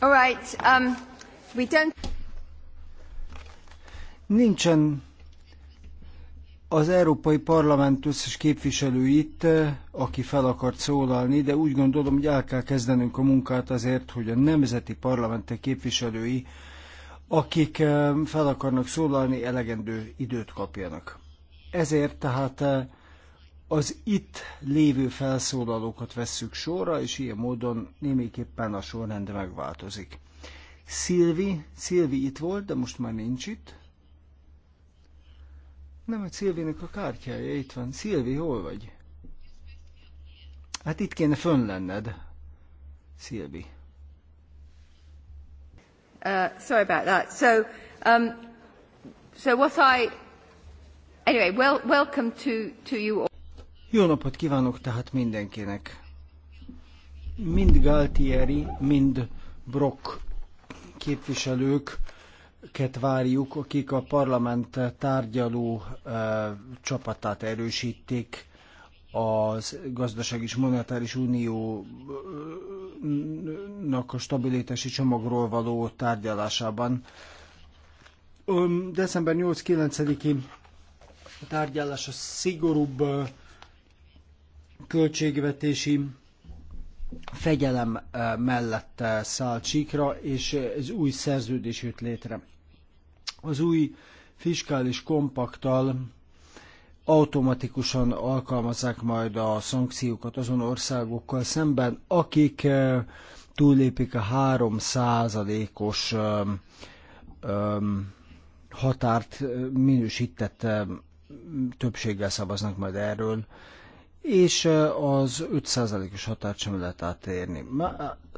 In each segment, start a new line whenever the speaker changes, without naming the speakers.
All right, um, we don't...
Nincsen az Európai Parlament összes képviselő itt, eh, aki fel akart szólalni, de úgy gondolom, hogy el kell kezdenünk a munkát azért, hogy a nemzeti parlamentek képviselői, akik eh, fel akarnak szólalni, elegendő időt kapjanak. Ezért tehát eh, az itt lévő felszólalókat vesszük sorra, és ilyen módon némiképpen a sorrend megváltozik. Szilvi, Szilvi itt volt, de most már nincs itt. Nem, a Szilvinek a kártyája itt van. Szilvi, hol vagy? Hát itt kéne fönn lenned, Szilvi.
Uh, sorry about that. So, um, so what I
anyway, well, welcome to, to you all.
Jó napot kívánok tehát mindenkinek! Mind Galtieri, mind Brock képviselőket várjuk, akik a parlament tárgyaló e, csapatát erősítik az gazdaság és monetáris uniónak a stabilitási csomagról való tárgyalásában. December 8-9-i tárgyalás a szigorúbb eh, költségvetési fegyelem eh, mellett eh, szállt síkra, és eh, ez új szerződés jött létre. Az új fiskális kompaktal automatikusan alkalmazzák majd a szankciókat azon országokkal szemben, akik túllépik a 3 os határt minősített többséggel szavaznak majd erről és az 5%-os határt sem lehet átérni,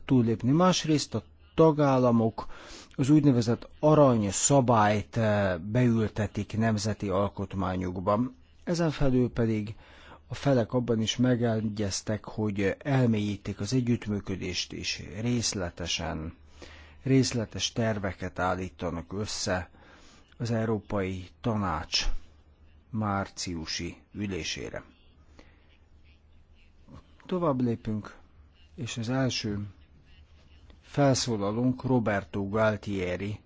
túllépni. Másrészt a tagállamok az úgynevezett arany szabályt beültetik nemzeti alkotmányukban. Ezen felül pedig a felek abban is megegyeztek, hogy elmélyítik az együttműködést is részletesen, részletes terveket állítanak össze az Európai Tanács márciusi ülésére. Tovább lépünk, és az első felszólalónk Roberto Galtieri,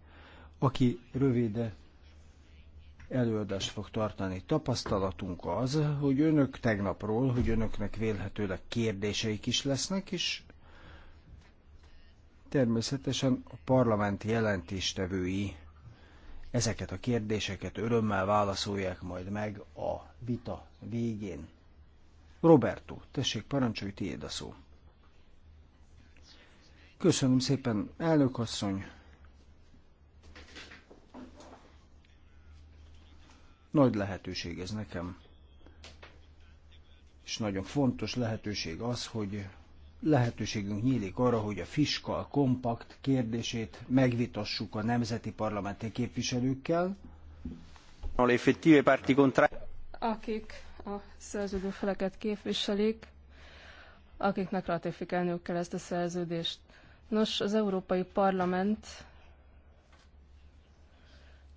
aki rövide előadást fog tartani. Tapasztalatunk az, hogy önök tegnapról, hogy önöknek vélhetőleg kérdéseik is lesznek, és természetesen a parlament jelentéstevői ezeket a kérdéseket örömmel válaszolják majd meg a vita végén. Roberto, tessék, parancsolj, tiéd a szó. Köszönöm szépen, elnökasszony. Nagy lehetőség ez nekem. És nagyon fontos lehetőség az, hogy lehetőségünk nyílik arra, hogy a fiskal kompakt kérdését megvitassuk a nemzeti parlamenti képviselőkkel,
akik a szerződő feleket képviselik, akiknek ratifikálniuk kell ezt a szerződést. Nos, az Európai Parlament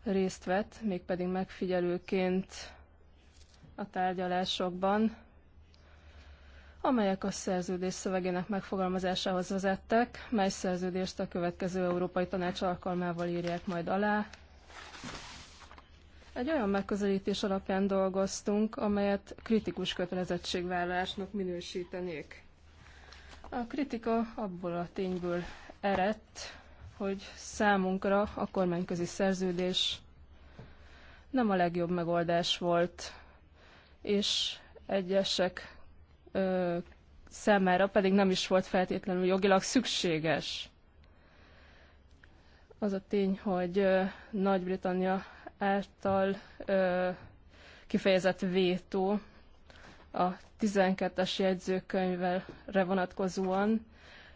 részt vett, mégpedig megfigyelőként a tárgyalásokban, amelyek a szerződés szövegének megfogalmazásához vezettek, mely szerződést a következő Európai Tanács alkalmával írják majd alá, egy olyan megközelítés alapján dolgoztunk, amelyet kritikus kötelezettségvállalásnak minősítenék. A kritika abból a tényből eredt, hogy számunkra a kormányközi szerződés nem a legjobb megoldás volt, és egyesek ö, számára pedig nem is volt feltétlenül jogilag szükséges. Az a tény, hogy Nagy-Britannia által ö, kifejezett vétó a 12-es jegyzőkönyvre vonatkozóan.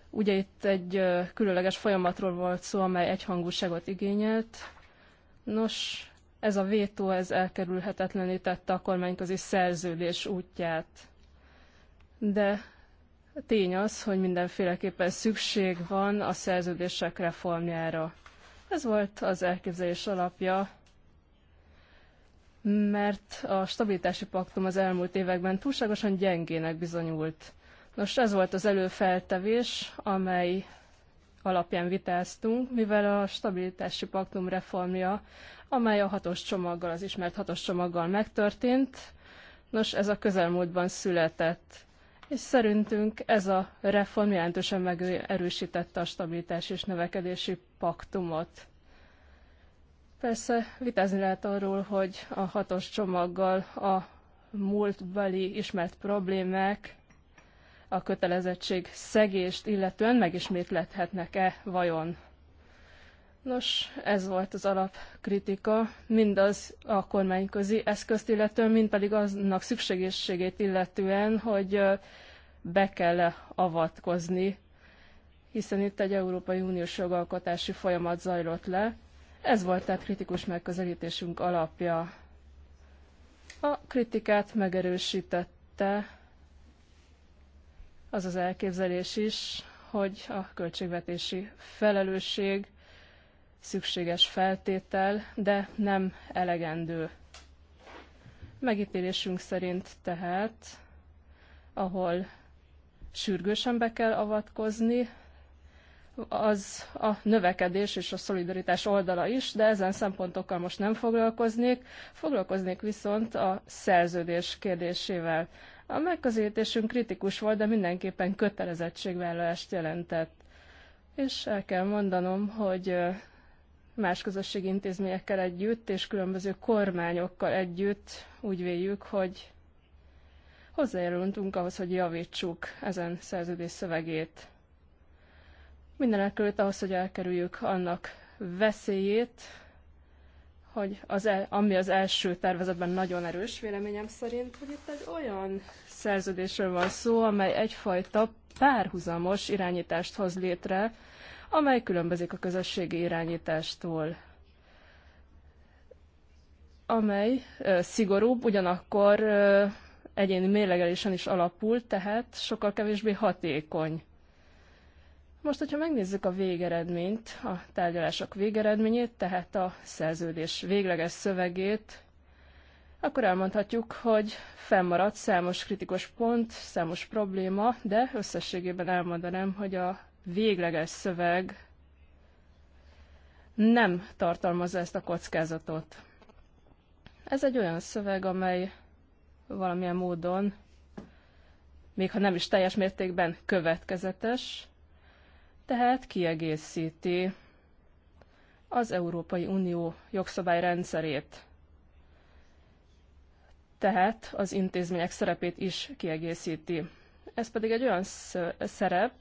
Ugye itt egy ö, különleges folyamatról volt szó, amely egyhangúságot igényelt. Nos, ez a vétó ez elkerülhetetlenítette a kormányközi szerződés útját. De tény az, hogy mindenféleképpen szükség van a szerződések reformjára. Ez volt az elképzelés alapja mert a stabilitási paktum az elmúlt években túlságosan gyengének bizonyult. Nos, ez volt az előfeltevés, amely alapján vitáztunk, mivel a stabilitási paktum reformja, amely a hatos csomaggal, az ismert hatos csomaggal megtörtént, nos, ez a közelmúltban született. És szerintünk ez a reform jelentősen megerősítette a stabilitás és növekedési paktumot. Persze vitázni lehet arról, hogy a hatos csomaggal a múltbeli ismert problémák a kötelezettség szegést illetően megismétlethetnek-e vajon. Nos, ez volt az alapkritika, mindaz a kormányközi eszközt illetően, mind pedig aznak szükségességét illetően, hogy be kell -e avatkozni, hiszen itt egy Európai Uniós jogalkotási folyamat zajlott le, ez volt tehát kritikus megközelítésünk alapja. A kritikát megerősítette az az elképzelés is, hogy a költségvetési felelősség szükséges feltétel, de nem elegendő. Megítélésünk szerint tehát, ahol sürgősen be kell avatkozni, az a növekedés és a szolidaritás oldala is, de ezen szempontokkal most nem foglalkoznék. Foglalkoznék viszont a szerződés kérdésével. A megközelítésünk kritikus volt, de mindenképpen kötelezettségvállalást jelentett. És el kell mondanom, hogy más közösségi intézményekkel együtt és különböző kormányokkal együtt úgy véljük, hogy hozzájárultunk ahhoz, hogy javítsuk ezen szerződés szövegét. Mindenek előtt ahhoz, hogy elkerüljük annak veszélyét, hogy az el, ami az első tervezetben nagyon erős véleményem szerint, hogy itt egy olyan szerződésről van szó, amely egyfajta párhuzamos irányítást hoz létre, amely különbözik a közösségi irányítástól, amely ö, szigorúbb, ugyanakkor ö, egyéni mérlegelésen is alapul, tehát sokkal kevésbé hatékony. Most, hogyha megnézzük a végeredményt, a tárgyalások végeredményét, tehát a szerződés végleges szövegét, akkor elmondhatjuk, hogy fennmaradt számos kritikus pont, számos probléma, de összességében elmondanám, hogy a végleges szöveg nem tartalmazza ezt a kockázatot. Ez egy olyan szöveg, amely valamilyen módon, még ha nem is teljes mértékben következetes, tehát kiegészíti az Európai Unió jogszabályrendszerét. Tehát az intézmények szerepét is kiegészíti. Ez pedig egy olyan szerep,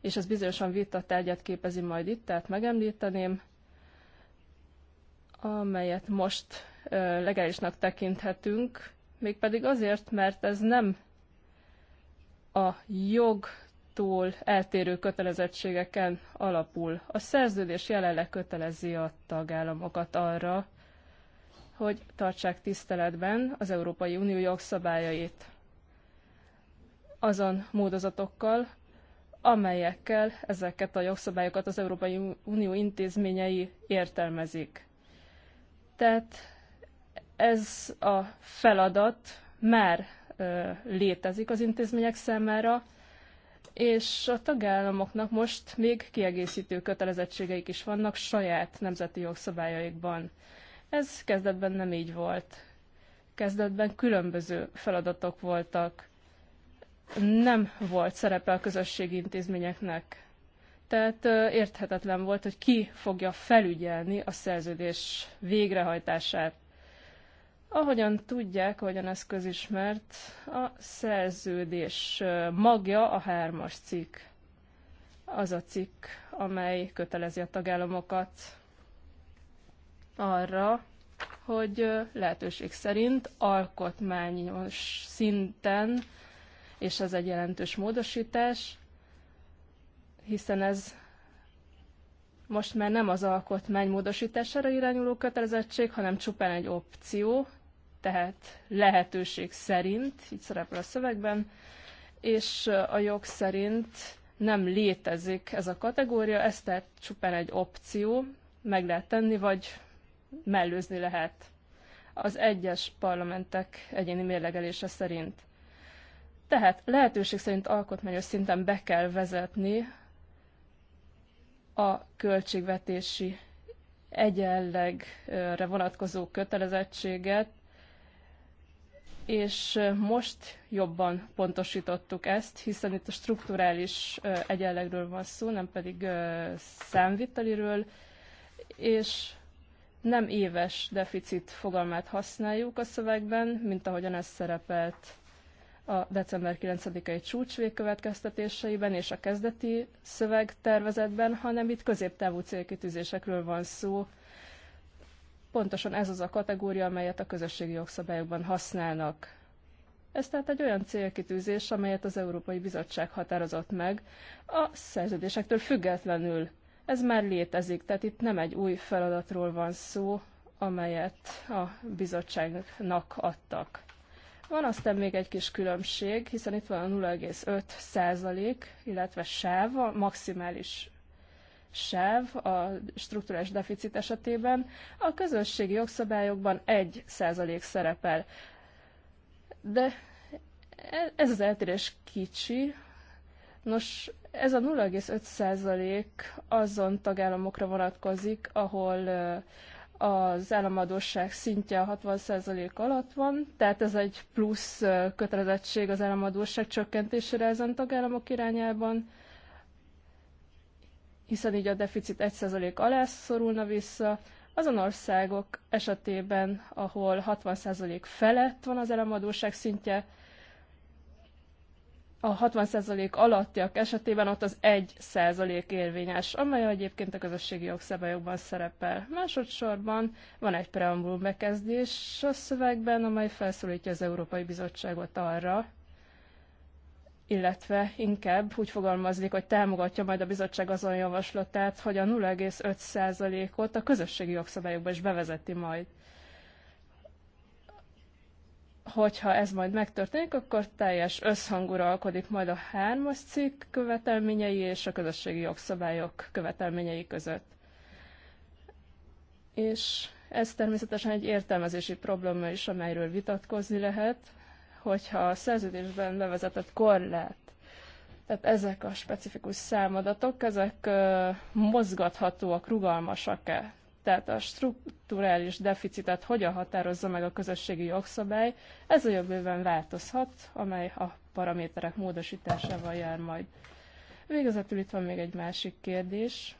és ez bizonyosan vita tárgyat képezi majd itt, tehát megemlíteném, amelyet most legálisnak tekinthetünk, mégpedig azért, mert ez nem a jog egymástól eltérő kötelezettségeken alapul. A szerződés jelenleg kötelezi a tagállamokat arra, hogy tartsák tiszteletben az Európai Unió jogszabályait azon módozatokkal, amelyekkel ezeket a jogszabályokat az Európai Unió intézményei értelmezik. Tehát ez a feladat már ö, létezik az intézmények számára, és a tagállamoknak most még kiegészítő kötelezettségeik is vannak saját nemzeti jogszabályaikban. Ez kezdetben nem így volt. Kezdetben különböző feladatok voltak. Nem volt szerepe a közösségi intézményeknek. Tehát érthetetlen volt, hogy ki fogja felügyelni a szerződés végrehajtását. Ahogyan tudják, ahogyan ez közismert, a szerződés magja a hármas cikk. Az a cikk, amely kötelezi a tagállamokat arra, hogy lehetőség szerint alkotmányos szinten, és ez egy jelentős módosítás, hiszen ez most már nem az alkotmány módosítására irányuló kötelezettség, hanem csupán egy opció, tehát lehetőség szerint, így szerepel a szövegben, és a jog szerint nem létezik ez a kategória, ez tehát csupán egy opció, meg lehet tenni, vagy mellőzni lehet az egyes parlamentek egyéni mérlegelése szerint. Tehát lehetőség szerint alkotmányos szinten be kell vezetni a költségvetési egyenlegre vonatkozó kötelezettséget és most jobban pontosítottuk ezt, hiszen itt a strukturális egyenlegről van szó, nem pedig számviteliről, és nem éves deficit fogalmát használjuk a szövegben, mint ahogyan ez szerepelt a december 9-i csúcsvég következtetéseiben és a kezdeti szövegtervezetben, hanem itt középtávú célkitűzésekről van szó, Pontosan ez az a kategória, amelyet a közösségi jogszabályokban használnak. Ez tehát egy olyan célkitűzés, amelyet az Európai Bizottság határozott meg a szerződésektől függetlenül. Ez már létezik, tehát itt nem egy új feladatról van szó, amelyet a bizottságnak adtak. Van aztán még egy kis különbség, hiszen itt van a 0,5 százalék, illetve sáv, a maximális sev a strukturális deficit esetében, a közösségi jogszabályokban 1 százalék szerepel. De ez az eltérés kicsi. Nos, ez a 0,5 százalék azon tagállamokra vonatkozik, ahol az államadóság szintje a 60 százalék alatt van, tehát ez egy plusz kötelezettség az államadóság csökkentésére ezen tagállamok irányában hiszen így a deficit 1% alá szorulna vissza. Azon országok esetében, ahol 60% felett van az elemadóság szintje, a 60% alattiak esetében ott az 1% érvényes, amely egyébként a közösségi jogszabályokban szerepel. Másodszorban van egy preambul bekezdés a szövegben, amely felszólítja az Európai Bizottságot arra, illetve inkább úgy fogalmazik, hogy támogatja majd a bizottság azon javaslatát, hogy a 0,5%-ot a közösségi jogszabályokba is bevezeti majd. Hogyha ez majd megtörténik, akkor teljes összhangúra alkodik majd a hármas cikk követelményei és a közösségi jogszabályok követelményei között. És ez természetesen egy értelmezési probléma is, amelyről vitatkozni lehet, hogyha a szerződésben bevezetett korlát, tehát ezek a specifikus számadatok, ezek mozgathatóak, rugalmasak-e? Tehát a strukturális deficitet hogyan határozza meg a közösségi jogszabály, ez a jövőben változhat, amely a paraméterek módosításával jár majd. Végezetül itt van még egy másik kérdés,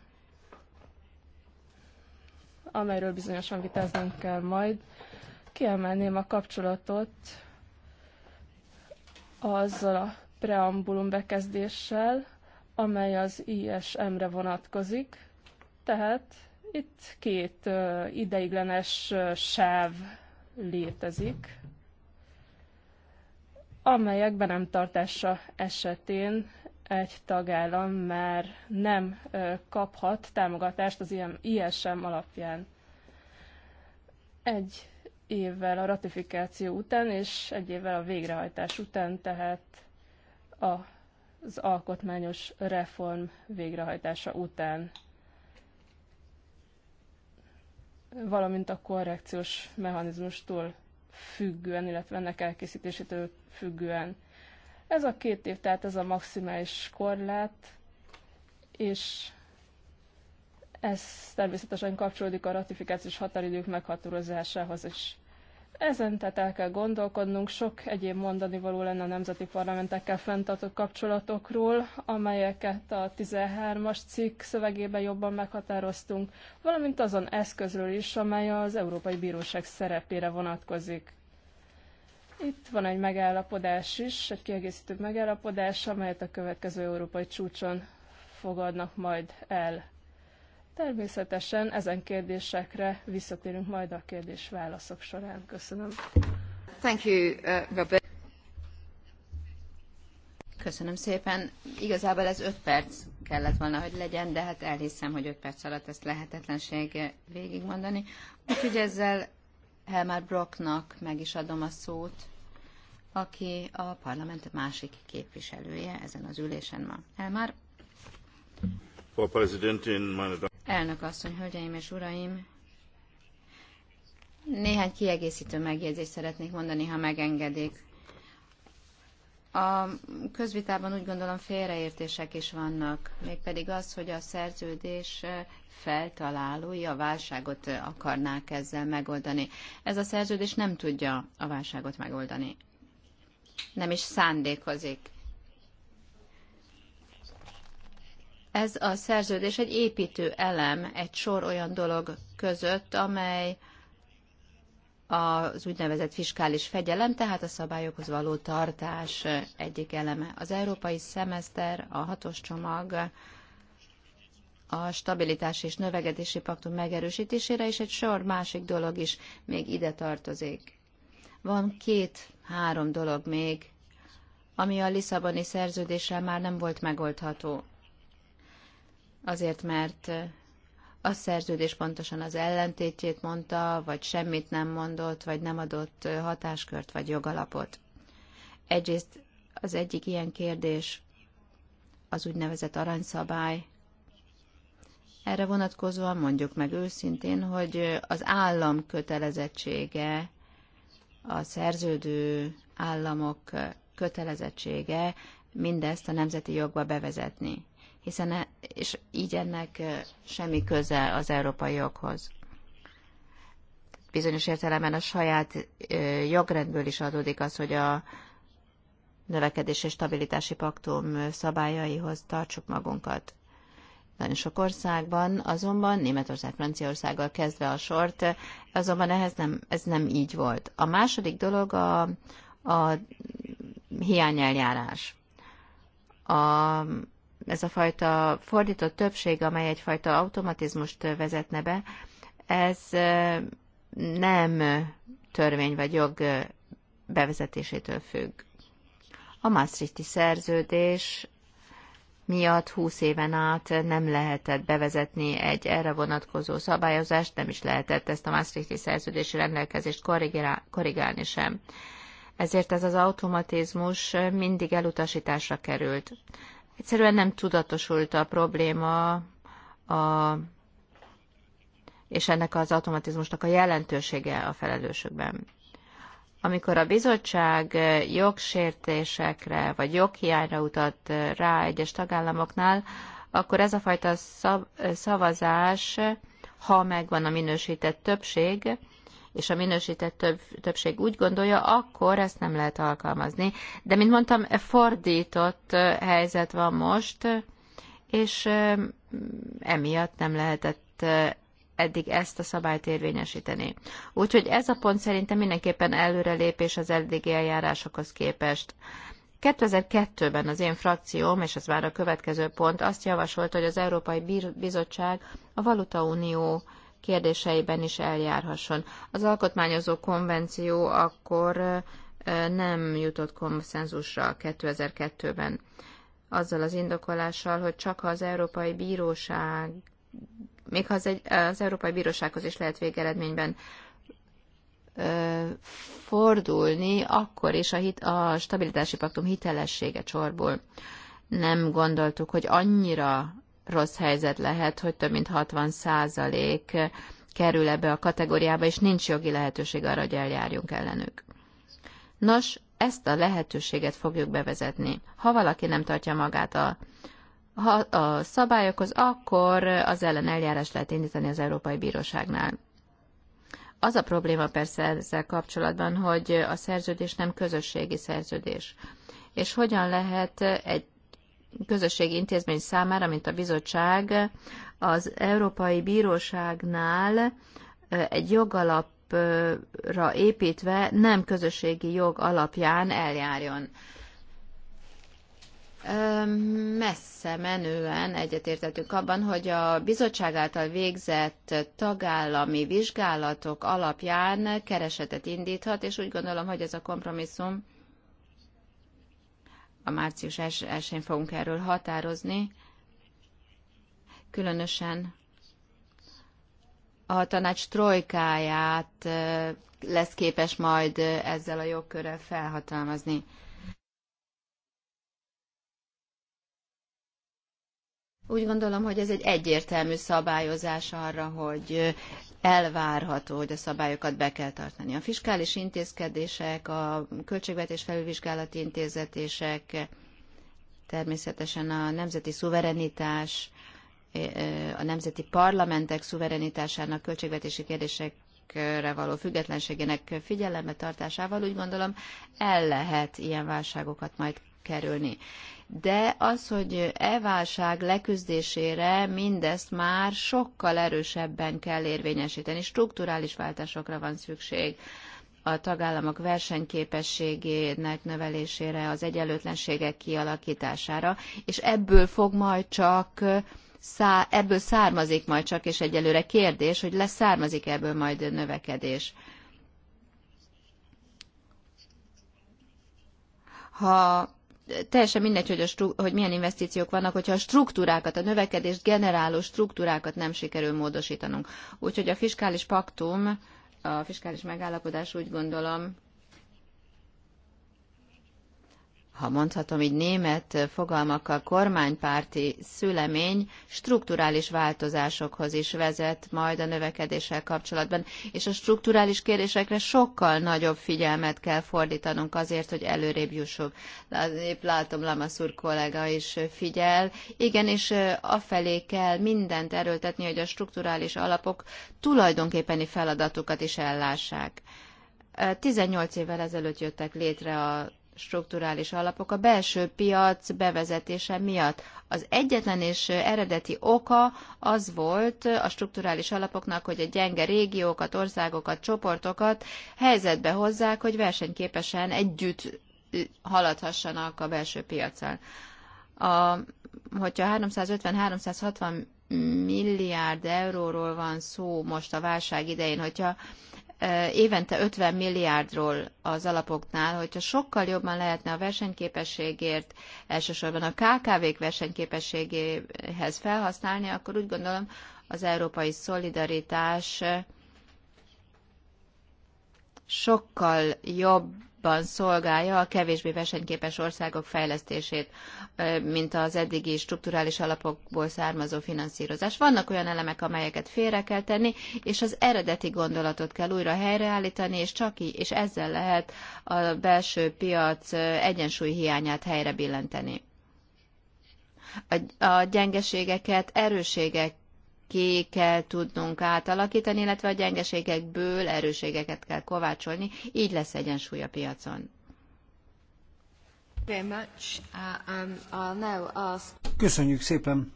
amelyről bizonyosan vitáznunk kell majd. Kiemelném a kapcsolatot azzal a preambulum bekezdéssel, amely az ISM-re vonatkozik. Tehát itt két ideiglenes sáv létezik, amelyek be nem tartása esetén egy tagállam már nem kaphat támogatást az ISM alapján. Egy évvel a ratifikáció után, és egy évvel a végrehajtás után, tehát a, az alkotmányos reform végrehajtása után, valamint a korrekciós mechanizmustól függően, illetve ennek elkészítésétől függően. Ez a két év, tehát ez a maximális korlát, és ez természetesen kapcsolódik a ratifikációs határidők meghatározásához is. Ezen tehát el kell gondolkodnunk, sok egyéb mondani való lenne a nemzeti parlamentekkel fenntartott kapcsolatokról, amelyeket a 13-as cikk szövegében jobban meghatároztunk, valamint azon eszközről is, amely az Európai Bíróság szerepére vonatkozik. Itt van egy megállapodás is, egy kiegészítő megállapodás, amelyet a következő európai csúcson fogadnak majd el. Természetesen ezen kérdésekre visszatérünk majd a kérdés-válaszok során. Köszönöm.
Thank you, uh, Robert. Köszönöm szépen. Igazából ez öt perc kellett volna, hogy legyen, de hát elhiszem, hogy öt perc alatt ezt lehetetlenség végigmondani. Úgyhogy ezzel Helmar Brocknak meg is adom a szót, aki a parlament másik képviselője ezen az ülésen ma. Helmar?
Frau Präsidentin, meine
Elnök asszony, hölgyeim és uraim, néhány kiegészítő megjegyzést szeretnék mondani, ha megengedik. A közvitában úgy gondolom félreértések is vannak, mégpedig az, hogy a szerződés feltalálói a válságot akarnák ezzel megoldani. Ez a szerződés nem tudja a válságot megoldani. Nem is szándékozik. Ez a szerződés egy építő elem, egy sor olyan dolog között, amely az úgynevezett fiskális fegyelem, tehát a szabályokhoz való tartás egyik eleme. Az európai szemeszter, a hatos csomag, a stabilitási és növekedési paktum megerősítésére, és egy sor másik dolog is még ide tartozik. Van két-három dolog még, ami a Lisszaboni szerződéssel már nem volt megoldható azért mert a szerződés pontosan az ellentétjét mondta, vagy semmit nem mondott, vagy nem adott hatáskört, vagy jogalapot. Egyrészt az egyik ilyen kérdés az úgynevezett aranyszabály. Erre vonatkozóan mondjuk meg őszintén, hogy az állam kötelezettsége, a szerződő államok kötelezettsége mindezt a nemzeti jogba bevezetni hiszen e- és így ennek e, semmi köze az európai joghoz. Bizonyos értelemben a saját e, jogrendből is adódik az, hogy a növekedés és stabilitási paktum szabályaihoz tartsuk magunkat. Nagyon sok országban azonban, Németország, Franciaországgal kezdve a sort, azonban ehhez nem, ez nem így volt. A második dolog a, a hiányeljárás. A ez a fajta fordított többség, amely egyfajta automatizmust vezetne be, ez nem törvény vagy jog bevezetésétől függ. A Maastrichti szerződés miatt 20 éven át nem lehetett bevezetni egy erre vonatkozó szabályozást, nem is lehetett ezt a Maastrichti szerződési rendelkezést korrigálni sem. Ezért ez az automatizmus mindig elutasításra került egyszerűen nem tudatosult a probléma, a, és ennek az automatizmusnak a jelentősége a felelősökben. Amikor a bizottság jogsértésekre vagy joghiányra utat rá egyes tagállamoknál, akkor ez a fajta szavazás, ha megvan a minősített többség, és a minősített több, többség úgy gondolja, akkor ezt nem lehet alkalmazni. De, mint mondtam, fordított helyzet van most, és emiatt nem lehetett eddig ezt a szabályt érvényesíteni. Úgyhogy ez a pont szerintem mindenképpen előrelépés az eddigi eljárásokhoz képest. 2002-ben az én frakcióm, és ez már a következő pont, azt javasolt, hogy az Európai Bizottság a Valutaunió Unió kérdéseiben is eljárhasson. Az alkotmányozó konvenció akkor nem jutott konszenzusra 2002-ben azzal az indokolással, hogy csak ha az Európai Bíróság, még ha az, egy, az Európai Bírósághoz is lehet végeredményben ö, fordulni, akkor is a, hit, a stabilitási paktum hitelessége csorból. Nem gondoltuk, hogy annyira rossz helyzet lehet, hogy több mint 60 százalék kerül ebbe a kategóriába, és nincs jogi lehetőség arra, hogy eljárjunk ellenük. Nos, ezt a lehetőséget fogjuk bevezetni. Ha valaki nem tartja magát a, ha, a szabályokhoz, akkor az ellen eljárás lehet indítani az Európai Bíróságnál. Az a probléma persze ezzel kapcsolatban, hogy a szerződés nem közösségi szerződés. És hogyan lehet egy közösségi intézmény számára, mint a bizottság, az Európai Bíróságnál egy jogalapra építve nem közösségi jog alapján eljárjon. Messze menően egyetértettünk abban, hogy a bizottság által végzett tagállami vizsgálatok alapján keresetet indíthat, és úgy gondolom, hogy ez a kompromisszum a március 1-én fogunk erről határozni, különösen a tanács trojkáját lesz képes majd ezzel a jogkörrel felhatalmazni. Úgy gondolom, hogy ez egy egyértelmű szabályozás arra, hogy elvárható, hogy a szabályokat be kell tartani. A fiskális intézkedések, a költségvetés felülvizsgálati intézetések, természetesen a nemzeti szuverenitás, e, e, a nemzeti parlamentek szuverenitásának költségvetési kérdésekre való függetlenségének figyelembe tartásával úgy gondolom el lehet ilyen válságokat majd kerülni de az, hogy e válság leküzdésére mindezt már sokkal erősebben kell érvényesíteni, strukturális váltásokra van szükség a tagállamok versenyképességének növelésére, az egyenlőtlenségek kialakítására, és ebből fog majd csak szá, ebből származik majd csak, és egyelőre kérdés, hogy lesz származik ebből majd növekedés. Ha teljesen mindegy, hogy, a stru- hogy milyen investíciók vannak, hogyha a struktúrákat, a növekedést generáló struktúrákat nem sikerül módosítanunk. Úgyhogy a fiskális paktum, a fiskális megállapodás úgy gondolom, ha mondhatom így német fogalmakkal, kormánypárti szülemény strukturális változásokhoz is vezet majd a növekedéssel kapcsolatban, és a strukturális kérdésekre sokkal nagyobb figyelmet kell fordítanunk azért, hogy előrébb jussunk. Épp látom, Lamaszur kollega is figyel. Igen, és afelé kell mindent erőltetni, hogy a strukturális alapok tulajdonképpeni feladatukat is ellássák. 18 évvel ezelőtt jöttek létre a strukturális alapok a belső piac bevezetése miatt. Az egyetlen és eredeti oka az volt a strukturális alapoknak, hogy a gyenge régiókat, országokat, csoportokat helyzetbe hozzák, hogy versenyképesen együtt haladhassanak a belső piacon. A, hogyha 350-360 milliárd euróról van szó most a válság idején, hogyha évente 50 milliárdról az alapoknál, hogyha sokkal jobban lehetne a versenyképességért, elsősorban a KKV-k versenyképességéhez felhasználni, akkor úgy gondolom az európai szolidaritás sokkal jobb jobban szolgálja a kevésbé versenyképes országok fejlesztését, mint az eddigi strukturális alapokból származó finanszírozás. Vannak olyan elemek, amelyeket félre kell tenni, és az eredeti gondolatot kell újra helyreállítani, és csak így, és ezzel lehet a belső piac egyensúly hiányát helyre billenteni a, a gyengeségeket erőségek ki kell tudnunk átalakítani, illetve a gyengeségekből erőségeket kell kovácsolni, így lesz
egyensúly a piacon.
Uh, um,
Köszönjük szépen!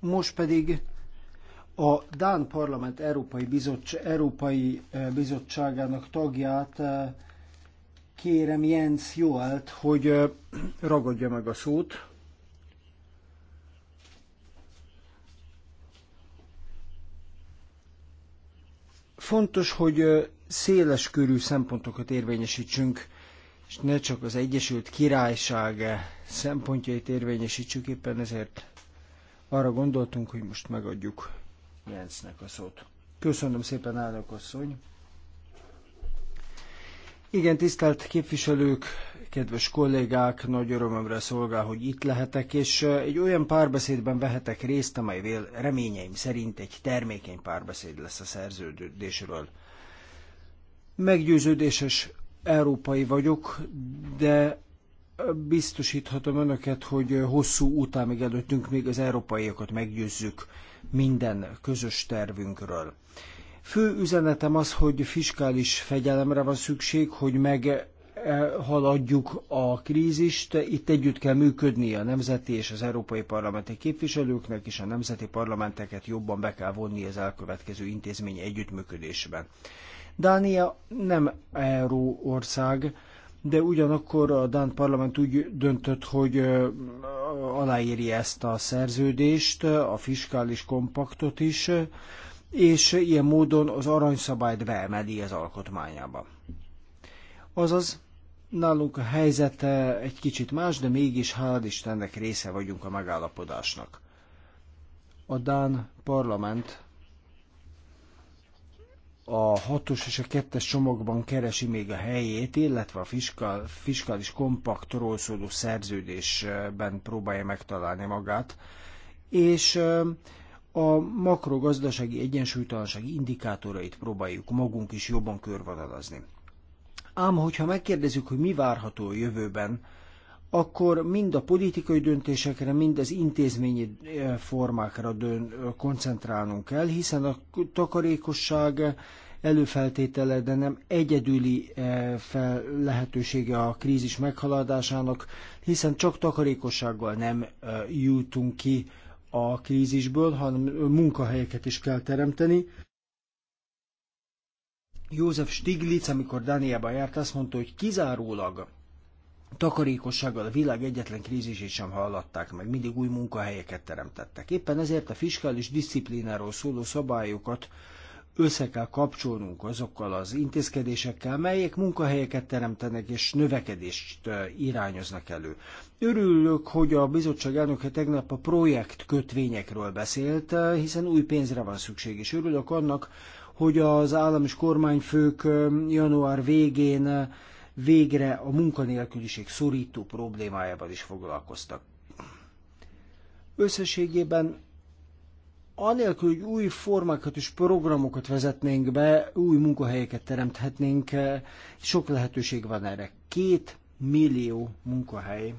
Most pedig a Dán Parlament Európai, Bizottság, Európai eh, Bizottságának tagját eh, kérem Jens Joelt, hogy eh, ragadja meg a szót. Fontos, hogy széles körű szempontokat érvényesítsünk, és ne csak az Egyesült Királyság eh, szempontjait érvényesítsük, éppen ezért arra gondoltunk, hogy most megadjuk Jensnek a szót. Köszönöm szépen, elnök asszony! Igen, tisztelt képviselők, kedves kollégák, nagy örömömre szolgál, hogy itt lehetek, és egy olyan párbeszédben vehetek részt, amely reményeim szerint egy termékeny párbeszéd lesz a szerződésről. Meggyőződéses európai vagyok, de biztosíthatom önöket, hogy hosszú még előttünk még az európaiakat meggyőzzük minden közös tervünkről. Fő üzenetem az, hogy fiskális fegyelemre van szükség, hogy meg haladjuk a krízist, itt együtt kell működni a nemzeti és az európai parlamenti képviselőknek, és a nemzeti parlamenteket jobban be kell vonni az elkövetkező intézmény együttműködésben. Dánia nem euró ország, de ugyanakkor a Dán parlament úgy döntött, hogy aláírja ezt a szerződést, a fiskális kompaktot is, és ilyen módon az aranyszabályt beemeli az alkotmányába. Azaz, Nálunk a helyzete egy kicsit más, de mégis hál' Istennek része vagyunk a megállapodásnak. A Dán parlament a hatos és a kettes csomagban keresi még a helyét, illetve a fiskál, fiskális kompaktról szóló szerződésben próbálja megtalálni magát, és a makrogazdasági egyensúlytalanság indikátorait próbáljuk magunk is jobban körvonalazni. Ám hogyha megkérdezzük, hogy mi várható a jövőben, akkor mind a politikai döntésekre, mind az intézményi eh, formákra dön, koncentrálnunk kell, hiszen a takarékosság előfeltétele, de nem egyedüli eh, fel lehetősége a krízis meghaladásának, hiszen csak takarékossággal nem eh, jutunk ki a krízisből, hanem munkahelyeket is kell teremteni. József Stiglitz, amikor Dániában járt, azt mondta, hogy kizárólag takarékossággal a világ egyetlen krízisét sem hallatták meg, mindig új munkahelyeket teremtettek. Éppen ezért a fiskális disziplináról szóló szabályokat össze kell kapcsolnunk azokkal az intézkedésekkel, melyek munkahelyeket teremtenek és növekedést irányoznak elő. Örülök, hogy a bizottság elnöke tegnap a projekt kötvényekről beszélt, hiszen új pénzre van szükség, és örülök annak, hogy az állam és kormányfők január végén végre a munkanélküliség szorító problémájával is foglalkoztak. Összességében anélkül, hogy új formákat és programokat vezetnénk be, új munkahelyeket teremthetnénk, sok lehetőség van erre. Két millió munkahely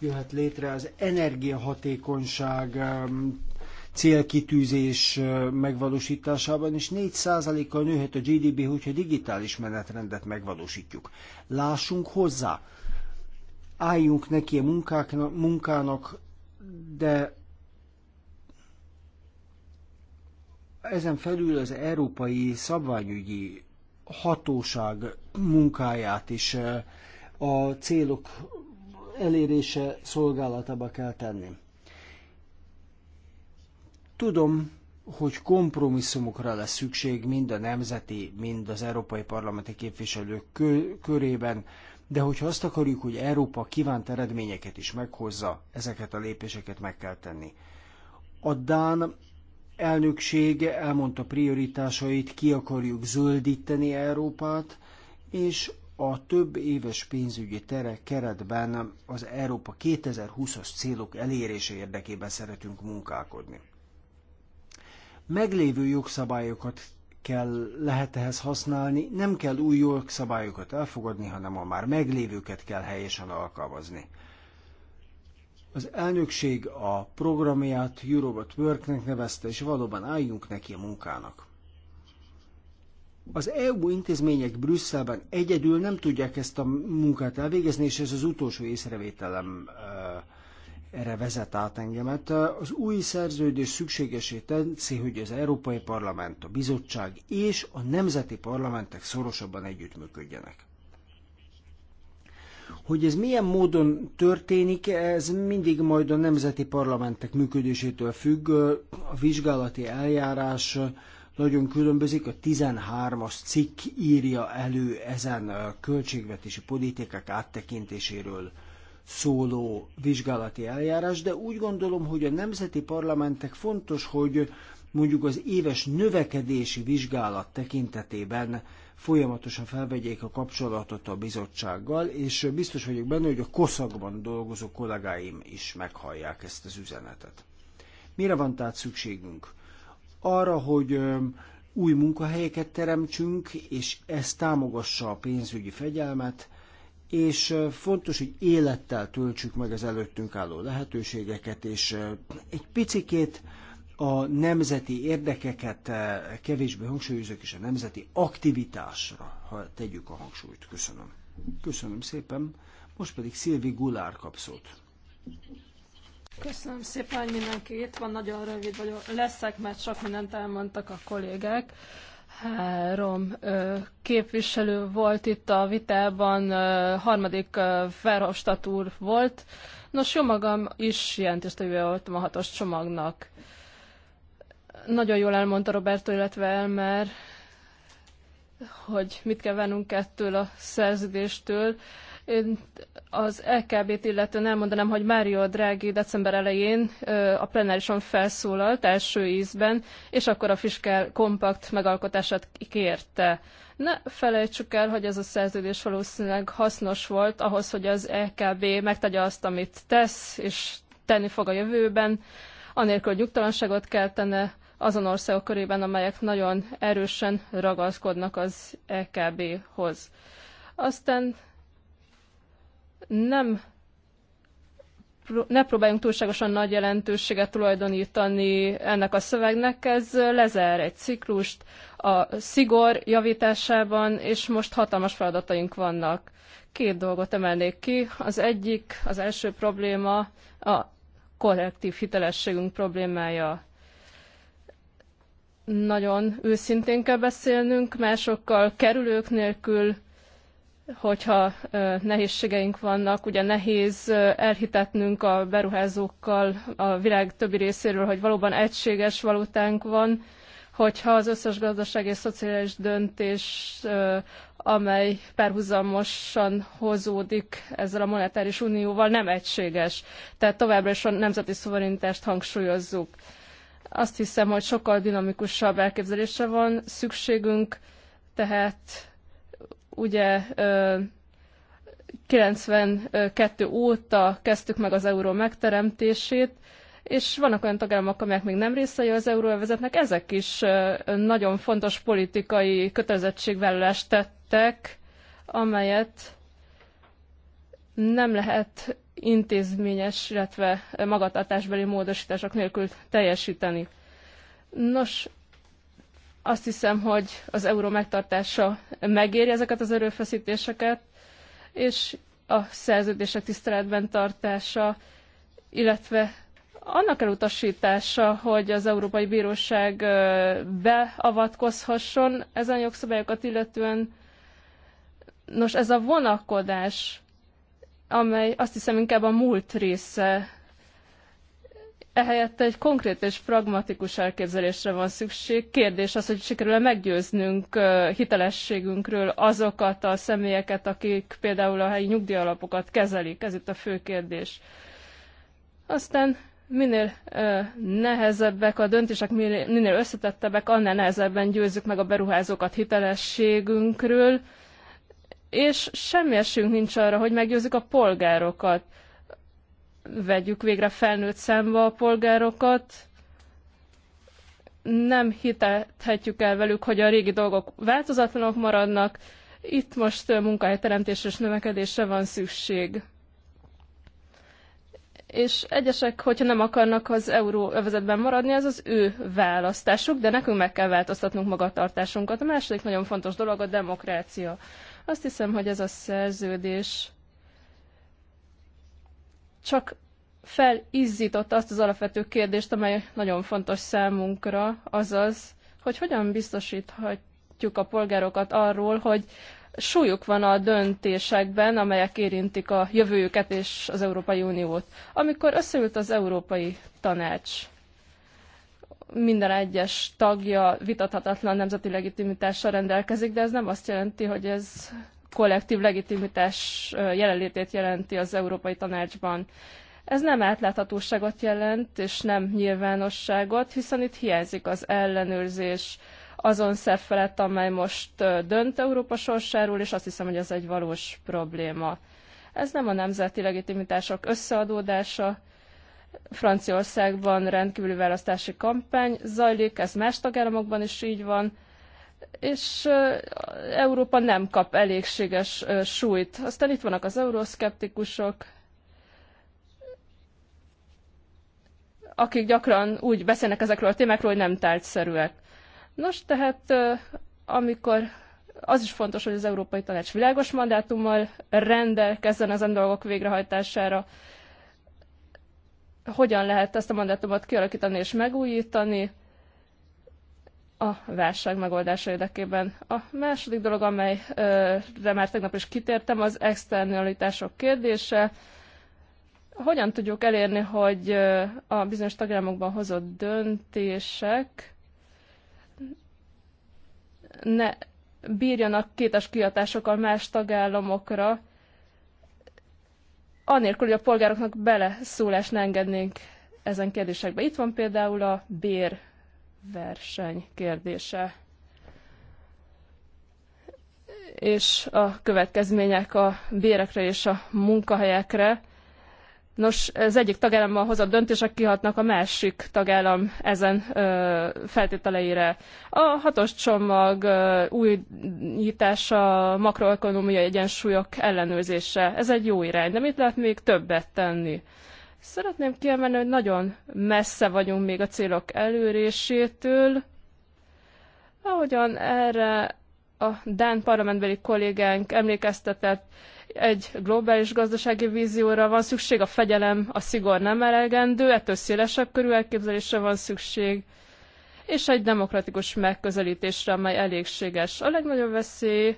jöhet létre az energiahatékonyság célkitűzés megvalósításában, és 4%-kal nőhet a GDP, hogyha digitális menetrendet megvalósítjuk. Lássunk hozzá, álljunk neki a munkáknak, munkának, de ezen felül az Európai Szabványügyi Hatóság munkáját is a célok elérése szolgálatába kell tenni. Tudom, hogy kompromisszumokra lesz szükség mind a nemzeti, mind az európai parlamenti képviselők körében, de hogyha azt akarjuk, hogy Európa kívánt eredményeket is meghozza, ezeket a lépéseket meg kell tenni. A Dán elnökség elmondta prioritásait, ki akarjuk zöldíteni Európát, és a több éves pénzügyi tere keretben az Európa 2020-as célok elérése érdekében szeretünk munkálkodni meglévő jogszabályokat kell, lehet ehhez használni, nem kell új jogszabályokat elfogadni, hanem a már meglévőket kell helyesen alkalmazni. Az elnökség a programját Europe Worknek nevezte, és valóban álljunk neki a munkának. Az EU intézmények Brüsszelben egyedül nem tudják ezt a munkát elvégezni, és ez az utolsó észrevételem eh, erre vezet át engemet. Az új szerződés szükségesé teszi, hogy az Európai Parlament, a bizottság és a nemzeti parlamentek szorosabban együttműködjenek. Hogy ez milyen módon történik, ez mindig majd a nemzeti parlamentek működésétől függ. A vizsgálati eljárás nagyon különbözik, a 13-as cikk írja elő ezen a költségvetési politikák áttekintéséről szóló vizsgálati eljárás, de úgy gondolom, hogy a nemzeti parlamentek fontos, hogy mondjuk az éves növekedési vizsgálat tekintetében folyamatosan felvegyék a kapcsolatot a bizottsággal, és biztos vagyok benne, hogy a koszakban dolgozó kollégáim is meghallják ezt az üzenetet. Mire van tehát szükségünk? Arra, hogy új munkahelyeket teremtsünk, és ez támogassa a pénzügyi fegyelmet, és fontos, hogy élettel töltsük meg az előttünk álló lehetőségeket, és egy picikét a nemzeti érdekeket kevésbé hangsúlyozok, és a nemzeti aktivitásra ha tegyük a hangsúlyt. Köszönöm. Köszönöm szépen. Most pedig Szilvi Gulár kap szót.
Köszönöm szépen, hogy mindenki itt van. Nagyon rövid vagyok. leszek, mert sok mindent elmondtak a kollégek. Három képviselő volt itt a vitában, harmadik Verhofstadt úr volt. Nos, jó magam is jelentéstevője voltam a hatos csomagnak. Nagyon jól elmondta Roberto, illetve Elmer, hogy mit kell vennünk ettől a szerződéstől az LKB-t illetően elmondanám, hogy Mário Draghi december elején a plenárison felszólalt első ízben, és akkor a fiskál kompakt megalkotását kérte. Ne felejtsük el, hogy ez a szerződés valószínűleg hasznos volt ahhoz, hogy az LKB megtegye azt, amit tesz, és tenni fog a jövőben, anélkül, hogy nyugtalanságot keltene azon országok körében, amelyek nagyon erősen ragaszkodnak az LKB-hoz. Aztán nem ne próbáljunk túlságosan nagy jelentőséget tulajdonítani ennek a szövegnek, ez lezár egy ciklust a szigor javításában, és most hatalmas feladataink vannak. Két dolgot emelnék ki. Az egyik, az első probléma a korrektív hitelességünk problémája. Nagyon őszintén kell beszélnünk, másokkal kerülők nélkül, hogyha nehézségeink vannak, ugye nehéz elhitetnünk a beruházókkal a világ többi részéről, hogy valóban egységes valutánk van, hogyha az összes gazdasági és szociális döntés, amely párhuzamosan hozódik ezzel a monetáris unióval, nem egységes. Tehát továbbra is a nemzeti szuverenitást hangsúlyozzuk. Azt hiszem, hogy sokkal dinamikusabb elképzelésre van szükségünk, tehát ugye 92 óta kezdtük meg az euró megteremtését, és vannak olyan tagállamok, amelyek még nem részei az euróvezetnek, ezek is nagyon fontos politikai kötelezettségvállalást tettek, amelyet nem lehet intézményes, illetve magatartásbeli módosítások nélkül teljesíteni. Nos, azt hiszem, hogy az euró megtartása megéri ezeket az erőfeszítéseket, és a szerződések tiszteletben tartása, illetve annak elutasítása, hogy az Európai Bíróság beavatkozhasson ezen jogszabályokat illetően. Nos, ez a vonakodás, amely azt hiszem inkább a múlt része ehelyett egy konkrét és pragmatikus elképzelésre van szükség. Kérdés az, hogy sikerül-e meggyőznünk hitelességünkről azokat a személyeket, akik például a helyi nyugdíjalapokat kezelik. Ez itt a fő kérdés. Aztán minél nehezebbek a döntések, minél, minél összetettebbek, annál nehezebben győzzük meg a beruházókat hitelességünkről, és semmi esünk nincs arra, hogy meggyőzzük a polgárokat vegyük végre felnőtt szembe a polgárokat, nem hitethetjük el velük, hogy a régi dolgok változatlanok maradnak, itt most munkahelyteremtés és növekedésre van szükség. És egyesek, hogyha nem akarnak az euróövezetben maradni, ez az ő választásuk, de nekünk meg kell változtatnunk magatartásunkat. A második nagyon fontos dolog a demokrácia. Azt hiszem, hogy ez a szerződés csak felizzított azt az alapvető kérdést, amely nagyon fontos számunkra, azaz, hogy hogyan biztosíthatjuk a polgárokat arról, hogy súlyuk van a döntésekben, amelyek érintik a jövőjüket és az Európai Uniót. Amikor összeült az Európai Tanács, minden egyes tagja vitathatatlan nemzeti legitimitással rendelkezik, de ez nem azt jelenti, hogy ez kollektív legitimitás jelenlétét jelenti az Európai Tanácsban. Ez nem átláthatóságot jelent, és nem nyilvánosságot, hiszen itt hiányzik az ellenőrzés azon szerv felett, amely most dönt Európa sorsáról, és azt hiszem, hogy ez egy valós probléma. Ez nem a nemzeti legitimitások összeadódása, Franciaországban rendkívüli választási kampány zajlik, ez más tagállamokban is így van, és Európa nem kap elégséges súlyt. Aztán itt vannak az euroszkeptikusok, akik gyakran úgy beszélnek ezekről a témákról, hogy nem tárgyszerűek. Nos, tehát amikor az is fontos, hogy az Európai Tanács világos mandátummal rendelkezzen ezen dolgok végrehajtására, hogyan lehet ezt a mandátumot kialakítani és megújítani, a válság megoldása érdekében. A második dolog, amelyre már tegnap is kitértem, az externalitások kérdése. Hogyan tudjuk elérni, hogy a bizonyos tagállamokban hozott döntések ne bírjanak kétes kiadásokkal más tagállamokra, anélkül, hogy a polgároknak beleszólást ne engednénk ezen kérdésekbe. Itt van például a bér verseny kérdése. És a következmények a bérekre és a munkahelyekre. Nos, az egyik tagállammal hozott döntések kihatnak a másik tagállam ezen ö, feltételeire. A hatos csomag ö, újítása, makroekonomiai egyensúlyok ellenőrzése, ez egy jó irány, de mit lehet még többet tenni? Szeretném kiemelni, hogy nagyon messze vagyunk még a célok elérésétől, Ahogyan erre a Dán parlamentbeli kollégánk emlékeztetett, egy globális gazdasági vízióra van szükség, a fegyelem, a szigor nem elegendő, ettől szélesebb körű elképzelésre van szükség, és egy demokratikus megközelítésre, amely elégséges. A legnagyobb veszély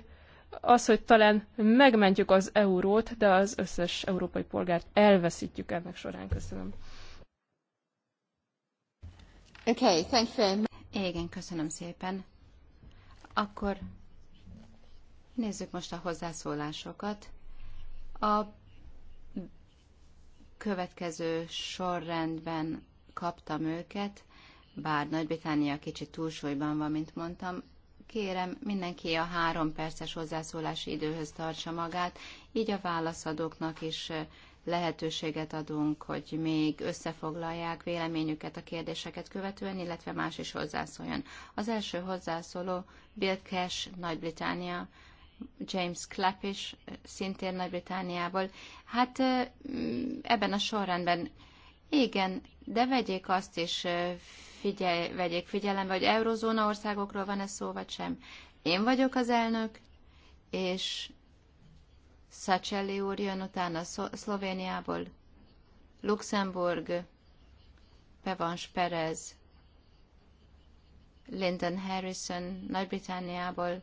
az, hogy talán megmentjük az eurót, de az összes európai polgárt elveszítjük ennek során. Köszönöm.
Okay, thank you Igen, köszönöm szépen. Akkor nézzük most a hozzászólásokat. A következő sorrendben kaptam őket, bár Nagy-Britannia kicsit túlsúlyban van, mint mondtam, kérem, mindenki a három perces hozzászólási időhöz tartsa magát, így a válaszadóknak is lehetőséget adunk, hogy még összefoglalják véleményüket a kérdéseket követően, illetve más is hozzászóljon. Az első hozzászóló Bill Cash, Nagy-Britannia, James Clapp is, szintén Nagy-Britanniából. Hát ebben a sorrendben igen, de vegyék azt is figyelj, vegyék figyelembe, hogy eurozóna országokról van-e szó, vagy sem. Én vagyok az elnök, és Szacelli úr jön utána Szlovéniából, Luxemburg, Pevans Perez, Lyndon Harrison Nagy-Britániából,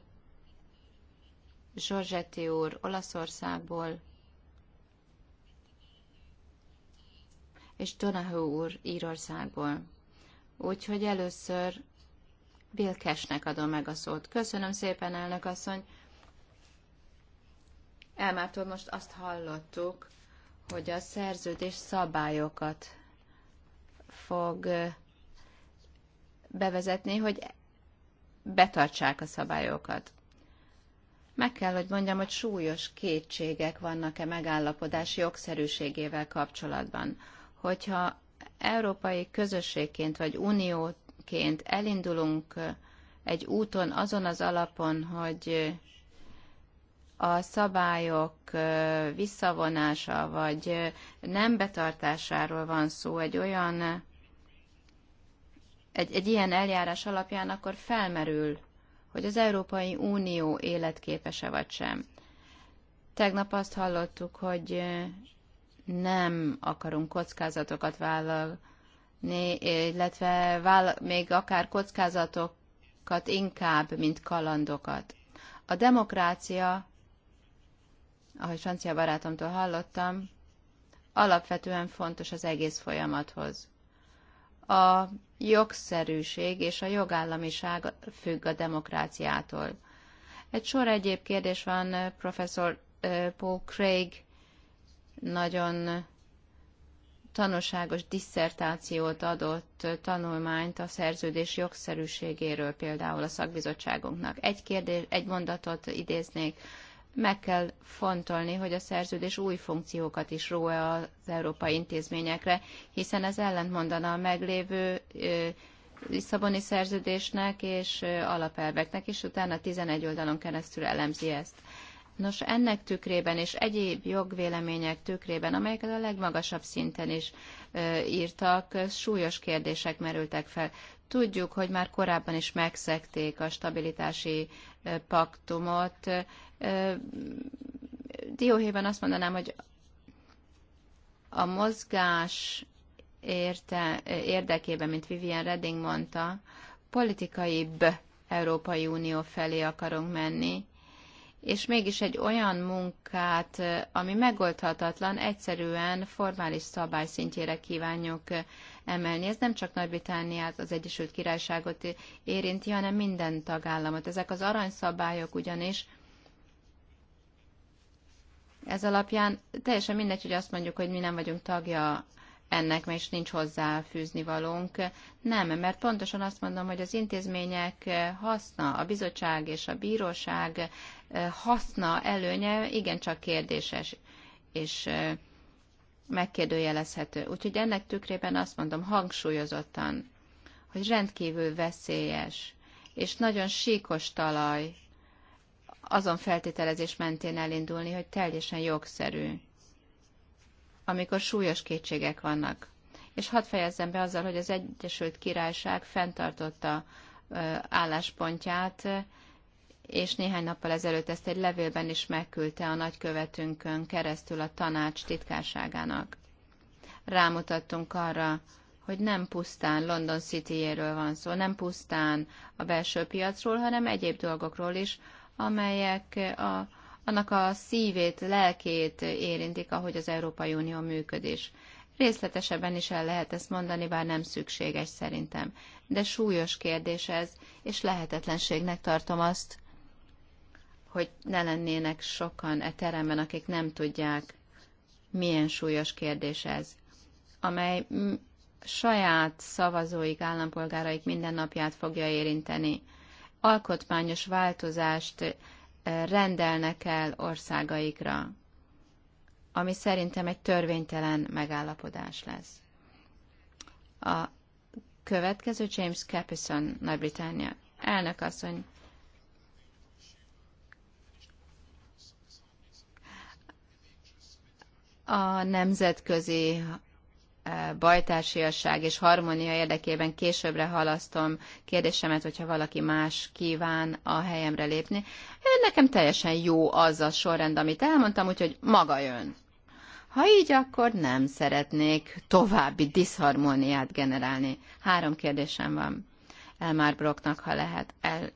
Zsorzsetti úr Olaszországból, és Donahue úr Írországból. Úgyhogy először Bill Cashnek adom meg a szót. Köszönöm szépen, elnök asszony. Elmártól most azt hallottuk, hogy a szerződés szabályokat fog bevezetni, hogy betartsák a szabályokat. Meg kell, hogy mondjam, hogy súlyos kétségek vannak-e megállapodás jogszerűségével kapcsolatban. Hogyha európai közösségként vagy unióként elindulunk egy úton azon az alapon, hogy a szabályok visszavonása vagy nem betartásáról van szó egy olyan egy, egy ilyen eljárás alapján akkor felmerül, hogy az Európai Unió életképes-e vagy sem. Tegnap azt hallottuk, hogy nem akarunk kockázatokat vállalni, illetve váll még akár kockázatokat inkább, mint kalandokat. A demokrácia, ahogy francia barátomtól hallottam, alapvetően fontos az egész folyamathoz. A jogszerűség és a jogállamiság függ a demokráciától. Egy sor egyéb kérdés van professzor eh, Paul Craig nagyon tanulságos disszertációt adott tanulmányt a szerződés jogszerűségéről például a szakbizottságunknak. Egy, kérdés, egy mondatot idéznék. Meg kell fontolni, hogy a szerződés új funkciókat is ró -e az európai intézményekre, hiszen ez ellentmondana a meglévő Lisszaboni szerződésnek és alapelveknek, és utána 11 oldalon keresztül elemzi ezt. Nos, ennek tükrében és egyéb jogvélemények tükrében, amelyeket a legmagasabb szinten is írtak, súlyos kérdések merültek fel. Tudjuk, hogy már korábban is megszekték a stabilitási paktumot. Dióhéjban azt mondanám, hogy a mozgás érte, érdekében, mint Vivian Redding mondta, politikai b Európai Unió felé akarunk menni, és mégis egy olyan munkát, ami megoldhatatlan, egyszerűen formális szabály szintjére kívánjuk emelni. Ez nem csak Nagy-Britániát, az Egyesült Királyságot érinti, hanem minden tagállamot. Ezek az aranyszabályok ugyanis ez alapján teljesen mindegy, hogy azt mondjuk, hogy mi nem vagyunk tagja ennek még nincs hozzá fűzni valónk. Nem, mert pontosan azt mondom, hogy az intézmények haszna, a bizottság és a bíróság eh, haszna, előnye igencsak kérdéses és eh, megkérdőjelezhető. Úgyhogy ennek tükrében azt mondom hangsúlyozottan, hogy rendkívül veszélyes és nagyon síkos talaj azon feltételezés mentén elindulni, hogy teljesen jogszerű amikor súlyos kétségek vannak. És hadd fejezzem be azzal, hogy az Egyesült Királyság fenntartotta álláspontját, és néhány nappal ezelőtt ezt egy levélben is megküldte a nagykövetünkön keresztül a tanács titkárságának. Rámutattunk arra, hogy nem pusztán London City-éről van szó, nem pusztán a belső piacról, hanem egyéb dolgokról is, amelyek a, annak a szívét, lelkét érintik, ahogy az Európai Unió működés. Részletesebben is el lehet ezt mondani, bár nem szükséges szerintem. De súlyos kérdés ez, és lehetetlenségnek tartom azt, hogy ne lennének sokan e teremben, akik nem tudják, milyen súlyos kérdés ez, amely saját szavazóik, állampolgáraik mindennapját fogja érinteni. Alkotmányos változást rendelnek el országaikra, ami szerintem egy törvénytelen megállapodás lesz. A következő James Capison, Nagy-Britannia. Elnök asszony, a nemzetközi bajtársiasság és harmónia érdekében későbbre halasztom kérdésemet, hogyha valaki más kíván a helyemre lépni. Nekem teljesen jó az a sorrend, amit elmondtam, úgyhogy maga jön. Ha így, akkor nem szeretnék további diszharmóniát generálni. Három kérdésem van. Elmár Brocknak, ha lehet. El,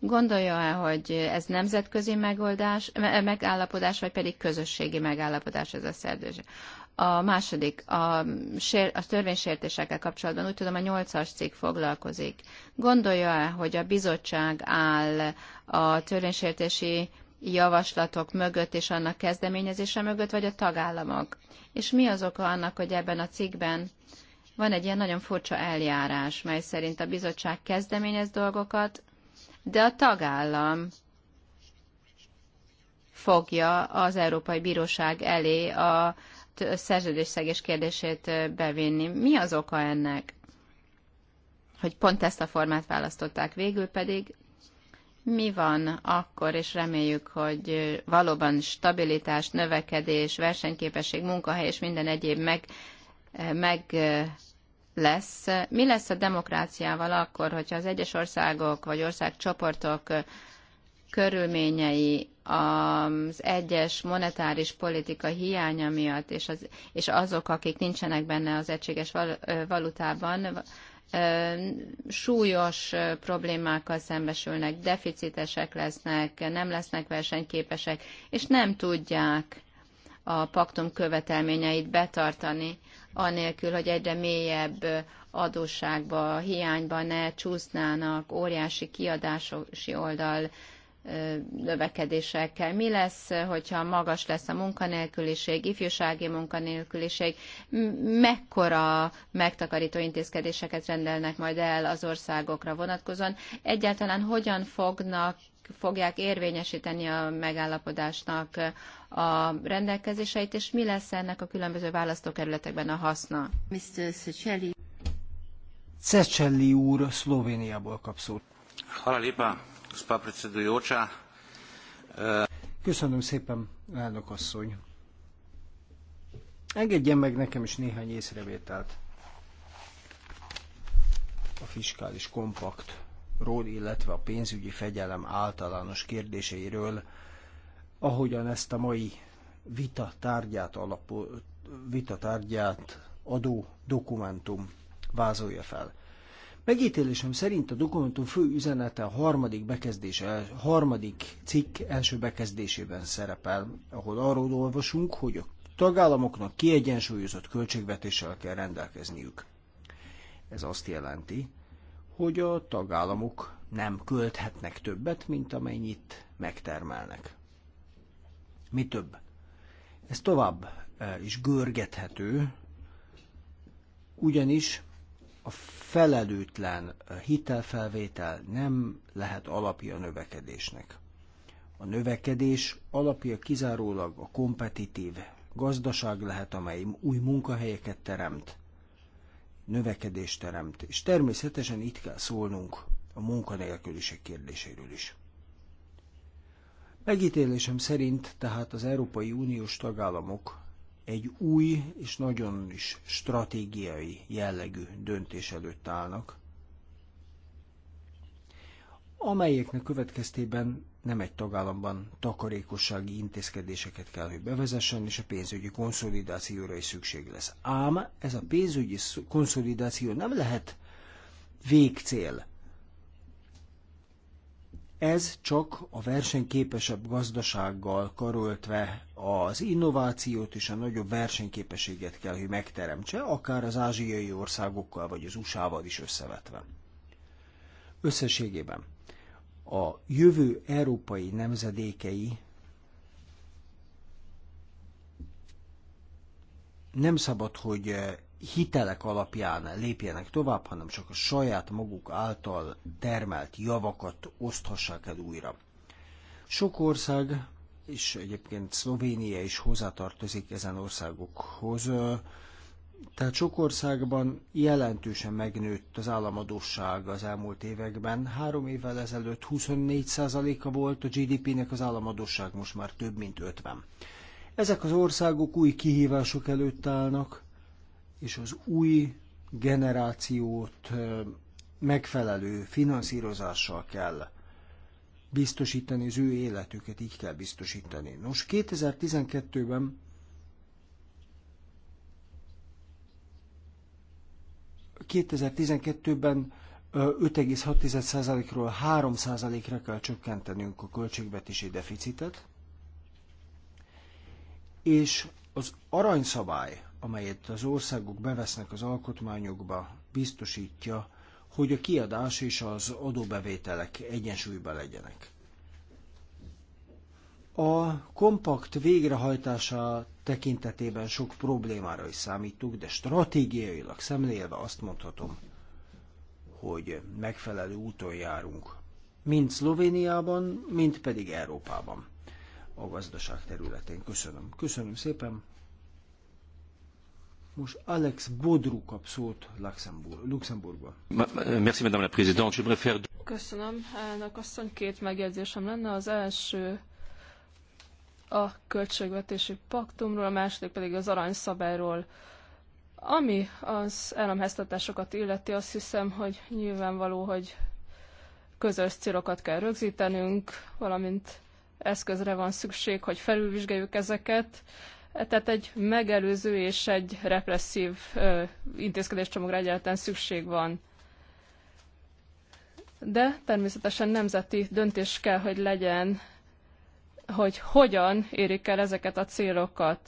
Gondolja-e, hogy ez nemzetközi megoldás, megállapodás, vagy pedig közösségi megállapodás ez a szerződés? A második, a, sér, a törvénysértésekkel kapcsolatban úgy tudom, a nyolcas cikk foglalkozik. Gondolja el, hogy a bizottság áll a törvénysértési javaslatok mögött és annak kezdeményezése mögött, vagy a tagállamok? És mi az oka annak, hogy ebben a cikkben van egy ilyen nagyon furcsa eljárás, mely szerint a bizottság kezdeményez dolgokat, de a tagállam fogja az Európai Bíróság elé a szerződésszegés kérdését bevinni. Mi az oka ennek? Hogy pont ezt a formát választották végül pedig, mi van akkor, és reméljük, hogy valóban stabilitás, növekedés, versenyképesség, munkahely és minden egyéb meg, meg lesz. Mi lesz a demokráciával akkor, hogyha az egyes országok vagy országcsoportok körülményei az egyes monetáris politika hiánya miatt, és, az, és azok, akik nincsenek benne az egységes valutában, súlyos problémákkal szembesülnek, deficitesek lesznek, nem lesznek versenyképesek, és nem tudják a paktum követelményeit betartani, anélkül, hogy egyre mélyebb adósságba, hiányba ne csúsznának, óriási kiadási oldal növekedésekkel. Mi lesz, hogyha magas lesz a munkanélküliség, ifjúsági munkanélküliség, mekkora megtakarító intézkedéseket rendelnek majd el az országokra vonatkozóan, egyáltalán hogyan fognak fogják
érvényesíteni
a megállapodásnak a rendelkezéseit, és mi lesz ennek a különböző választókerületekben a haszna? Mr. Szecselli.
Szecselli úr Szlovéniából kap szót. Hvala lépa. Eh, Köszönöm szépen, elnök asszony. Engedjen meg nekem is néhány észrevételt a fiskális kompaktról, illetve a pénzügyi fegyelem általános kérdéseiről, ahogyan ezt a mai vita tárgyát, alapul, vita tárgyát adó dokumentum vázolja fel. Megítélésem szerint a dokumentum fő üzenete a harmadik, bekezdése, harmadik cikk első bekezdésében szerepel, ahol arról olvasunk, hogy a tagállamoknak kiegyensúlyozott költségvetéssel kell rendelkezniük. Ez azt jelenti, hogy a tagállamok nem költhetnek többet, mint amennyit megtermelnek. Mi több? Ez tovább eh, is görgethető, ugyanis a felelőtlen hitelfelvétel nem lehet alapja a növekedésnek. A növekedés alapja kizárólag a kompetitív gazdaság lehet, amely új munkahelyeket teremt, növekedést teremt, és természetesen itt kell szólnunk a munkanélküliség kérdéséről is. Megítélésem szerint tehát az Európai Uniós tagállamok egy új és nagyon is stratégiai jellegű döntés előtt állnak, amelyeknek következtében nem egy tagállamban takarékossági intézkedéseket kell, hogy bevezessen, és a pénzügyi konszolidációra is szükség lesz. Ám ez a pénzügyi konszolidáció nem lehet végcél. Ez csak a versenyképesebb gazdasággal karöltve az innovációt és a nagyobb versenyképességet kell, hogy megteremtse, akár az ázsiai országokkal vagy az USA-val is összevetve. Összességében a jövő európai nemzedékei nem szabad, hogy hitelek alapján lépjenek tovább, hanem csak a saját maguk által termelt javakat oszthassák el újra. Sok ország, és egyébként Szlovénia is hozzátartozik ezen országokhoz, tehát sok országban jelentősen megnőtt az államadóság az elmúlt években. Három évvel ezelőtt 24%-a volt a GDP-nek az államadóság, most már több mint 50. Ezek az országok új kihívások előtt állnak, és az új generációt megfelelő finanszírozással kell biztosítani, az ő életüket így kell biztosítani. Nos, 2012-ben ...2012-ben 5,6%-ról 3%-ra kell csökkentenünk a költségvetési deficitet, és az aranyszabály, amelyet az országok bevesznek az alkotmányokba, biztosítja, hogy a kiadás és az adóbevételek egyensúlyban legyenek. A kompakt végrehajtása tekintetében sok problémára is számítunk, de stratégiailag szemlélve azt mondhatom, hogy megfelelő úton járunk. Mind Szlovéniában, mind pedig Európában a gazdaság területén. Köszönöm. Köszönöm szépen. Most Alex Bodru kap szót Luxemburg, Luxemburgba.
Merci, madame la présidente. Je préfère...
Köszönöm, elnök asszony. Két megjegyzésem lenne. Az első a költségvetési paktumról, a második pedig az aranyszabályról. Ami az államháztatásokat illeti, azt hiszem, hogy nyilvánvaló, hogy közös célokat kell rögzítenünk, valamint eszközre van szükség, hogy felülvizsgáljuk ezeket. Tehát egy megelőző és egy represszív intézkedéscsomagra egyáltalán szükség van. De természetesen nemzeti döntés kell, hogy legyen, hogy hogyan érik el ezeket a célokat.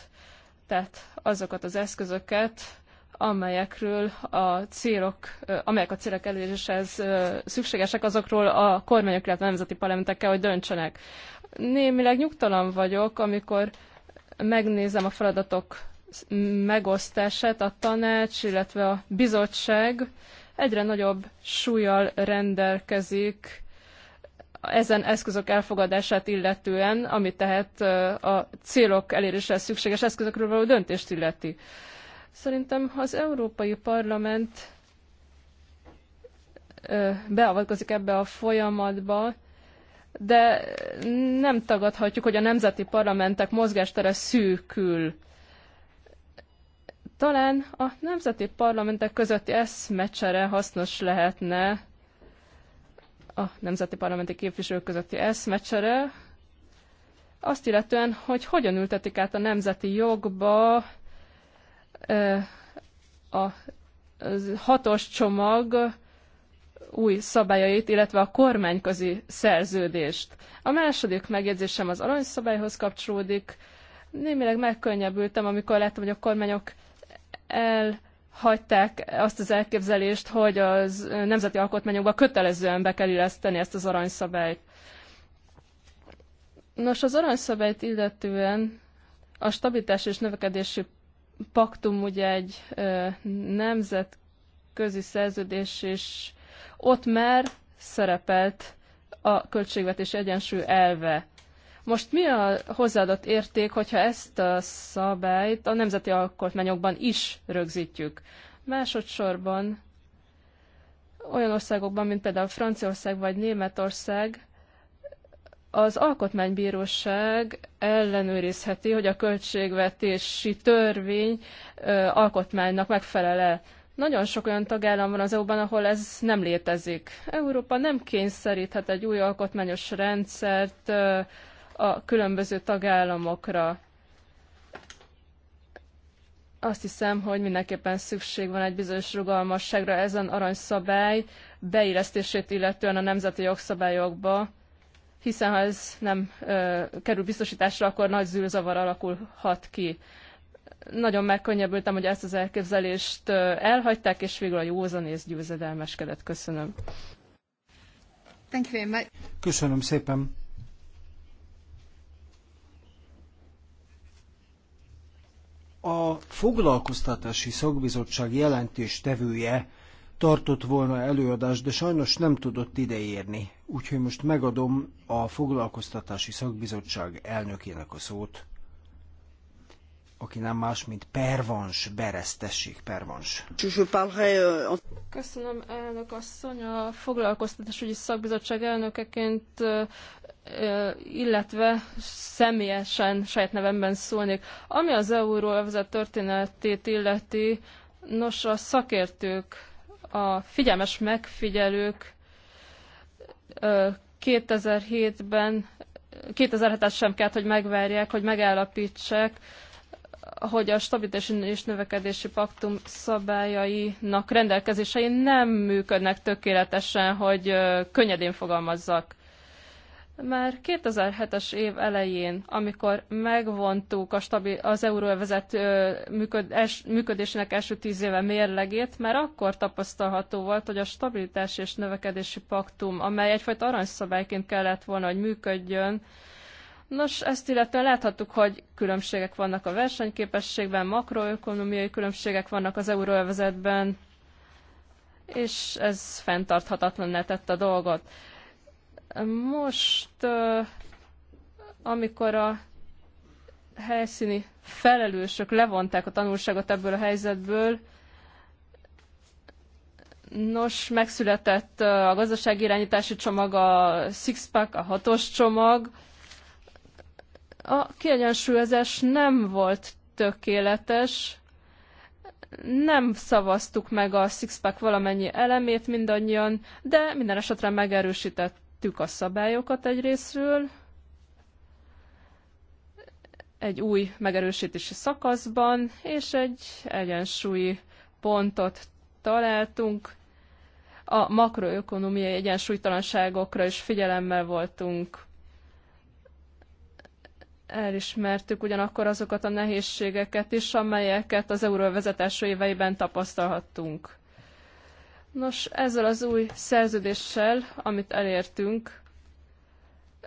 Tehát azokat az eszközöket, amelyekről a célok, amelyek a célok eléréséhez szükségesek, azokról a kormányok, illetve nemzeti kell, hogy döntsenek. Némileg nyugtalan vagyok, amikor megnézem a feladatok megosztását, a tanács, illetve a bizottság egyre nagyobb súlyjal rendelkezik ezen eszközök elfogadását illetően, ami tehát a célok eléréséhez szükséges eszközökről való döntést illeti. Szerintem az Európai Parlament beavatkozik ebbe a folyamatba, de nem tagadhatjuk, hogy a nemzeti parlamentek mozgástere szűkül. Talán a nemzeti parlamentek közötti eszmecsere hasznos lehetne, a nemzeti parlamenti képviselők közötti eszmecsere, azt illetően, hogy hogyan ültetik át a nemzeti jogba a hatos csomag, új szabályait, illetve a kormányközi szerződést. A második megjegyzésem az aranyszabályhoz kapcsolódik. Némileg megkönnyebbültem, amikor láttam, hogy a kormányok elhagyták azt az elképzelést, hogy az nemzeti alkotmányokba kötelezően be kell illeszteni ezt az aranyszabályt. Nos, az aranyszabályt illetően a stabilitás és növekedési paktum ugye egy nemzetközi szerződés és ott már szerepelt a költségvetés egyensúly elve. Most mi a hozzáadott érték, hogyha ezt a szabályt a nemzeti alkotmányokban is rögzítjük? Másodszorban olyan országokban, mint például Franciaország vagy Németország, az alkotmánybíróság ellenőrizheti, hogy a költségvetési törvény ö, alkotmánynak megfelel-e. Nagyon sok olyan tagállam van az EU-ban, ahol ez nem létezik. Európa nem kényszeríthet egy új alkotmányos rendszert a különböző tagállamokra. Azt hiszem, hogy mindenképpen szükség van egy bizonyos rugalmasságra ezen aranyszabály beillesztését illetően a nemzeti jogszabályokba, hiszen ha ez nem ö, kerül biztosításra, akkor nagy zűrzavar alakulhat ki nagyon megkönnyebbültem, hogy ezt az elképzelést elhagyták, és végül a józan és győzedelmeskedett. Köszönöm.
Thank you very much.
Köszönöm szépen. A foglalkoztatási szakbizottság tevője tartott volna előadást, de sajnos nem tudott ideérni, úgyhogy most megadom a foglalkoztatási szakbizottság elnökének a szót aki nem más, mint Pervans Berez, tessék, Pervans.
Köszönöm, elnök asszony, a foglalkoztatásügyi szakbizottság elnökeként illetve személyesen saját nevemben szólnék. Ami az euróvezet történetét illeti, nos a szakértők, a figyelmes megfigyelők 2007-ben, 2007-et sem kellett, hogy megvárják, hogy megállapítsák, hogy a stabilitási és növekedési paktum szabályainak rendelkezései nem működnek tökéletesen, hogy könnyedén fogalmazzak. Már 2007-es év elején, amikor megvontuk a stabil, az euróvezet működ, es, működésének első tíz éve mérlegét, már akkor tapasztalható volt, hogy a stabilitás és növekedési paktum, amely egyfajta aranyszabályként kellett volna, hogy működjön, Nos, ezt illetően láthattuk, hogy különbségek vannak a versenyképességben, makroökonomiai különbségek vannak az euróövezetben, és ez fenntarthatatlan tett a dolgot. Most, amikor a helyszíni felelősök levonták a tanulságot ebből a helyzetből, Nos, megszületett a gazdasági irányítási csomag, a six-pack, a hatos csomag, a kiegyensúlyozás nem volt tökéletes, nem szavaztuk meg a Sixpack valamennyi elemét mindannyian, de minden esetre megerősítettük a szabályokat egyrésztről, egy új megerősítési szakaszban, és egy egyensúlyi pontot találtunk. A makroökonomiai egyensúlytalanságokra is figyelemmel voltunk elismertük ugyanakkor azokat a nehézségeket is, amelyeket az euróvezetés éveiben tapasztalhattunk. Nos, ezzel az új szerződéssel, amit elértünk,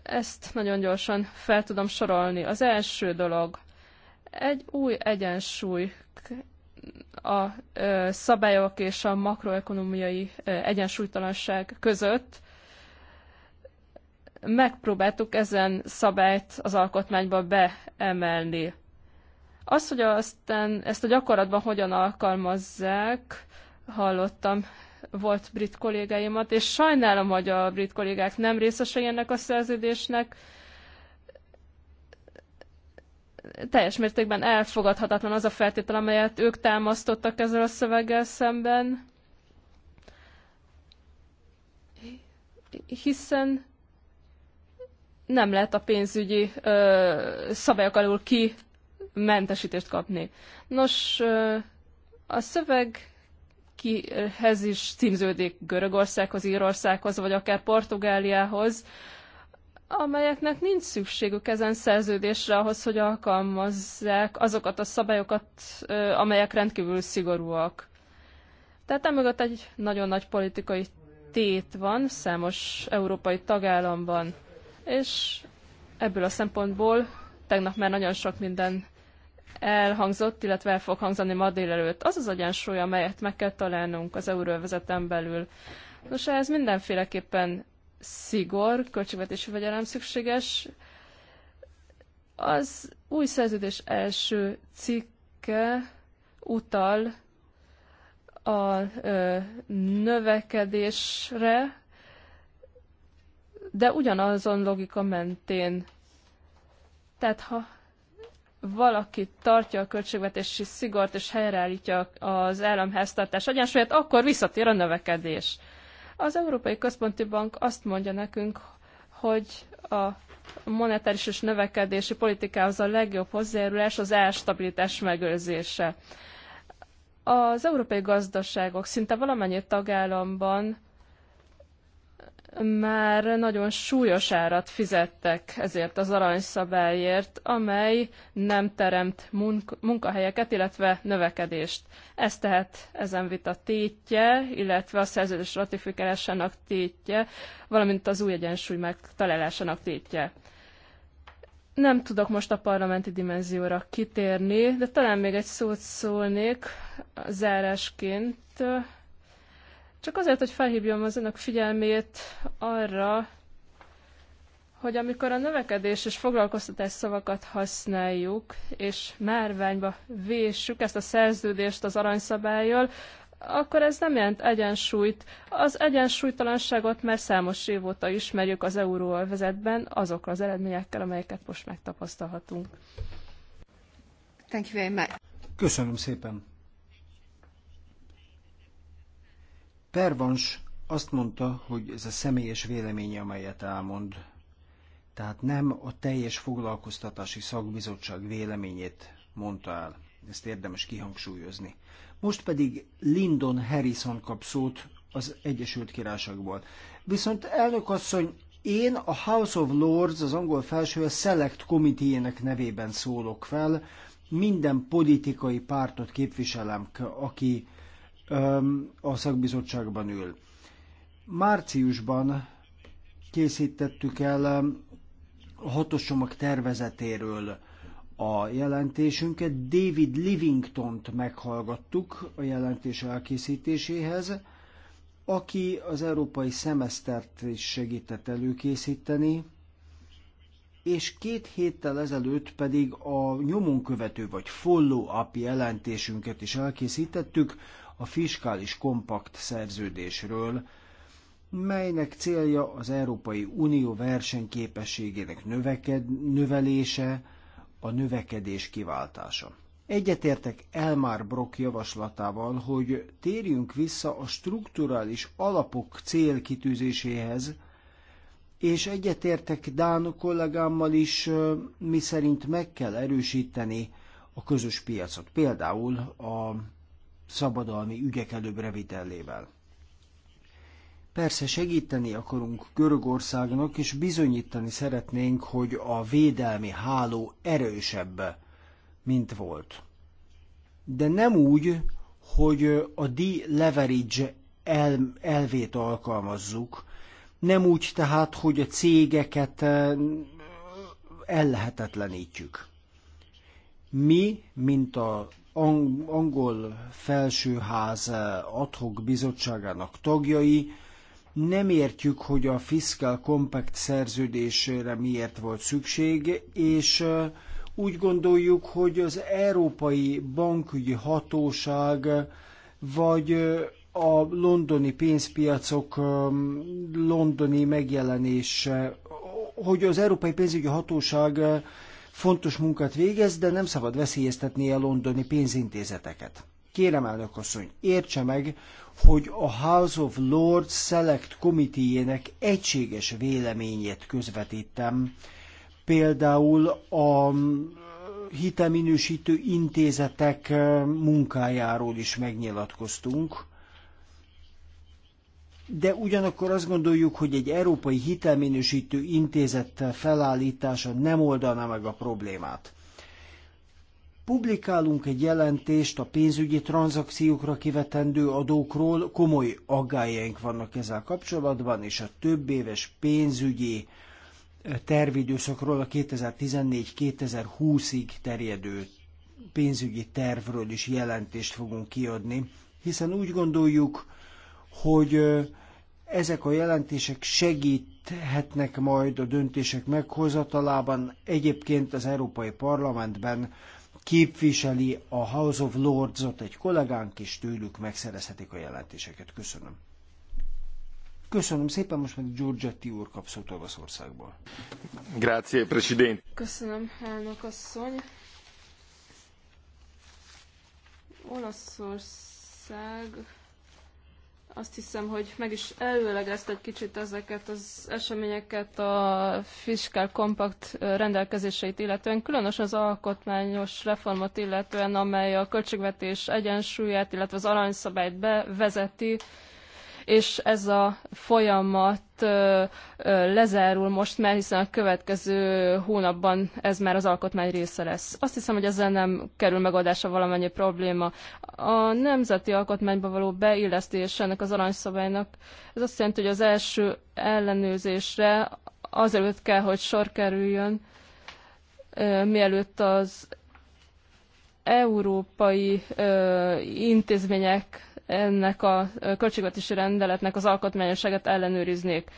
ezt nagyon gyorsan fel tudom sorolni. Az első dolog, egy új egyensúly a szabályok és a makroekonomiai egyensúlytalanság között, megpróbáltuk ezen szabályt az alkotmányba beemelni. Az, hogy aztán ezt a gyakorlatban hogyan alkalmazzák, hallottam volt brit kollégáimat, és sajnálom, hogy a brit kollégák nem részesei ennek a szerződésnek. Teljes mértékben elfogadhatatlan az a feltétel, amelyet ők támasztottak ezzel a szöveggel szemben. Hiszen nem lehet a pénzügyi ö, szabályok alól ki mentesítést kapni. Nos, ö, a szöveg kihez is címződik Görögországhoz, Írországhoz, vagy akár Portugáliához, amelyeknek nincs szükségük ezen szerződésre ahhoz, hogy alkalmazzák azokat a szabályokat, ö, amelyek rendkívül szigorúak. Tehát emögött egy nagyon nagy politikai tét van számos európai tagállamban és ebből a szempontból tegnap már nagyon sok minden elhangzott, illetve el fog hangzani ma délelőtt. Az az egyensúly, amelyet meg kell találnunk az euróvezeten belül. Nos, ez mindenféleképpen szigor, költségvetési nem szükséges. Az új szerződés első cikke utal a ö, növekedésre, de ugyanazon logika mentén. Tehát ha valaki tartja a költségvetési szigort és helyreállítja az államháztartás egyensúlyát, akkor visszatér a növekedés. Az Európai Központi Bank azt mondja nekünk, hogy a monetáris és növekedési politikához a legjobb hozzájárulás az elstabilitás megőrzése. Az európai gazdaságok szinte valamennyi tagállamban már nagyon súlyos árat fizettek ezért az aranyszabályért, amely nem teremt munkahelyeket, illetve növekedést. Ez tehát ezen vita tétje, illetve a szerződés ratifikálásának tétje, valamint az új egyensúly megtalálásának tétje. Nem tudok most a parlamenti dimenzióra kitérni, de talán még egy szót szólnék zárásként csak azért, hogy felhívjam az önök figyelmét arra, hogy amikor a növekedés és foglalkoztatás szavakat használjuk, és márványba véssük ezt a szerződést az aranyszabályjal, akkor ez nem jelent egyensúlyt. Az egyensúlytalanságot már számos év óta ismerjük az euróvezetben azokra az eredményekkel, amelyeket most megtapasztalhatunk. Thank you very much.
Köszönöm szépen. Pervans azt mondta, hogy ez a személyes véleménye, amelyet elmond. Tehát nem a teljes foglalkoztatási szakbizottság véleményét mondta el. Ezt érdemes kihangsúlyozni. Most pedig Lyndon Harrison kap szót az Egyesült Királyságból. Viszont elnök asszony, én a House of Lords, az angol felső a Select Committee-ének nevében szólok fel. Minden politikai pártot képviselem, aki a szakbizottságban ül. Márciusban készítettük el a hatos csomag tervezetéről a jelentésünket. David Livington-t meghallgattuk a jelentés elkészítéséhez, aki az európai szemesztert is segített előkészíteni, és két héttel ezelőtt pedig a nyomonkövető vagy follow-up jelentésünket is elkészítettük, a fiskális kompakt szerződésről, melynek célja az Európai Unió versenyképességének növeked, növelése, a növekedés kiváltása. Egyetértek Elmar Brock javaslatával, hogy térjünk vissza a strukturális alapok célkitűzéséhez, és egyetértek Dán kollégámmal is, miszerint meg kell erősíteni a közös piacot, például a szabadalmi ügyek előbb revitellével. Persze segíteni akarunk Görögországnak, és bizonyítani szeretnénk, hogy a védelmi háló erősebb, mint volt. De nem úgy, hogy a de-leverage el, elvét alkalmazzuk, nem úgy tehát, hogy a cégeket eh, ellehetetlenítjük. Mi, mint a angol felsőház eh, adhok bizottságának tagjai, nem értjük, hogy a Fiscal Compact szerződésre miért volt szükség, és eh, úgy gondoljuk, hogy az Európai Bankügyi Hatóság vagy eh, a londoni pénzpiacok londoni megjelenése, hogy az Európai Pénzügyi Hatóság fontos munkát végez, de nem szabad veszélyeztetni a londoni pénzintézeteket. Kérem, elnök asszony, értse meg, hogy a House of Lords Select Committee-jének egységes véleményét közvetítem. Például a hiteminősítő intézetek munkájáról is megnyilatkoztunk de ugyanakkor azt gondoljuk, hogy egy európai hitelminősítő intézet felállítása nem oldaná meg a problémát. Publikálunk egy jelentést a pénzügyi tranzakciókra kivetendő adókról, komoly aggájaink vannak ezzel kapcsolatban, és a több éves pénzügyi eh, tervidőszakról a 2014-2020-ig terjedő pénzügyi tervről is jelentést fogunk kiadni, hiszen úgy gondoljuk, hogy ezek a jelentések segíthetnek majd a döntések meghozatalában. Egyébként az Európai Parlamentben képviseli a House of Lords-ot egy kollégánk, és tőlük megszerezhetik a jelentéseket. Köszönöm. Köszönöm szépen, most meg Giorgetti úr kap szót Olaszországból.
Grazie, President.
Köszönöm, elnök asszony. Olaszország azt hiszem, hogy meg is előlegezte egy kicsit ezeket az eseményeket a fiskál kompakt rendelkezéseit illetően, különösen az alkotmányos reformot illetően, amely a költségvetés egyensúlyát, illetve az aranyszabályt bevezeti, és ez a folyamat lezárul most már, hiszen a következő hónapban ez már az alkotmány része lesz. Azt hiszem, hogy ezzel nem kerül megoldása valamennyi probléma. A nemzeti alkotmányba való beillesztés ennek az aranyszabálynak, ez azt jelenti, hogy az első ellenőrzésre azelőtt kell, hogy sor kerüljön, mielőtt az európai ö, intézmények ennek a költségvetési rendeletnek az alkotmányosságát ellenőriznék.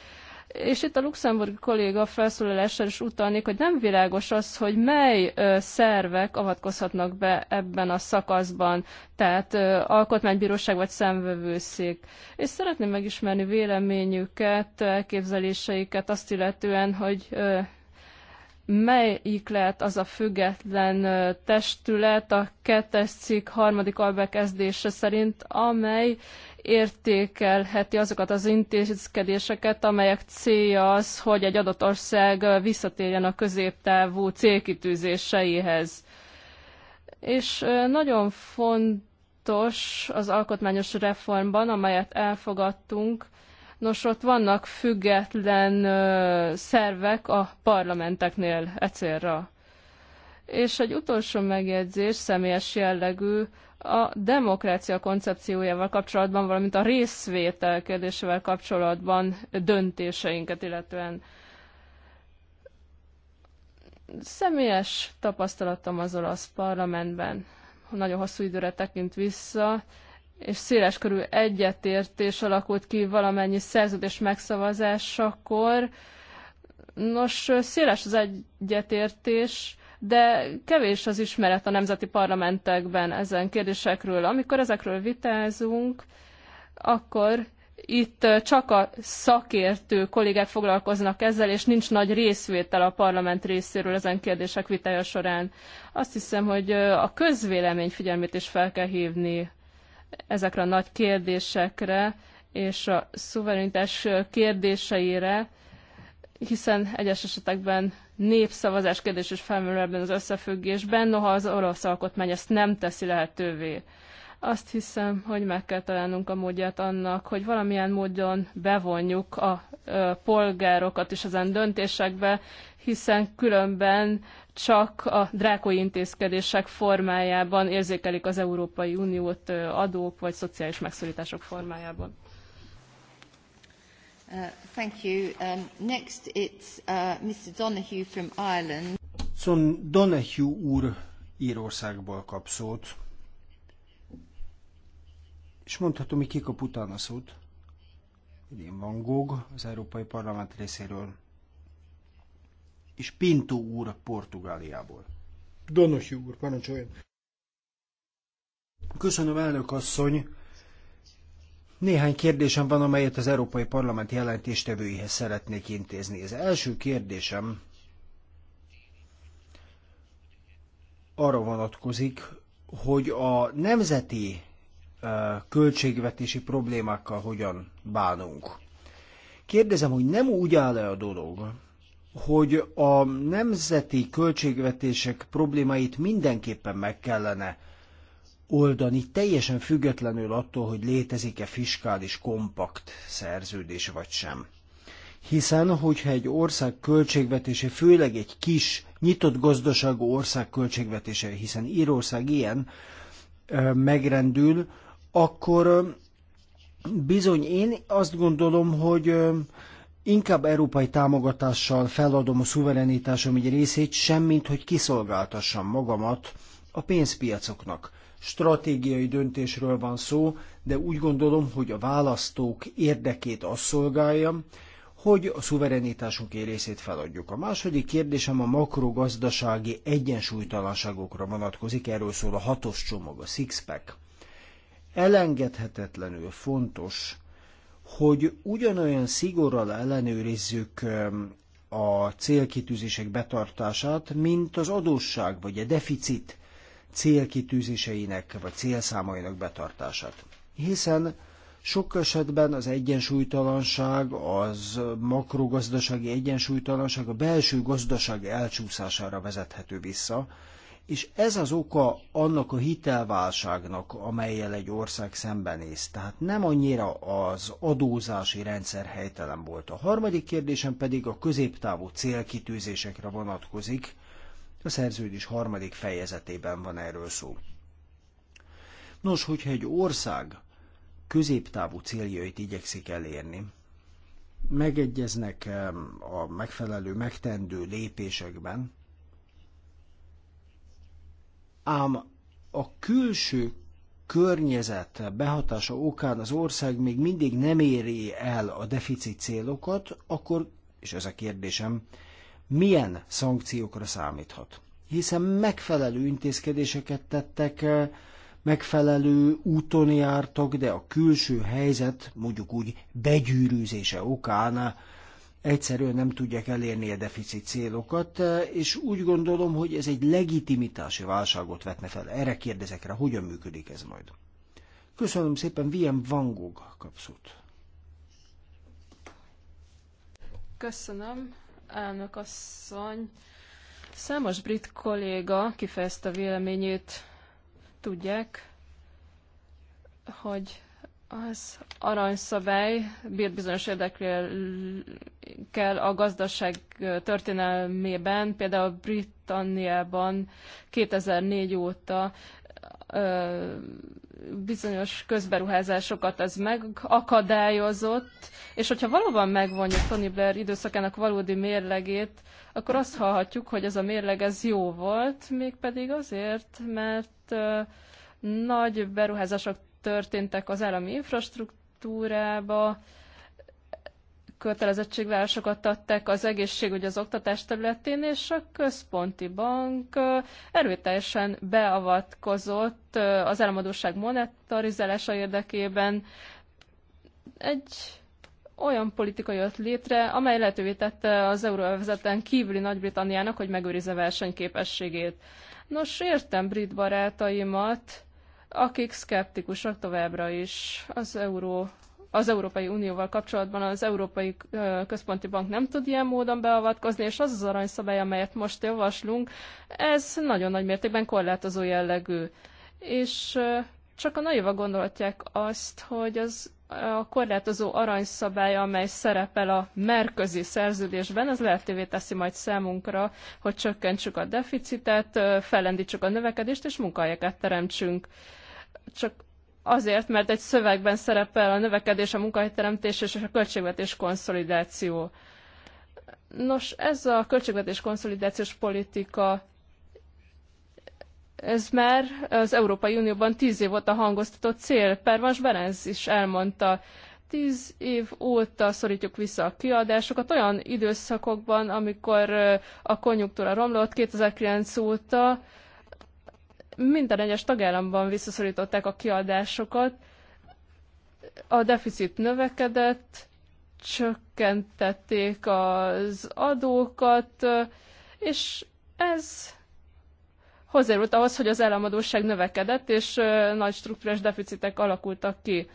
És itt a luxemburgi kolléga felszólalással is utalnék, hogy nem világos az, hogy mely szervek avatkozhatnak be ebben a szakaszban, tehát alkotmánybíróság vagy szemvevőszék. És szeretném megismerni véleményüket, elképzeléseiket azt illetően, hogy melyik lehet az a független testület a kettes cikk harmadik albekezdése szerint, amely értékelheti azokat az intézkedéseket, amelyek célja az, hogy egy adott ország visszatérjen a középtávú célkitűzéseihez. És nagyon fontos az alkotmányos reformban, amelyet elfogadtunk, Nos, ott vannak független ö, szervek a parlamenteknél e célra. És egy utolsó megjegyzés, személyes jellegű, a demokrácia koncepciójával kapcsolatban, valamint a részvétel kérdésével kapcsolatban döntéseinket illetően. Személyes tapasztalatom az olasz parlamentben, nagyon hosszú időre tekint vissza, és széleskörű egyetértés alakult ki valamennyi szerződés megszavazásakor. Nos, széles az egyetértés, de kevés az ismeret a nemzeti parlamentekben ezen kérdésekről. Amikor ezekről vitázunk, akkor itt csak a szakértő kollégák foglalkoznak ezzel, és nincs nagy részvétel a parlament részéről ezen kérdések vitája során. Azt hiszem, hogy a közvélemény figyelmét is fel kell hívni ezekre a nagy kérdésekre és a szuverenitás kérdéseire, hiszen egyes esetekben népszavazás kérdés is felmerül ebben az összefüggésben, noha az orosz alkotmány ezt nem teszi lehetővé. Azt hiszem, hogy meg kell találnunk a módját annak, hogy valamilyen módon bevonjuk a polgárokat is ezen döntésekbe, hiszen különben csak a drákói intézkedések formájában érzékelik az Európai Uniót adók vagy szociális megszorítások formájában.
Uh, thank you. Um, next it's uh, Mr. Donahue from Ireland.
Szóval Donahue úr Írországból kap szót. És mondhatom, hogy kikap utána a szót. Idén van Gog az Európai Parlament részéről. És Pinto úr Portugáliából. Donos úr, parancsoljon. Köszönöm, elnök asszony. Néhány kérdésem van, amelyet az Európai Parlament jelentéstevőihez szeretnék intézni. Az első kérdésem arra vonatkozik, hogy a nemzeti költségvetési problémákkal hogyan bánunk. Kérdezem, hogy nem úgy áll-e a dolog, hogy a nemzeti költségvetések problémáit mindenképpen meg kellene oldani, teljesen függetlenül attól, hogy létezik-e fiskális kompakt szerződés vagy sem. Hiszen, hogyha egy ország költségvetése, főleg egy kis, nyitott gazdaságú ország költségvetése, hiszen Írország ilyen, megrendül, akkor bizony én azt gondolom, hogy inkább európai támogatással feladom a szuverenitásom egy részét, semmint, hogy kiszolgáltassam magamat a pénzpiacoknak. Stratégiai döntésről van szó, de úgy gondolom, hogy a választók érdekét az szolgálja, hogy a szuverenitásunk részét feladjuk. A második kérdésem a makrogazdasági egyensúlytalanságokra vonatkozik, erről szól a hatos csomag, a six-pack elengedhetetlenül fontos, hogy ugyanolyan szigorral ellenőrizzük a célkitűzések betartását, mint az adósság vagy a deficit célkitűzéseinek vagy célszámainak betartását. Hiszen sok esetben az egyensúlytalanság, az makrogazdasági egyensúlytalanság a belső gazdaság elcsúszására vezethető vissza, és ez az oka annak a hitelválságnak, amelyel egy ország szembenéz. Tehát nem annyira az adózási rendszer helytelen volt. A harmadik kérdésem pedig a középtávú célkitűzésekre vonatkozik. A szerződés harmadik fejezetében van erről szó. Nos, hogyha egy ország középtávú céljait igyekszik elérni, megegyeznek a megfelelő megtendő lépésekben, ám a külső környezet behatása okán az ország még mindig nem éri el a deficit célokat, akkor, és ez a kérdésem, milyen szankciókra számíthat? Hiszen megfelelő intézkedéseket tettek, megfelelő úton jártak, de a külső helyzet, mondjuk úgy, begyűrűzése okán egyszerűen nem tudják elérni a deficit célokat, és úgy gondolom, hogy ez egy legitimitási válságot vetne fel. Erre kérdezek rá, hogyan működik ez majd. Köszönöm szépen, Viem Van Gogh kapszót.
Köszönöm, elnök asszony. Számos brit kolléga kifejezte véleményét. Tudják, hogy az aranyszabály bírt bizonyos kell a gazdaság történelmében, például Britanniában 2004 óta bizonyos közberuházásokat ez megakadályozott, és hogyha valóban megvonjuk Tony Blair időszakának valódi mérlegét, akkor azt hallhatjuk, hogy ez a mérleg ez jó volt, mégpedig azért, mert nagy beruházások történtek az állami infrastruktúrába, kötelezettségvárosokat adtak az egészség, vagy az oktatás területén, és a központi bank erőteljesen beavatkozott az államadóság monetarizálása érdekében. Egy olyan politika jött létre, amely lehetővé tette az euróvezeten kívüli Nagy-Britanniának, hogy megőrizze versenyképességét. Nos, értem brit barátaimat, akik szkeptikusak továbbra is az euró az Európai Unióval kapcsolatban az Európai Központi Bank nem tud ilyen módon beavatkozni, és az az aranyszabály, amelyet most javaslunk, ez nagyon nagy mértékben korlátozó jellegű. És csak a naiva gondolhatják azt, hogy az a korlátozó aranyszabály, amely szerepel a merközi szerződésben, az lehetővé teszi majd számunkra, hogy csökkentsük a deficitet, fellendítsük a növekedést és munkahelyeket teremtsünk csak azért, mert egy szövegben szerepel a növekedés, a munkahelyteremtés és a költségvetés konszolidáció. Nos, ez a költségvetés konszolidációs politika ez már az Európai Unióban tíz év óta hangoztatott cél. Pervans Berenz is elmondta, tíz év óta szorítjuk vissza a kiadásokat olyan időszakokban, amikor a konjunktúra romlott 2009 óta, minden egyes tagállamban visszaszorították a kiadásokat, a deficit növekedett, csökkentették az adókat, és ez hozzájárult ahhoz, hogy az államadóság növekedett, és nagy struktúrás deficitek alakultak ki.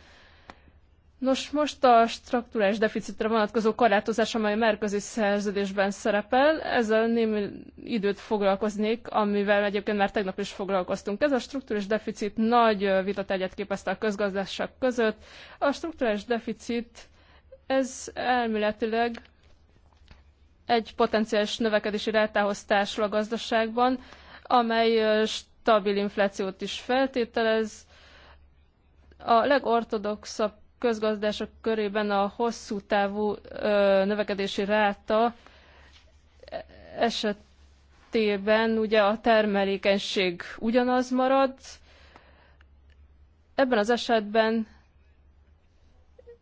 Nos, most a strukturális deficitre vonatkozó korlátozás, amely merközi szerződésben szerepel, ezzel némi időt foglalkoznék, amivel egyébként már tegnap is foglalkoztunk. Ez a strukturális deficit nagy egyet képezte a közgazdaság között. A strukturális deficit, ez elméletileg egy potenciális növekedési rátához társul a gazdaságban, amely stabil inflációt is feltételez. A legortodoxabb közgazdások körében a hosszú távú ö, növekedési ráta esetében ugye a termelékenység ugyanaz marad. Ebben az esetben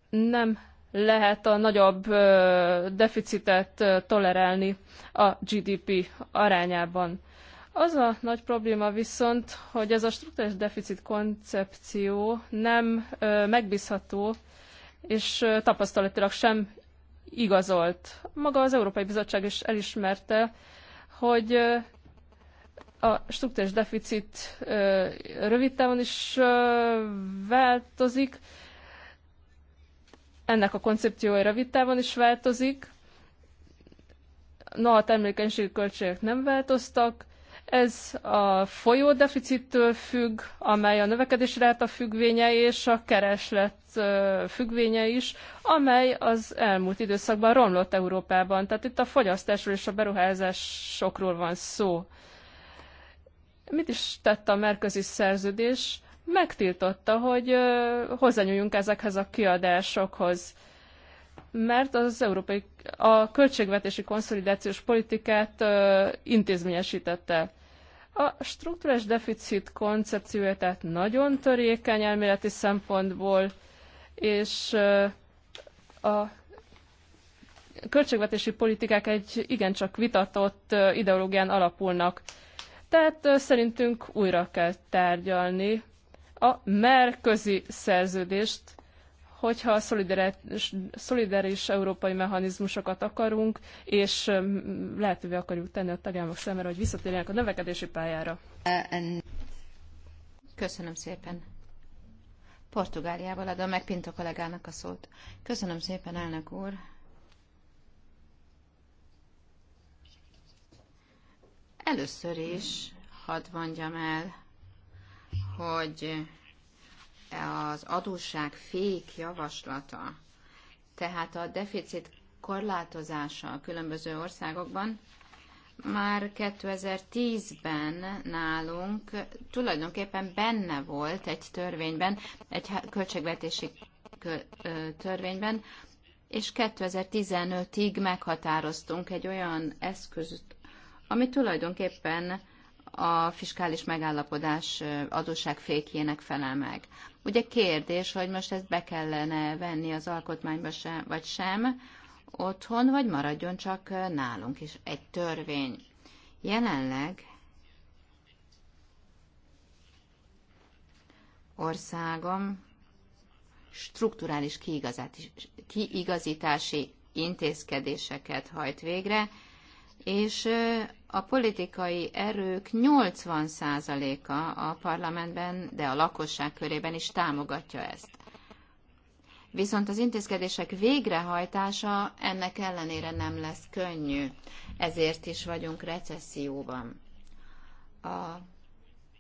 nem lehet a nagyobb ö, deficitet ö, tolerálni a GDP arányában. Az a nagy probléma viszont, hogy ez a struktúrás deficit koncepció nem ö, megbízható, és tapasztalatilag sem igazolt. Maga az Európai Bizottság is elismerte, hogy a struktúrás deficit rövid távon is változik, ennek a koncepciója rövid távon is változik, na a termékenységi költségek nem változtak, ez a folyó deficittől függ, amely a növekedés ráta függvénye és a kereslet függvénye is, amely az elmúlt időszakban romlott Európában. Tehát itt a fogyasztásról és a beruházásokról van szó. Mit is tett a merközi szerződés? Megtiltotta, hogy hozzányúljunk ezekhez a kiadásokhoz mert az európai a költségvetési konszolidációs politikát ö, intézményesítette. A struktúrás deficit koncepciója tehát nagyon törékeny elméleti szempontból, és a költségvetési politikák egy igencsak vitatott ideológián alapulnak. Tehát szerintünk újra kell tárgyalni a merközi szerződést, hogyha a szolidaris, európai mechanizmusokat akarunk, és um, lehetővé akarjuk tenni a tagállamok szemére, hogy visszatérjenek a növekedési pályára. Köszönöm szépen.
Portugáliával adom meg Pinto kollégának a szót. Köszönöm szépen, elnök úr. Először is hadd mondjam el, hogy az adósság fék javaslata, tehát a deficit korlátozása a különböző országokban már 2010-ben nálunk tulajdonképpen benne volt egy törvényben, egy költségvetési törvényben, és 2015-ig meghatároztunk egy olyan eszközt, ami tulajdonképpen a fiskális megállapodás adósságfékjének felel meg. Ugye kérdés, hogy most ezt be kellene venni az alkotmányba sem, vagy sem, otthon, vagy maradjon csak nálunk is egy törvény. Jelenleg országom strukturális kiigazítási intézkedéseket hajt végre, és a politikai erők 80%-a a parlamentben, de a lakosság körében is támogatja ezt. Viszont az intézkedések végrehajtása ennek ellenére nem lesz könnyű, ezért is vagyunk recesszióban. A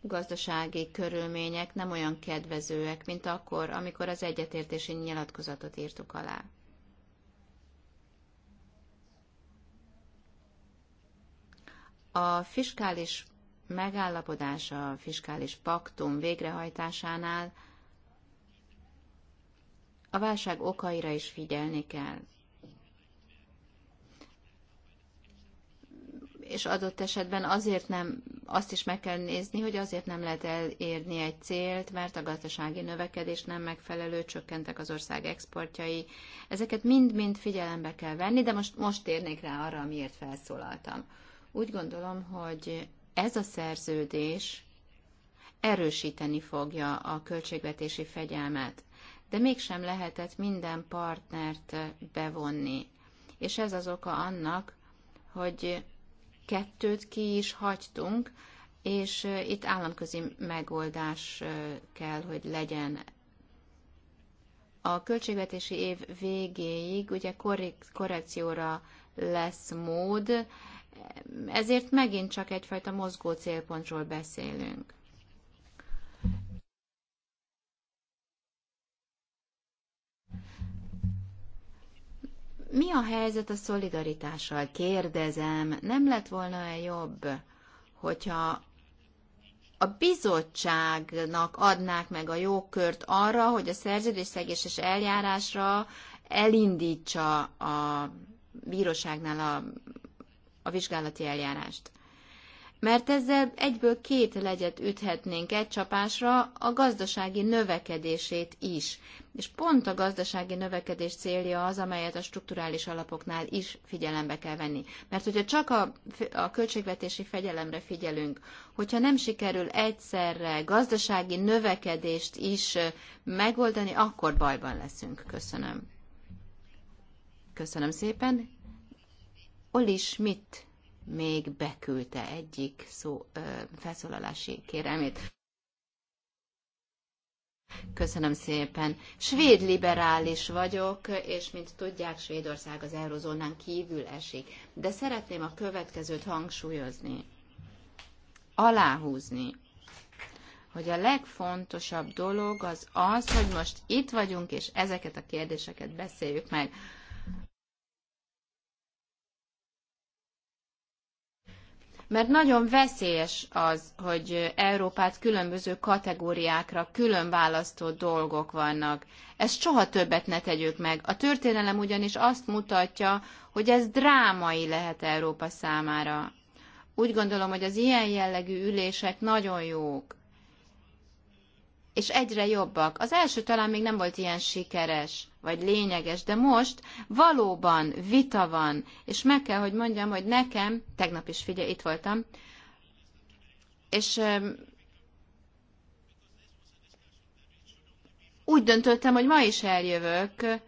gazdasági körülmények nem olyan kedvezőek, mint akkor, amikor az egyetértési nyilatkozatot írtuk alá. A fiskális megállapodás, a fiskális paktum végrehajtásánál a válság okaira is figyelni kell. És adott esetben azért nem, azt is meg kell nézni, hogy azért nem lehet elérni egy célt, mert a gazdasági növekedés nem megfelelő, csökkentek az ország exportjai. Ezeket mind-mind figyelembe kell venni, de most, most térnék rá arra, amiért felszólaltam. Úgy gondolom, hogy ez a szerződés erősíteni fogja a költségvetési fegyelmet, de mégsem lehetett minden partnert bevonni. És ez az oka annak, hogy kettőt ki is hagytunk, és itt államközi megoldás kell, hogy legyen. A költségvetési év végéig ugye korrekcióra lesz mód, ezért megint csak egyfajta mozgó célpontról beszélünk. Mi a helyzet a szolidaritással? Kérdezem, nem lett volna-e jobb, hogyha a bizottságnak adnák meg a jogkört arra, hogy a szerződésszegéses eljárásra elindítsa a bíróságnál a a vizsgálati eljárást. Mert ezzel egyből két legyet üthetnénk egy csapásra, a gazdasági növekedését is. És pont a gazdasági növekedés célja az, amelyet a strukturális alapoknál is figyelembe kell venni. Mert hogyha csak a, a költségvetési fegyelemre figyelünk, hogyha nem sikerül egyszerre gazdasági növekedést is megoldani, akkor bajban leszünk. Köszönöm. Köszönöm szépen. Oli Schmidt még beküldte egyik szó, ö, felszólalási kérelmét. Köszönöm szépen. Svéd liberális vagyok, és mint tudják, Svédország az eurozónán kívül esik. De szeretném a következőt hangsúlyozni, aláhúzni, hogy a legfontosabb dolog az az, hogy most itt vagyunk, és ezeket a kérdéseket beszéljük meg. mert nagyon veszélyes az, hogy Európát különböző kategóriákra külön választott dolgok vannak. Ezt soha többet ne tegyük meg. A történelem ugyanis azt mutatja, hogy ez drámai lehet Európa számára. Úgy gondolom, hogy az ilyen jellegű ülések nagyon jók, és egyre jobbak. Az első talán még nem volt ilyen sikeres, vagy lényeges, de most valóban vita van, és meg kell, hogy mondjam, hogy nekem, tegnap is figyelj, itt voltam, és úgy döntöttem, hogy ma is eljövök,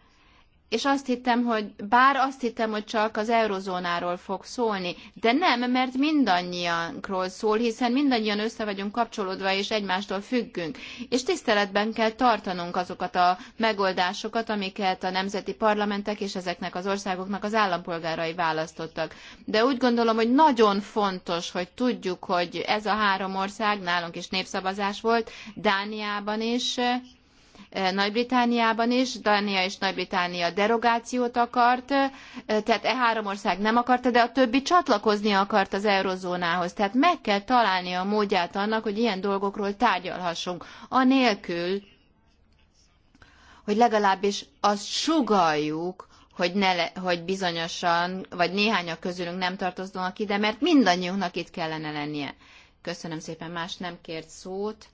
és azt hittem, hogy bár azt hittem, hogy csak az eurozónáról fog szólni, de nem, mert mindannyiankról szól, hiszen mindannyian össze vagyunk kapcsolódva, és egymástól függünk. És tiszteletben kell tartanunk azokat a megoldásokat, amiket a nemzeti parlamentek és ezeknek az országoknak az állampolgárai választottak. De úgy gondolom, hogy nagyon fontos, hogy tudjuk, hogy ez a három ország, nálunk is népszavazás volt, Dániában is, Eh, Nagy-Britániában is, Dánia és Nagy-Británia derogációt akart, eh, tehát e három ország nem akarta, de a többi csatlakozni akart az eurozónához. Tehát meg kell találni a módját annak, hogy ilyen dolgokról tárgyalhassunk. Anélkül, hogy legalábbis azt sugaljuk, hogy, ne le, hogy bizonyosan, vagy néhányak közülünk nem tartoznak ide, mert mindannyiunknak itt kellene lennie. Köszönöm szépen, más nem kért szót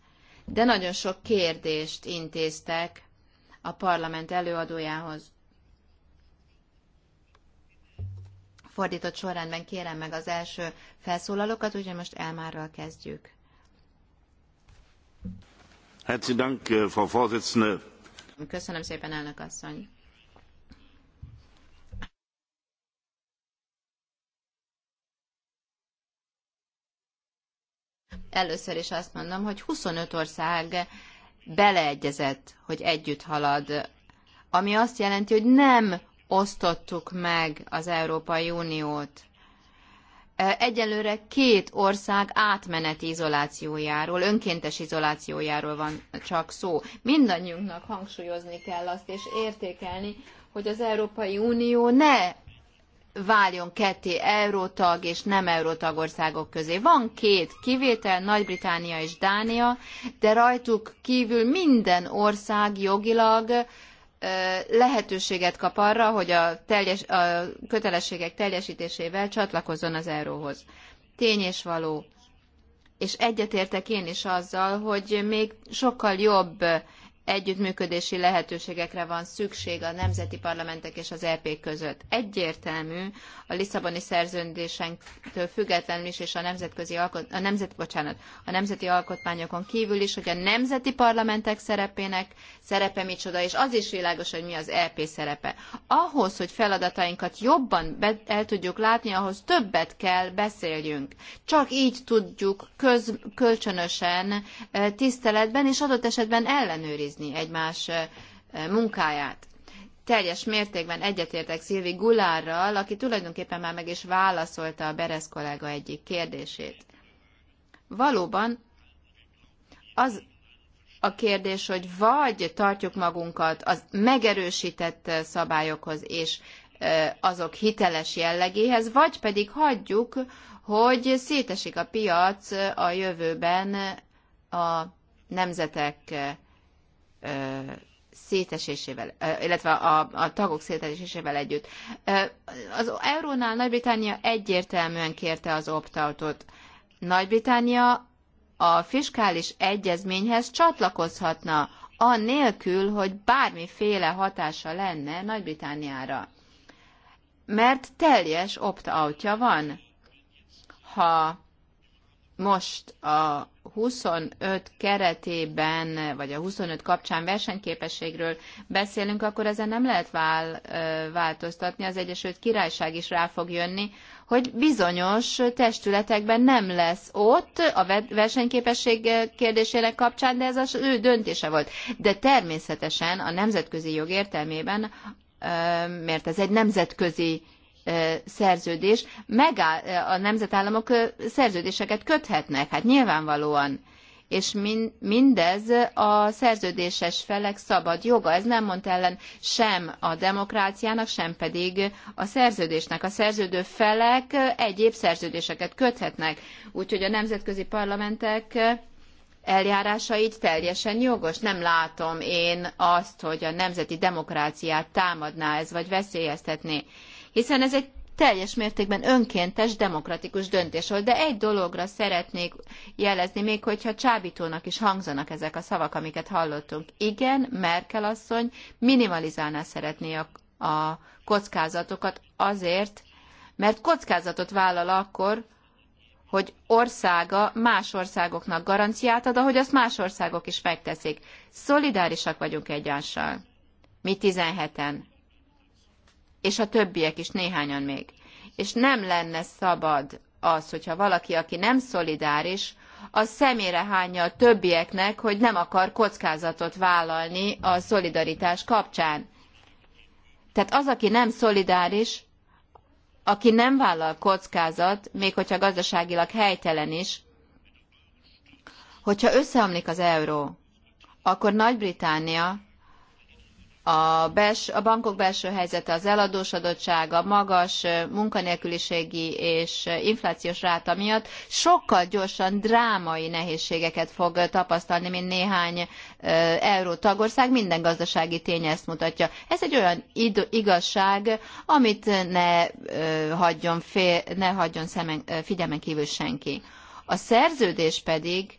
de nagyon sok kérdést intéztek a parlament előadójához. Fordított sorrendben kérem meg az első felszólalókat, úgyhogy most Elmárral kezdjük.
Herzlichen Dank, Frau Vorsitzende.
Köszönöm szépen, elnök asszony. először is azt mondom, hogy 25 ország beleegyezett, hogy együtt halad, ami azt jelenti, hogy nem osztottuk meg az Európai Uniót. Egyelőre két ország átmeneti izolációjáról, önkéntes izolációjáról van csak szó. Mindannyiunknak hangsúlyozni kell azt, és értékelni, hogy az Európai Unió ne váljon ketté eurótag és nem eurótag országok közé. Van két kivétel, Nagy-Británia és Dánia, de rajtuk kívül minden ország jogilag lehetőséget kap arra, hogy a, teljes, a kötelességek teljesítésével csatlakozzon az euróhoz. Tény és való. És egyetértek én is azzal, hogy még sokkal jobb együttműködési lehetőségekre van szükség a nemzeti parlamentek és az EP között. Egyértelmű a Lisszaboni szerződésenktől függetlenül is, és a, nemzetközi alkot, a, nemzet, bocsánat, a nemzeti alkotmányokon kívül is, hogy a nemzeti parlamentek szerepének szerepe micsoda, és az is világos, hogy mi az EP szerepe. Ahhoz, hogy feladatainkat jobban be, el tudjuk látni, ahhoz többet kell beszéljünk. Csak így tudjuk köz, kölcsönösen, eh, tiszteletben és adott esetben ellenőrizni megnézni egymás eh, eh, munkáját. Teljes mértékben egyetértek Szilvi Gulárral, aki tulajdonképpen már meg is válaszolta a Beresz kollega egyik kérdését. Valóban az a kérdés, hogy vagy tartjuk magunkat az megerősített eh, szabályokhoz és azok hiteles jellegéhez, vagy pedig hagyjuk, hogy szétesik a piac a jövőben a nemzetek szétesésével, illetve a, a tagok szétesésével együtt. Az eurónál Nagy-Britannia egyértelműen kérte az opt Nagy-Britannia a fiskális egyezményhez csatlakozhatna, annélkül, hogy bármiféle hatása lenne Nagy-Britanniára. Mert teljes opt-outja van. Ha most a 25 keretében, vagy a 25 kapcsán versenyképességről beszélünk, akkor ezen nem lehet vál, változtatni. Az Egyesült Királyság is rá fog jönni, hogy bizonyos testületekben nem lesz ott a versenyképesség kérdésének kapcsán, de ez az ő döntése volt. De természetesen a nemzetközi jog értelmében, mert ez egy nemzetközi szerződés, megáll, a nemzetállamok szerződéseket köthetnek, hát nyilvánvalóan. És min, mindez a szerződéses felek szabad joga. Ez nem mond ellen sem a demokráciának, sem pedig a szerződésnek. A szerződő felek egyéb szerződéseket köthetnek. Úgyhogy a nemzetközi parlamentek eljárása így teljesen jogos. Nem látom én azt, hogy a nemzeti demokráciát támadná ez, vagy veszélyeztetné hiszen ez egy teljes mértékben önkéntes, demokratikus döntés volt. De egy dologra szeretnék jelezni, még hogyha csábítónak is hangzanak ezek a szavak, amiket hallottunk. Igen, Merkel asszony minimalizálná szeretné a, a kockázatokat azért, mert kockázatot vállal akkor, hogy országa más országoknak garanciát ad, ahogy azt más országok is megteszik. Szolidárisak vagyunk egyással. Mi 17-en és a többiek is, néhányan még. És nem lenne szabad az, hogyha valaki, aki nem szolidáris, a szemére hányja a többieknek, hogy nem akar kockázatot vállalni a szolidaritás kapcsán. Tehát az, aki nem szolidáris, aki nem vállal kockázat, még hogyha gazdaságilag helytelen is, hogyha összeomlik az euró, akkor Nagy-Britannia a, bels, a bankok belső helyzete, az eladósodottsága, magas munkanélküliségi és inflációs ráta miatt sokkal gyorsan drámai nehézségeket fog tapasztalni, mint néhány euró tagország. Minden gazdasági tény ezt mutatja. Ez egy olyan igazság, amit ne hagyjon, fél, ne hagyjon szemen, figyelmen kívül senki. A szerződés pedig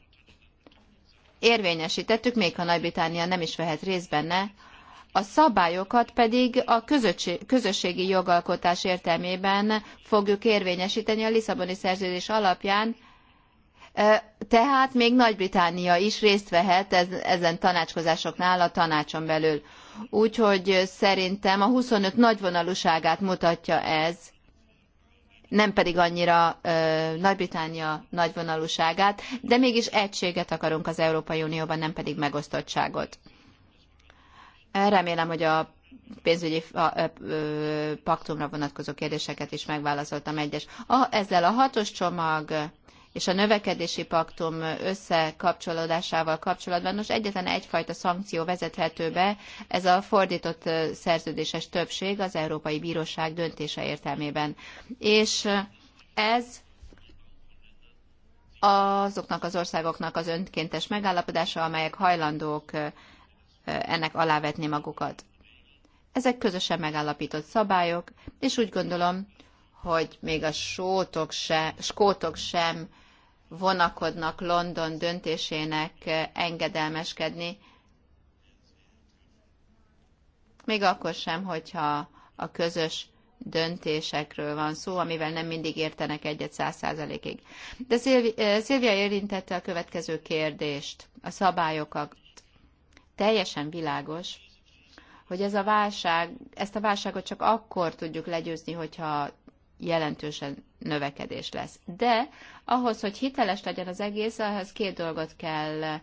érvényesítettük, még ha Nagy-Britannia nem is vehet részt benne, a szabályokat pedig a közösségi jogalkotás értelmében fogjuk érvényesíteni a Lisszaboni szerződés alapján, tehát még Nagy-Britannia is részt vehet ezen tanácskozásoknál a tanácson belül. Úgyhogy szerintem a 25 nagyvonalúságát mutatja ez, nem pedig annyira Nagy-Britannia nagyvonalúságát, de mégis egységet akarunk az Európai Unióban, nem pedig megosztottságot. Remélem, hogy a pénzügyi paktumra vonatkozó kérdéseket is megválaszoltam egyes. A, ezzel a hatos csomag és a növekedési paktum összekapcsolódásával kapcsolatban most egyetlen egyfajta szankció vezethető be, ez a fordított szerződéses többség az Európai Bíróság döntése értelmében. És ez azoknak az országoknak az önkéntes megállapodása, amelyek hajlandók ennek alávetni magukat. Ezek közösen megállapított szabályok, és úgy gondolom, hogy még a sótok se, skótok sem vonakodnak London döntésének engedelmeskedni, még akkor sem, hogyha a közös döntésekről van szó, amivel nem mindig értenek egyet száz százalékig. De Szilvia érintette a következő kérdést, a szabályokkal teljesen világos, hogy ez a válság, ezt a válságot csak akkor tudjuk legyőzni, hogyha jelentősen növekedés lesz. De ahhoz, hogy hiteles legyen az egész, ahhoz két dolgot kell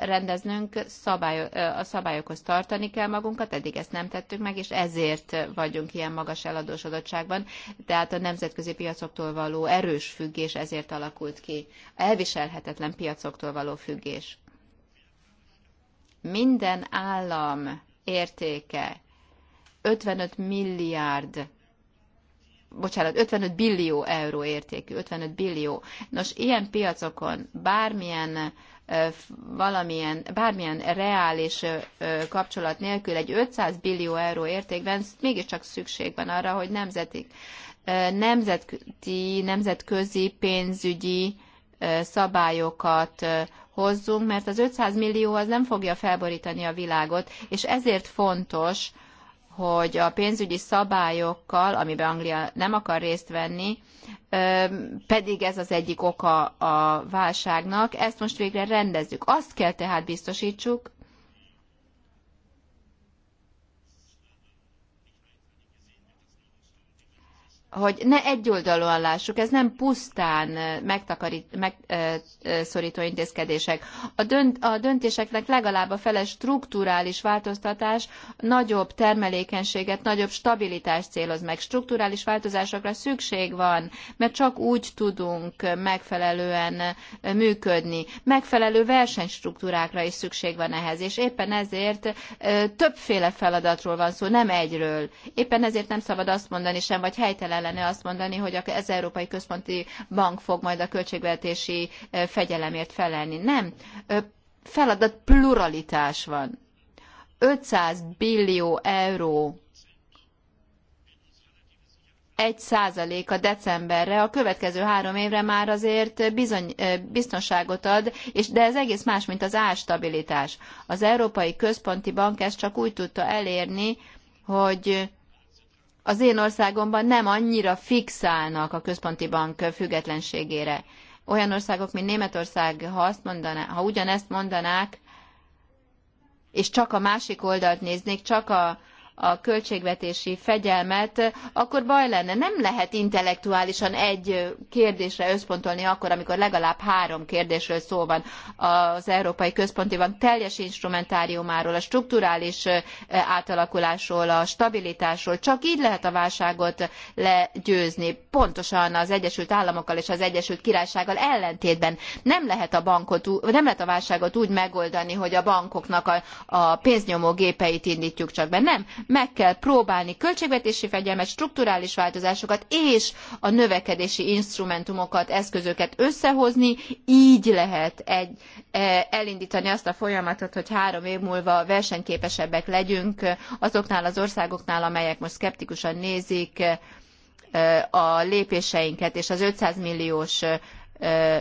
rendeznünk, szabály, a szabályokhoz tartani kell magunkat, eddig ezt nem tettük meg, és ezért vagyunk ilyen magas eladósodottságban, tehát a nemzetközi piacoktól való erős függés ezért alakult ki, elviselhetetlen piacoktól való függés minden állam értéke 55 milliárd bocsánat, 55 billió euró értékű, 55 billió. Nos, ilyen piacokon bármilyen valamilyen, bármilyen reális kapcsolat nélkül egy 500 billió euró értékben mégiscsak szükség van arra, hogy nemzeti, nemzeti, nemzetközi pénzügyi szabályokat hozzunk, mert az 500 millió az nem fogja felborítani a világot, és ezért fontos, hogy a pénzügyi szabályokkal, amiben Anglia nem akar részt venni, pedig ez az egyik oka a válságnak, ezt most végre rendezzük. Azt kell tehát biztosítsuk, hogy ne egyoldalúan lássuk, ez nem pusztán megszorító meg, intézkedések. A, dönt, a döntéseknek legalább a fele strukturális változtatás nagyobb termelékenységet, nagyobb stabilitást céloz meg. Strukturális változásokra szükség van, mert csak úgy tudunk megfelelően működni. Megfelelő versenystruktúrákra is szükség van ehhez, és éppen ezért többféle feladatról van szó, nem egyről. Éppen ezért nem szabad azt mondani sem, vagy helytelen kellene azt mondani, hogy az Európai Központi Bank fog majd a költségvetési fegyelemért felelni. Nem. Feladat pluralitás van. 500 billió euró Egy százalék a decemberre, a következő három évre már azért bizony, biztonságot ad, és, de ez egész más, mint az árstabilitás. Az Európai Központi Bank ezt csak úgy tudta elérni, hogy az én országomban nem annyira fixálnak a központi bank függetlenségére. Olyan országok, mint Németország, ha, azt mondaná, ha ugyanezt mondanák, és csak a másik oldalt néznék, csak a, a költségvetési fegyelmet, akkor baj lenne. Nem lehet intellektuálisan egy kérdésre összpontolni akkor, amikor legalább három kérdésről szó van az Európai Központi Bank teljes instrumentáriumáról, a strukturális átalakulásról, a stabilitásról. Csak így lehet a válságot legyőzni. Pontosan az Egyesült Államokkal és az Egyesült Királysággal ellentétben nem lehet a, bankot, nem lehet a válságot úgy megoldani, hogy a bankoknak a, a pénznyomó gépeit indítjuk csak be. Nem, meg kell próbálni költségvetési fegyelmet, strukturális változásokat és a növekedési instrumentumokat, eszközöket összehozni, így lehet egy, e, elindítani azt a folyamatot, hogy három év múlva versenyképesebbek legyünk azoknál az országoknál, amelyek most szkeptikusan nézik e, a lépéseinket és az 500 milliós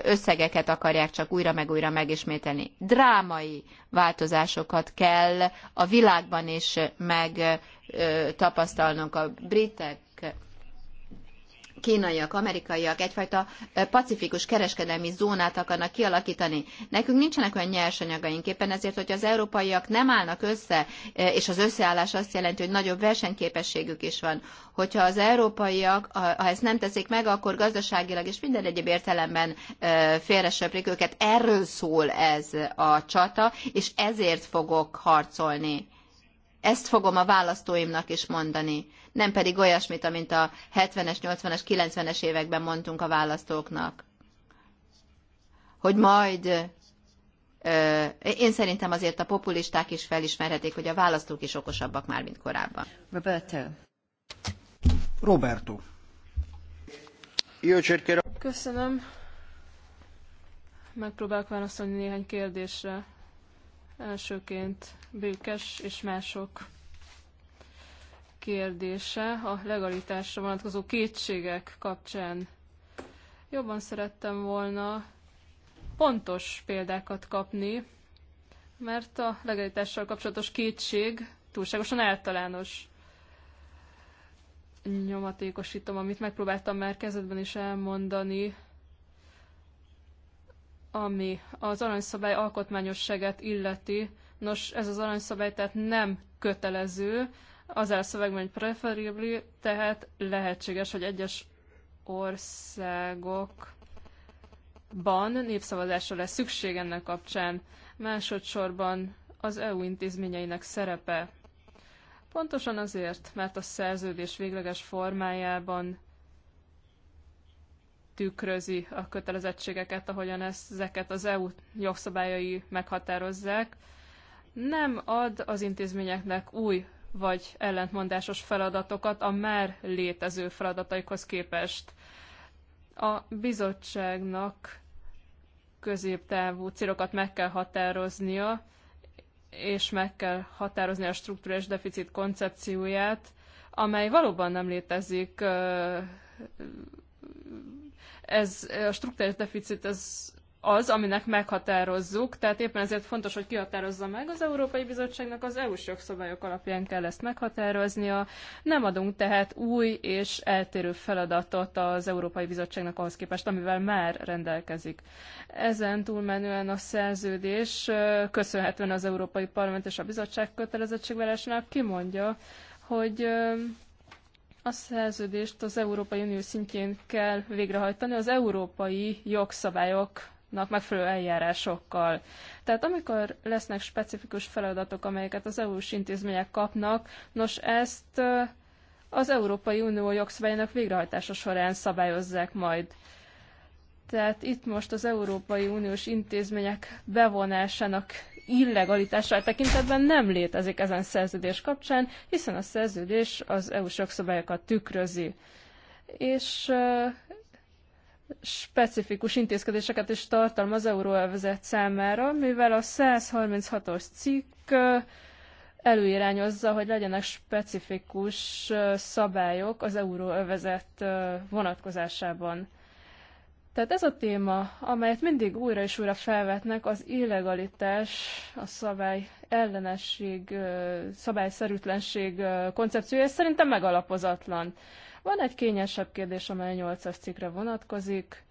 összegeket akarják csak újra meg újra megismételni. Drámai változásokat kell a világban is megtapasztalnunk. A britek kínaiak, amerikaiak egyfajta pacifikus kereskedelmi zónát akarnak kialakítani. Nekünk nincsenek olyan nyersanyagaink, éppen ezért, hogy az európaiak nem állnak össze, és az összeállás azt jelenti, hogy nagyobb versenyképességük is van. Hogyha az európaiak, ha ezt nem teszik meg, akkor gazdaságilag és minden egyéb értelemben félresöprik őket. Erről szól ez a csata, és ezért fogok harcolni. Ezt fogom a választóimnak is mondani nem pedig olyasmit, amint a 70-es, 80-es, 90-es években mondtunk a választóknak. Hogy majd én szerintem azért a populisták is felismerhetik, hogy a választók is okosabbak már, mint korábban. Roberto.
Roberto. Köszönöm.
Megpróbálok válaszolni néhány kérdésre. Elsőként Bőkes és mások kérdése a legalitásra vonatkozó kétségek kapcsán. Jobban szerettem volna pontos példákat kapni, mert a legalitással kapcsolatos kétség túlságosan általános. Nyomatékosítom, amit megpróbáltam már kezdetben is elmondani, ami az aranyszabály alkotmányosságát illeti. Nos, ez az aranyszabály tehát nem kötelező, az áll a szövegben, hogy preferably, tehát lehetséges, hogy egyes országokban népszavazásra lesz szükség ennek kapcsán. Másodszorban az EU intézményeinek szerepe. Pontosan azért, mert a szerződés végleges formájában tükrözi a kötelezettségeket, ahogyan ezeket az EU jogszabályai meghatározzák, nem ad az intézményeknek új vagy ellentmondásos feladatokat a már létező feladataikhoz képest. A bizottságnak középtávú célokat meg kell határoznia, és meg kell határozni a struktúrás deficit koncepcióját, amely valóban nem létezik. Ez a struktúrás deficit, ez az, aminek meghatározzuk, tehát éppen ezért fontos, hogy kihatározza meg az Európai Bizottságnak, az EU-s jogszabályok alapján kell ezt meghatároznia. Nem adunk tehát új és eltérő feladatot az Európai Bizottságnak ahhoz képest, amivel már rendelkezik. Ezen túlmenően a szerződés köszönhetően az Európai Parlament és a Bizottság kötelezettségvárásnak kimondja, hogy a szerződést az Európai Unió szintjén kell végrehajtani az európai jogszabályok szabályoknak megfelelő eljárásokkal. Tehát amikor lesznek specifikus feladatok, amelyeket az EU-s intézmények kapnak, nos ezt az Európai Unió jogszabályának végrehajtása során szabályozzák majd. Tehát itt most az Európai Uniós intézmények bevonásának illegalitása tekintetben nem létezik ezen szerződés kapcsán, hiszen a szerződés az EU-s jogszabályokat tükrözi. És specifikus intézkedéseket is tartalmaz euróelvezet számára, mivel a 136-os cikk előirányozza, hogy legyenek specifikus szabályok az euróövezet vonatkozásában. Tehát ez a téma, amelyet mindig újra és újra felvetnek, az illegalitás, a szabály ellenesség, szabályszerűtlenség koncepciója, szerintem megalapozatlan. Van egy kényesebb kérdés, amely 8-as cikkre vonatkozik,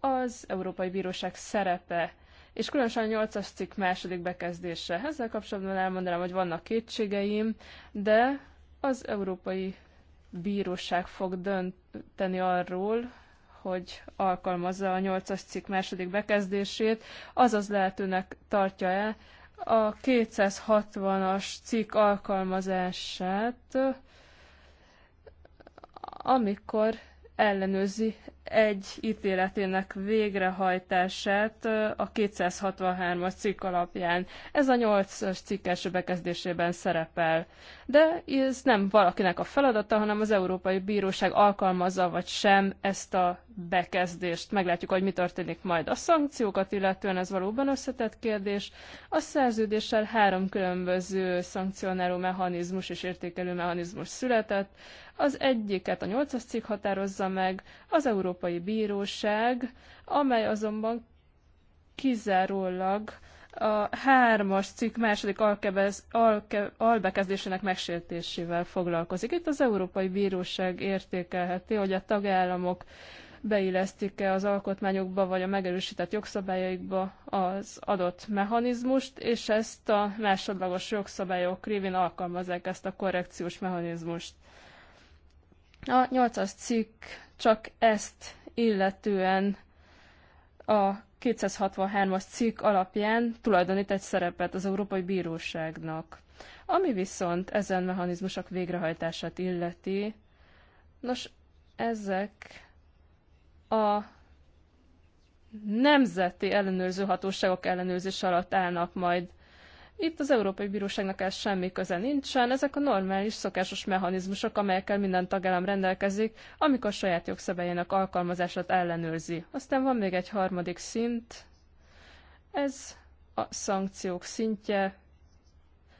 az Európai Bíróság szerepe, és különösen a 8-as cikk második bekezdése. Ezzel kapcsolatban elmondanám, hogy vannak kétségeim, de az Európai Bíróság fog dönteni arról, hogy alkalmazza a 8-as cikk második bekezdését, azaz lehetőnek tartja-e a 260-as cikk alkalmazását, amikor ellenőrzi egy ítéletének végrehajtását a 263-as cikk alapján. Ez a 8-as cikk első bekezdésében szerepel. De ez nem valakinek a feladata, hanem az Európai Bíróság alkalmazza vagy sem ezt a bekezdést. Meglátjuk, hogy mi történik majd a szankciókat, illetően ez valóban összetett kérdés. A szerződéssel három különböző szankcionáló mechanizmus és értékelő mechanizmus született. Az egyiket a 8-as cikk határozza meg, az Európai Európai Bíróság, amely azonban kizárólag a hármas cikk második alkebez, alke, albekezdésének megsértésével foglalkozik. Itt az Európai Bíróság értékelheti, hogy a tagállamok beillesztik-e az alkotmányokba vagy a megerősített jogszabályaikba az adott mechanizmust, és ezt a másodlagos jogszabályok révén alkalmazzák ezt a korrekciós mechanizmust. A 8 cikk csak ezt illetően a 263-as cikk alapján tulajdonít egy szerepet az Európai Bíróságnak. Ami viszont ezen mechanizmusok végrehajtását illeti, nos, ezek a nemzeti ellenőrző hatóságok ellenőrzés alatt állnak majd itt az Európai Bíróságnak ez semmi köze nincsen, ezek a normális, szokásos mechanizmusok, amelyekkel minden tagállam rendelkezik, amikor saját jogszabályának alkalmazását ellenőrzi. Aztán van még egy harmadik szint, ez a szankciók szintje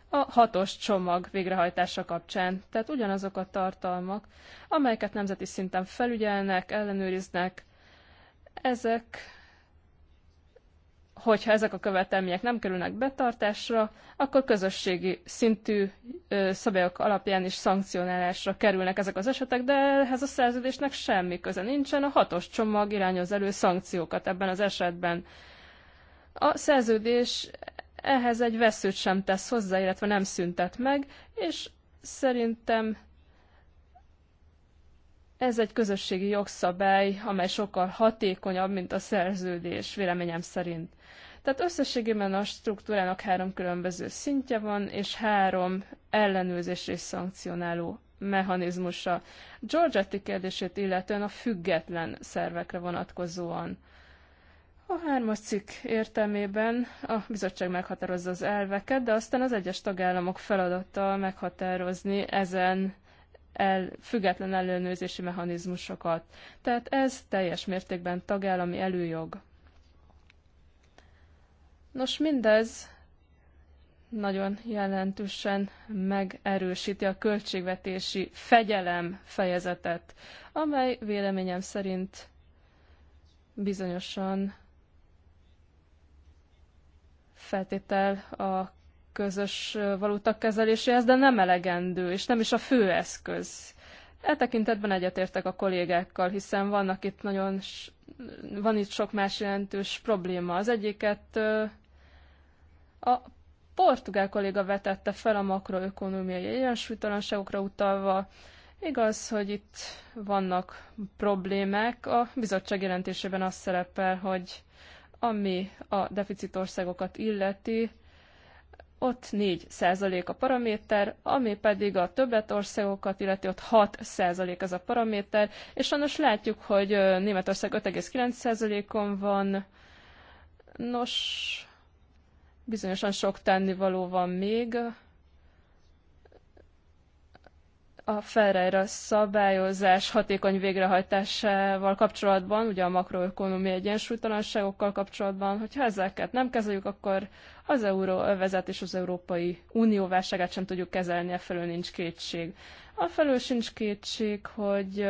a hatos csomag végrehajtása kapcsán. Tehát ugyanazok a tartalmak, amelyeket nemzeti szinten felügyelnek, ellenőriznek, ezek hogyha ezek a követelmények nem kerülnek betartásra, akkor közösségi szintű szabályok alapján is szankcionálásra kerülnek ezek az esetek, de ehhez a szerződésnek semmi köze nincsen. A hatos csomag irányoz elő szankciókat ebben az esetben. A szerződés ehhez egy veszőt sem tesz hozzá, illetve nem szüntet meg, és szerintem ez egy közösségi jogszabály, amely sokkal hatékonyabb, mint a szerződés, véleményem szerint. Tehát összességében a struktúrának három különböző szintje van, és három ellenőrzés és szankcionáló mechanizmusa. Georgetti kérdését illetően a független szervekre vonatkozóan. A hármas cikk értelmében a bizottság meghatározza az elveket, de aztán az egyes tagállamok feladata meghatározni ezen el, független ellenőrzési mechanizmusokat. Tehát ez teljes mértékben tagállami előjog. Nos, mindez nagyon jelentősen megerősíti a költségvetési fegyelem fejezetet, amely véleményem szerint bizonyosan feltétel a közös valuta kezeléséhez, de nem elegendő, és nem is a fő eszköz. E tekintetben egyetértek a kollégákkal, hiszen vannak itt nagyon, van itt sok más jelentős probléma. Az egyiket a portugál kolléga vetette fel a makroökonomiai egyensúlytalanságokra utalva. Igaz, hogy itt vannak problémák. A bizottság jelentésében az szerepel, hogy ami a deficitországokat illeti, ott 4 százalék a paraméter, ami pedig a többet országokat illeti, ott 6 százalék ez a paraméter, és sajnos látjuk, hogy Németország 5,9 százalékon van, nos, Bizonyosan sok tennivaló van még. A Ferreira szabályozás hatékony végrehajtásával kapcsolatban, ugye a makroökonomi egyensúlytalanságokkal kapcsolatban, hogyha ezeket nem kezeljük, akkor az euróövezet és az Európai Unió válságát sem tudjuk kezelni, e felől nincs kétség. A felől sincs kétség, hogy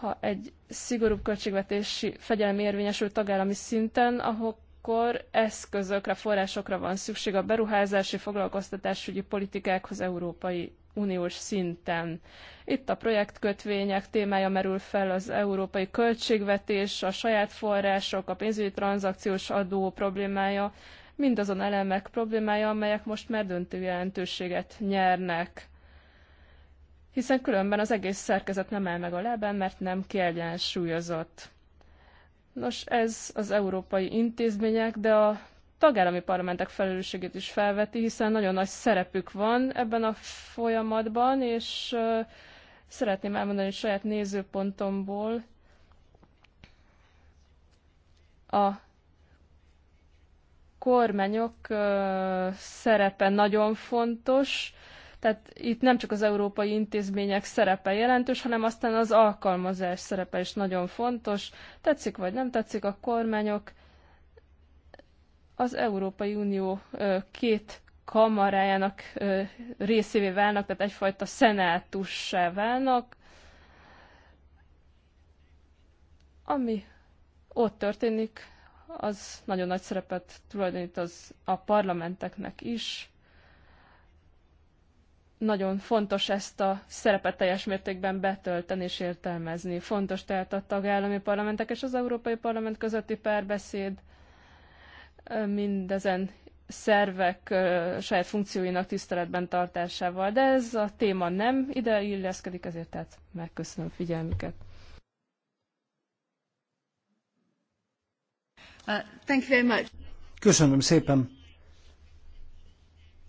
ha egy szigorúbb költségvetési fegyelem érvényesül tagállami szinten, ahol ugyanakkor eszközökre, forrásokra van szükség a beruházási foglalkoztatásügyi politikákhoz európai uniós szinten. Itt a projektkötvények témája merül fel az európai költségvetés, a saját források, a pénzügyi tranzakciós adó problémája, mindazon elemek problémája, amelyek most már döntő jelentőséget nyernek. Hiszen különben az egész szerkezet nem áll meg a lábán, mert nem kiegyensúlyozott. Nos, ez az európai intézmények, de a tagállami parlamentek felelősségét is felveti, hiszen nagyon nagy szerepük van ebben a folyamatban, és szeretném elmondani saját nézőpontomból a kormányok szerepe nagyon fontos, tehát itt nem csak az európai intézmények szerepe jelentős, hanem aztán az alkalmazás szerepe is nagyon fontos. Tetszik vagy nem tetszik, a kormányok az Európai Unió két kamarájának részévé válnak, tehát egyfajta szenátussá válnak, ami ott történik, az nagyon nagy szerepet tulajdonít az a parlamenteknek is nagyon fontos ezt a szerepet teljes mértékben betölteni és értelmezni. Fontos tehát a tagállami parlamentek és az Európai Parlament közötti párbeszéd mindezen szervek saját funkcióinak tiszteletben tartásával, de ez a téma nem ide illeszkedik, ezért tehát megköszönöm figyelmüket.
Uh, thank you very much.
Köszönöm szépen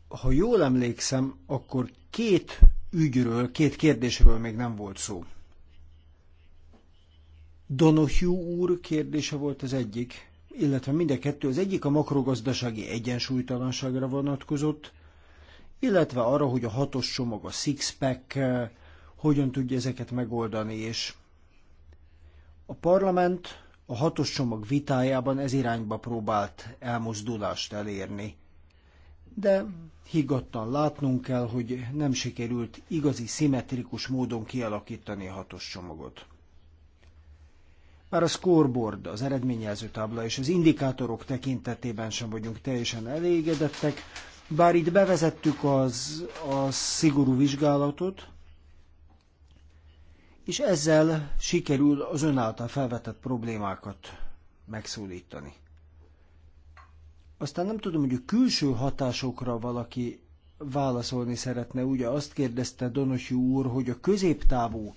ha jól emlékszem, akkor két ügyről, két kérdésről még nem volt szó. Donohue úr kérdése volt az egyik, illetve mind a kettő. Az egyik a makrogazdasági egyensúlytalanságra vonatkozott, illetve arra, hogy a hatos csomag, a six-pack eh, hogyan tudja ezeket megoldani, és a parlament a hatos csomag vitájában ez irányba próbált elmozdulást elérni de higgadtan látnunk kell, hogy nem sikerült igazi, szimmetrikus módon kialakítani a hatos csomagot. Már a scoreboard, az eredményjelző tábla és az indikátorok tekintetében sem vagyunk teljesen elégedettek, bár itt bevezettük az, a szigorú vizsgálatot, és ezzel sikerül az ön által felvetett problémákat megszólítani. Aztán nem tudom, hogy a külső hatásokra valaki válaszolni szeretne. Ugye azt kérdezte Donosi úr, hogy a középtávú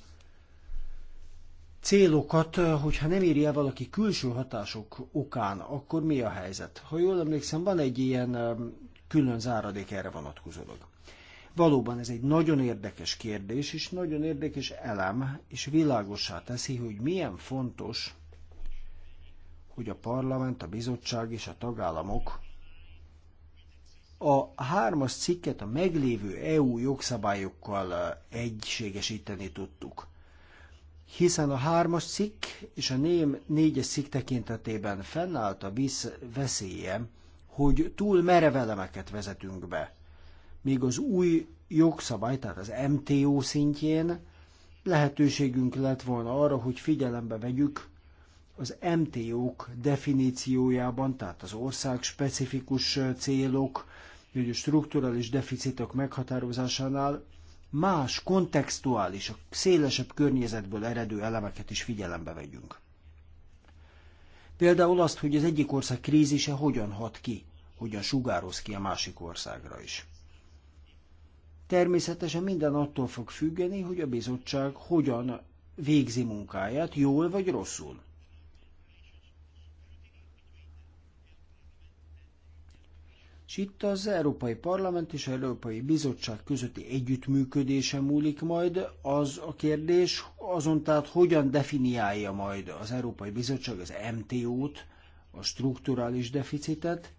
célokat, hogyha nem éri el valaki külső hatások okán, akkor mi a helyzet? Ha jól emlékszem, van egy ilyen külön záradék erre vonatkozólag. Valóban ez egy nagyon érdekes kérdés, és nagyon érdekes elem, és világosá teszi, hogy milyen fontos hogy a parlament, a bizottság és a tagállamok a hármas cikket a meglévő EU jogszabályokkal egységesíteni tudtuk. Hiszen a hármas cikk és a ném négyes cikk tekintetében fennállt a visz veszélye, hogy túl merevelemeket vezetünk be. Míg az új jogszabály, tehát az MTO szintjén lehetőségünk lett volna arra, hogy figyelembe vegyük az MTO-k definíciójában, tehát az ország specifikus célok, vagy a strukturális deficitok meghatározásánál más, kontextuális, a szélesebb környezetből eredő elemeket is figyelembe vegyünk. Például azt, hogy az egyik ország krízise hogyan hat ki, hogyan sugároz ki a másik országra is. Természetesen minden attól fog függeni, hogy a bizottság hogyan végzi munkáját, jól vagy rosszul. És itt az Európai Parlament és az Európai Bizottság közötti együttműködése múlik majd. Az a kérdés azon tehát, hogyan definiálja majd az Európai Bizottság az MTO-t, a strukturális deficitet,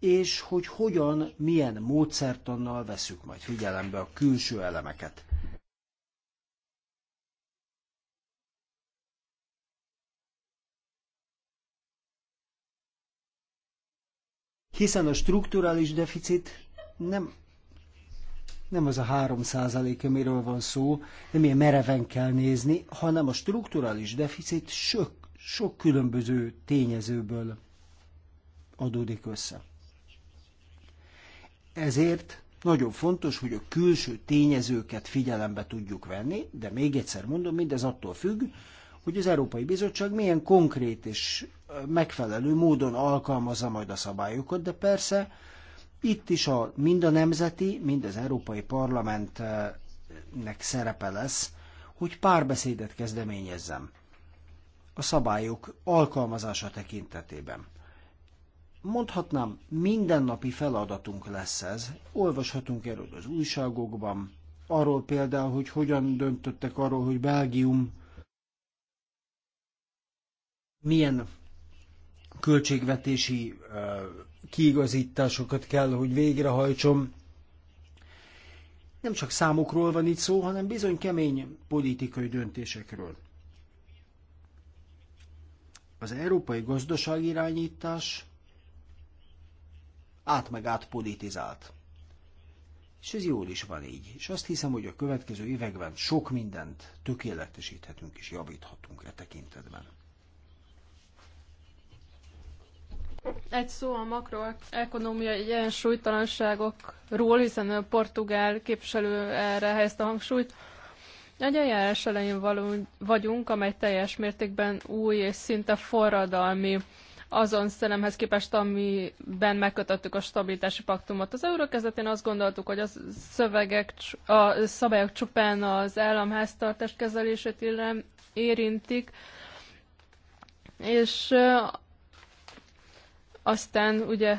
és hogy hogyan, milyen módszertannal veszük majd figyelembe a külső elemeket. hiszen a strukturális deficit nem, nem az a három százalék, amiről van szó, nem ilyen mereven kell nézni, hanem a strukturális deficit sok, sok különböző tényezőből adódik össze. Ezért nagyon fontos, hogy a külső tényezőket figyelembe tudjuk venni, de még egyszer mondom, mindez attól függ, hogy az Európai Bizottság milyen konkrét és megfelelő módon alkalmazza majd a szabályokat, de persze itt is a, mind a nemzeti, mind az Európai Parlamentnek szerepe lesz, hogy párbeszédet kezdeményezzem a szabályok alkalmazása tekintetében. Mondhatnám, mindennapi feladatunk lesz ez. Olvashatunk erről az újságokban, arról például, hogy hogyan döntöttek arról, hogy Belgium milyen költségvetési kiigazításokat kell, hogy végrehajtson. Nem csak számokról van itt szó, hanem bizony kemény politikai döntésekről. Az európai gazdaságirányítás át meg át politizált. És ez jól is van így. És azt hiszem, hogy a következő években sok mindent tökéletesíthetünk és javíthatunk e tekintetben.
Egy szó a makroekonomiai egyensúlytalanságokról, hiszen a portugál képviselő erre helyezte a hangsúlyt. Egy eljárás elején való, vagyunk, amely teljes mértékben új és szinte forradalmi azon szellemhez képest, amiben megkötöttük a stabilitási paktumot. Az eurókezetén azt gondoltuk, hogy a szövegek, a szabályok csupán az államháztartás kezelését érintik, és aztán ugye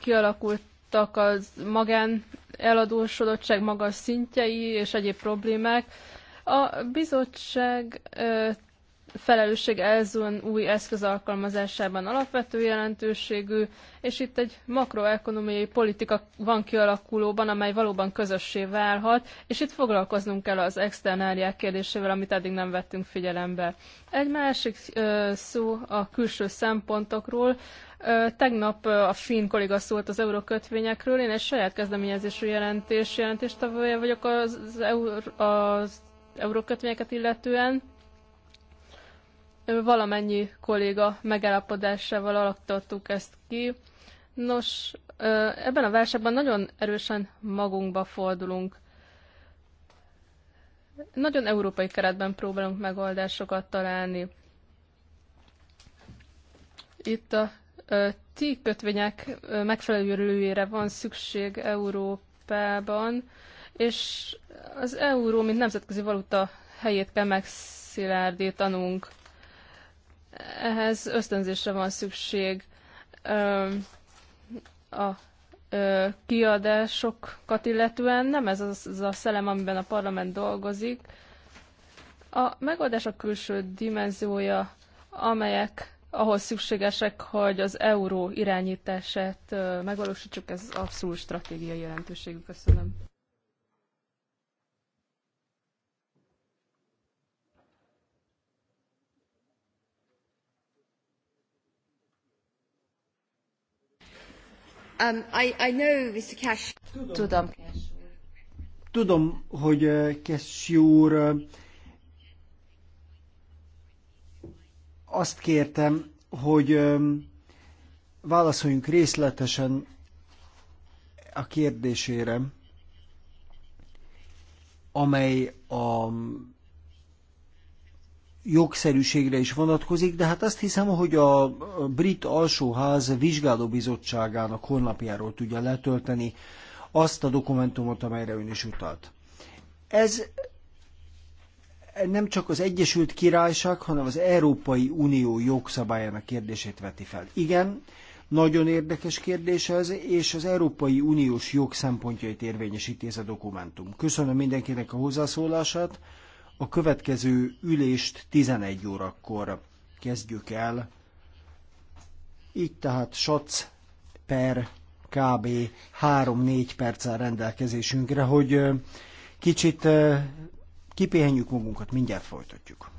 kialakultak az magán eladósodottság magas szintjei és egyéb problémák. A bizottság felelősség elzón új eszköz alkalmazásában alapvető jelentőségű, és itt egy makroekonomiai politika van kialakulóban, amely valóban közössé válhat, és itt foglalkoznunk kell az externáliák kérdésével, amit eddig nem vettünk figyelembe. Egy másik ö, szó a külső szempontokról. Tegnap a finn kolléga szólt az eurókötvényekről, én egy saját kezdeményezésű jelentés jelentéstevője vagyok az, az, az eurókötvényeket illetően. Valamennyi kolléga megállapodásával alakítottuk ezt ki. Nos, ebben a válságban nagyon erősen magunkba fordulunk. Nagyon európai keretben próbálunk megoldásokat találni. Itt a ti kötvények megfelelőjére van szükség Európában, és az euró, mint nemzetközi valuta helyét kell megszilárdítanunk. Ehhez ösztönzésre van szükség a kiadásokat illetően. Nem ez az, a szellem, amiben a parlament dolgozik. A megoldás a külső dimenziója, amelyek ahhoz szükségesek, hogy az euró irányítását megvalósítsuk, ez abszolút stratégiai jelentőségű. Köszönöm.
Um, I, I know, Mr. Cash. Tudom,
Tudom,
Cash. Tudom, hogy Cash úr azt kértem, hogy válaszoljunk részletesen a kérdésére, amely a jogszerűségre is vonatkozik, de hát azt hiszem, hogy a brit alsóház vizsgálóbizottságának honlapjáról tudja letölteni azt a dokumentumot, amelyre ön is utalt. Ez nem csak az Egyesült Királyság, hanem az Európai Unió jogszabályának kérdését veti fel. Igen, nagyon érdekes kérdés ez, és az Európai Uniós jog szempontjait érvényesíti ez a dokumentum. Köszönöm mindenkinek a hozzászólását. A következő ülést 11 órakor kezdjük el. Így tehát SAC per kb. 3-4 perccel rendelkezésünkre, hogy kicsit Kipihenjük magunkat, mindjárt folytatjuk.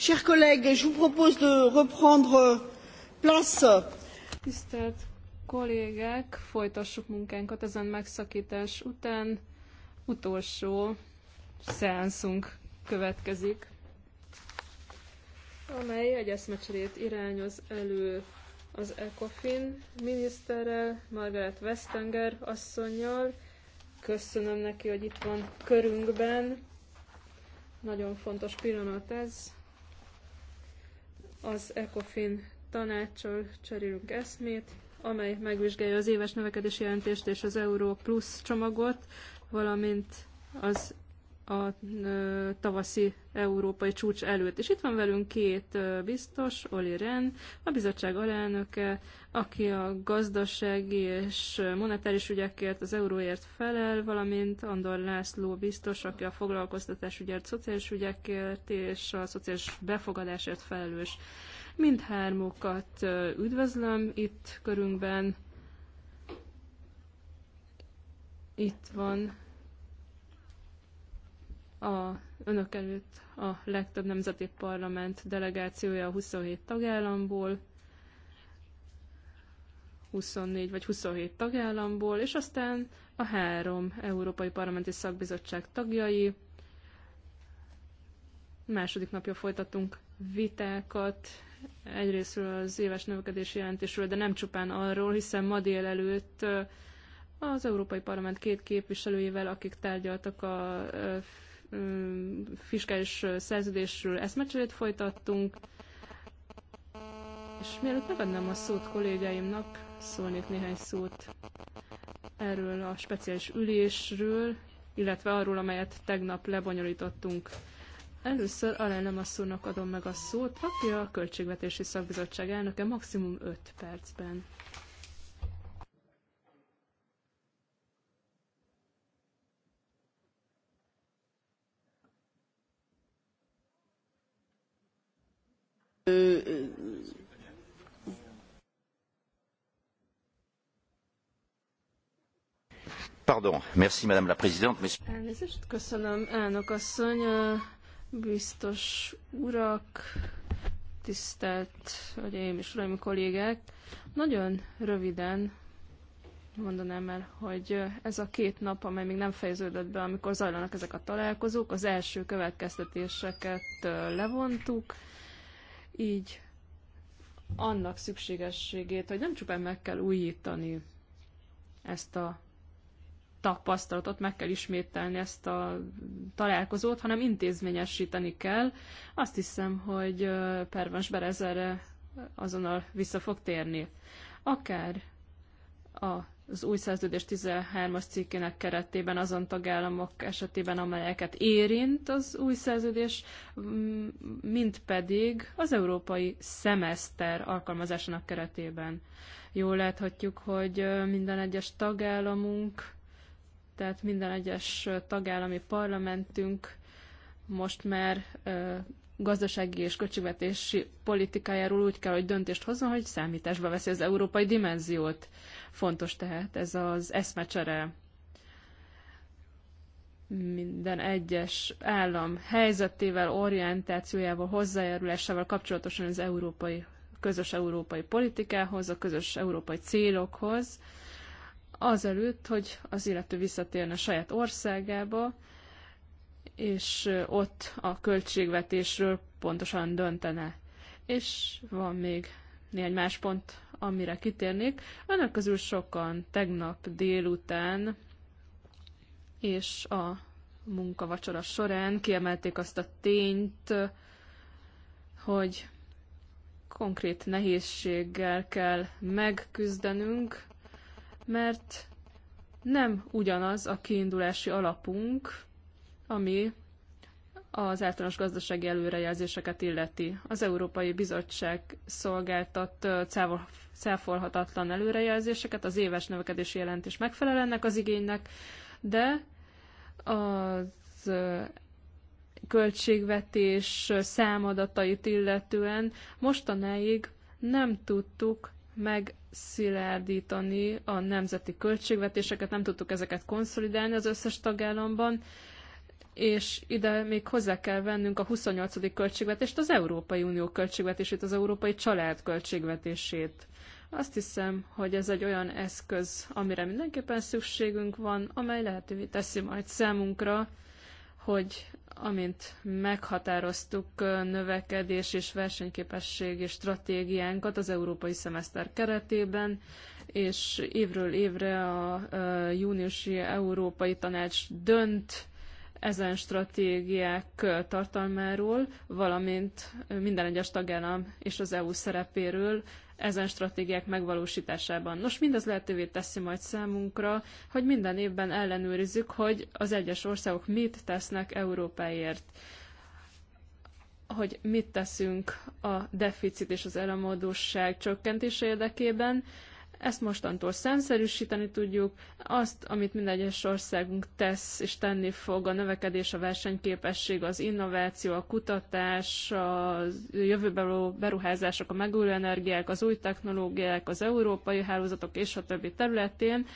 chers collègues je vous propose de reprendre
euh, place. tisztelt kollégák folytassuk munkánkat ezen megszakítás után utolsó szeánszunk következik amely egy eszmecserét irányoz elő az ECOFIN miniszterrel, Margaret Vestanger asszonynal. Köszönöm neki, hogy itt van körünkben. Nagyon fontos pillanat ez az ECOFIN tanácssal cserélünk eszmét, amely megvizsgálja az éves növekedési jelentést és az Euró Plus csomagot, valamint az a tavaszi európai csúcs előtt. És itt van velünk két biztos, Oli Ren, a bizottság alelnöke, aki a gazdasági és monetáris ügyekért, az euróért felel, valamint Andor László biztos, aki a foglalkoztatás ügyért, szociális ügyekért és a szociális befogadásért felelős. Mindhármukat üdvözlöm itt körünkben. Itt van a, önök előtt a legtöbb nemzeti parlament delegációja a 27 tagállamból, 24 vagy 27 tagállamból, és aztán a három Európai Parlamenti Szakbizottság tagjai. Második napja folytatunk vitákat, egyrésztről az éves növekedési jelentésről, de nem csupán arról, hiszen ma délelőtt az Európai Parlament két képviselőjével, akik tárgyaltak a fiskális szerződésről eszmecserét folytattunk, és mielőtt megadnám a szót kollégáimnak, szólnék néhány szót erről a speciális ülésről, illetve arról, amelyet tegnap lebonyolítottunk. Először a asszonynak adom meg a szót, aki a Költségvetési Szakbizottság elnöke maximum 5 percben.
Pardon, merci Madame la Présidente. Mes...
Elnézést, köszönöm, elnök asszony, biztos urak, tisztelt hölgyeim és uraim kollégák. Nagyon röviden mondanám el, hogy ez a két nap, amely még nem fejeződött be, amikor zajlanak ezek a találkozók, az első következtetéseket levontuk, így annak szükségességét, hogy nem csupán meg kell újítani ezt a tapasztalatot, meg kell ismételni ezt a találkozót, hanem intézményesíteni kell. Azt hiszem, hogy Pervans Berez azonnal vissza fog térni. Akár a az új szerződés 13-as cikkének keretében azon tagállamok esetében, amelyeket érint az új szerződés, mint pedig az európai szemeszter alkalmazásának keretében. Jól láthatjuk, hogy minden egyes tagállamunk, tehát minden egyes tagállami parlamentünk most már gazdasági és költségvetési politikájáról úgy kell, hogy döntést hozzon, hogy számításba veszi az európai dimenziót. Fontos tehát ez az eszmecsere minden egyes állam helyzetével, orientációjával, hozzájárulásával kapcsolatosan az európai, közös európai politikához, a közös európai célokhoz, azelőtt, hogy az illető visszatérne saját országába, és ott a költségvetésről pontosan döntene. És van még néhány más pont, amire kitérnék. Önök közül sokan tegnap délután és a munkavacsora során kiemelték azt a tényt, hogy konkrét nehézséggel kell megküzdenünk, mert nem ugyanaz a kiindulási alapunk, ami az általános gazdasági előrejelzéseket illeti. Az Európai Bizottság szolgáltat száfolhatatlan előrejelzéseket, az éves növekedési jelentés megfelel ennek az igénynek, de az költségvetés számadatait illetően mostanáig nem tudtuk megszilárdítani a nemzeti költségvetéseket, nem tudtuk ezeket konszolidálni az összes tagállamban, és ide még hozzá kell vennünk a 28. költségvetést, az Európai Unió költségvetését, az Európai Család költségvetését. Azt hiszem, hogy ez egy olyan eszköz, amire mindenképpen szükségünk van, amely lehetővé teszi majd számunkra, hogy amint meghatároztuk növekedés és versenyképességi stratégiánkat az európai szemeszter keretében, és évről évre a júniusi Európai Tanács dönt ezen stratégiák tartalmáról, valamint minden egyes tagállam és az EU szerepéről ezen stratégiák megvalósításában. Nos, mindez lehetővé teszi majd számunkra, hogy minden évben ellenőrizzük, hogy az egyes országok mit tesznek Európáért hogy mit teszünk a deficit és az elamadóság csökkentése érdekében, ezt mostantól szemszerűsíteni tudjuk, azt, amit minden egyes országunk tesz és tenni fog, a növekedés, a versenyképesség, az innováció, a kutatás, a jövőbeli beruházások, a megújuló energiák, az új technológiák, az európai hálózatok és a többi területén,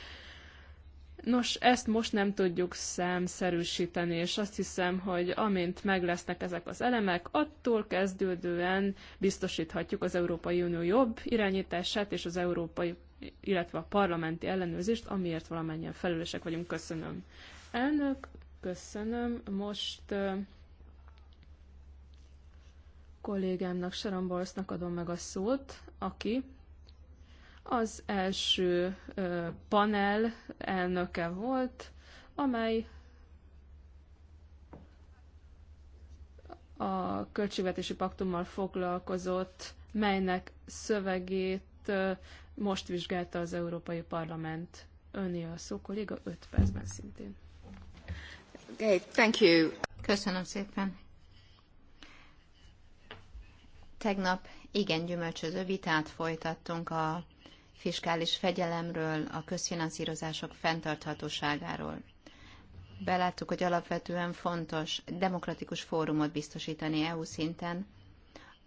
Nos, ezt most nem tudjuk szemszerűsíteni, és azt hiszem, hogy amint meglesznek ezek az elemek, attól kezdődően biztosíthatjuk az Európai Unió jobb irányítását és az európai illetve a parlamenti ellenőrzést, amiért valamennyien felelősek vagyunk. Köszönöm. Elnök, köszönöm. Most kollégámnak, Sharon Borsznak adom meg a szót, aki az első panel elnöke volt, amely a költségvetési paktummal foglalkozott, melynek szövegét most vizsgálta az Európai Parlament. Öné a szó, kolléga, 5 percben szintén. Okay, thank you. Köszönöm szépen.
Tegnap igen gyümölcsöző vitát folytattunk a fiskális fegyelemről, a közfinanszírozások fenntarthatóságáról. Beláttuk, hogy alapvetően fontos demokratikus fórumot biztosítani EU szinten,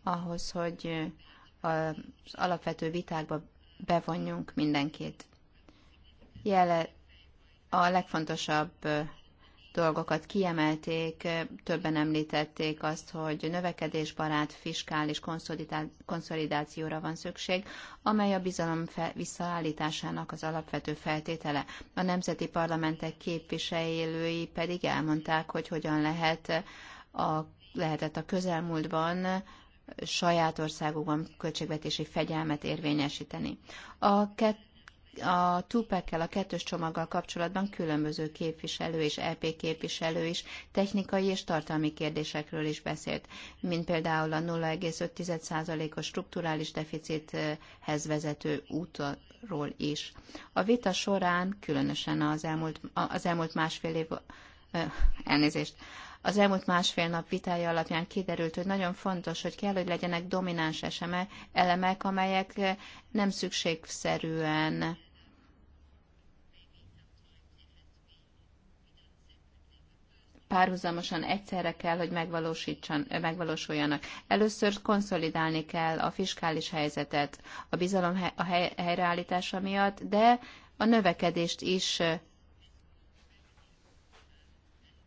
ahhoz, hogy az alapvető vitákba bevonjunk mindenkit. Jele a legfontosabb dolgokat kiemelték, többen említették azt, hogy növekedésbarát fiskális konszolidációra van szükség, amely a bizalom visszaállításának az alapvető feltétele. A nemzeti parlamentek képviselői pedig elmondták, hogy hogyan lehet a, lehetett a közelmúltban saját országokban költségvetési fegyelmet érvényesíteni. A kett a túpekkel a kettős csomaggal kapcsolatban különböző képviselő és LP e képviselő is technikai és tartalmi kérdésekről is beszélt, mint például a 0,5%-os strukturális deficithez vezető útról is. A vita során, különösen az elmúlt, az elmúlt másfél év, elnézést, az elmúlt másfél nap vitája alapján kiderült, hogy nagyon fontos, hogy kell, hogy legyenek domináns eseme, elemek, amelyek eh, nem szükségszerűen párhuzamosan egyszerre kell, hogy eh, megvalósuljanak. Először konszolidálni kell a fiskális helyzetet a bizalom a helyreállítása miatt, de a növekedést is eh,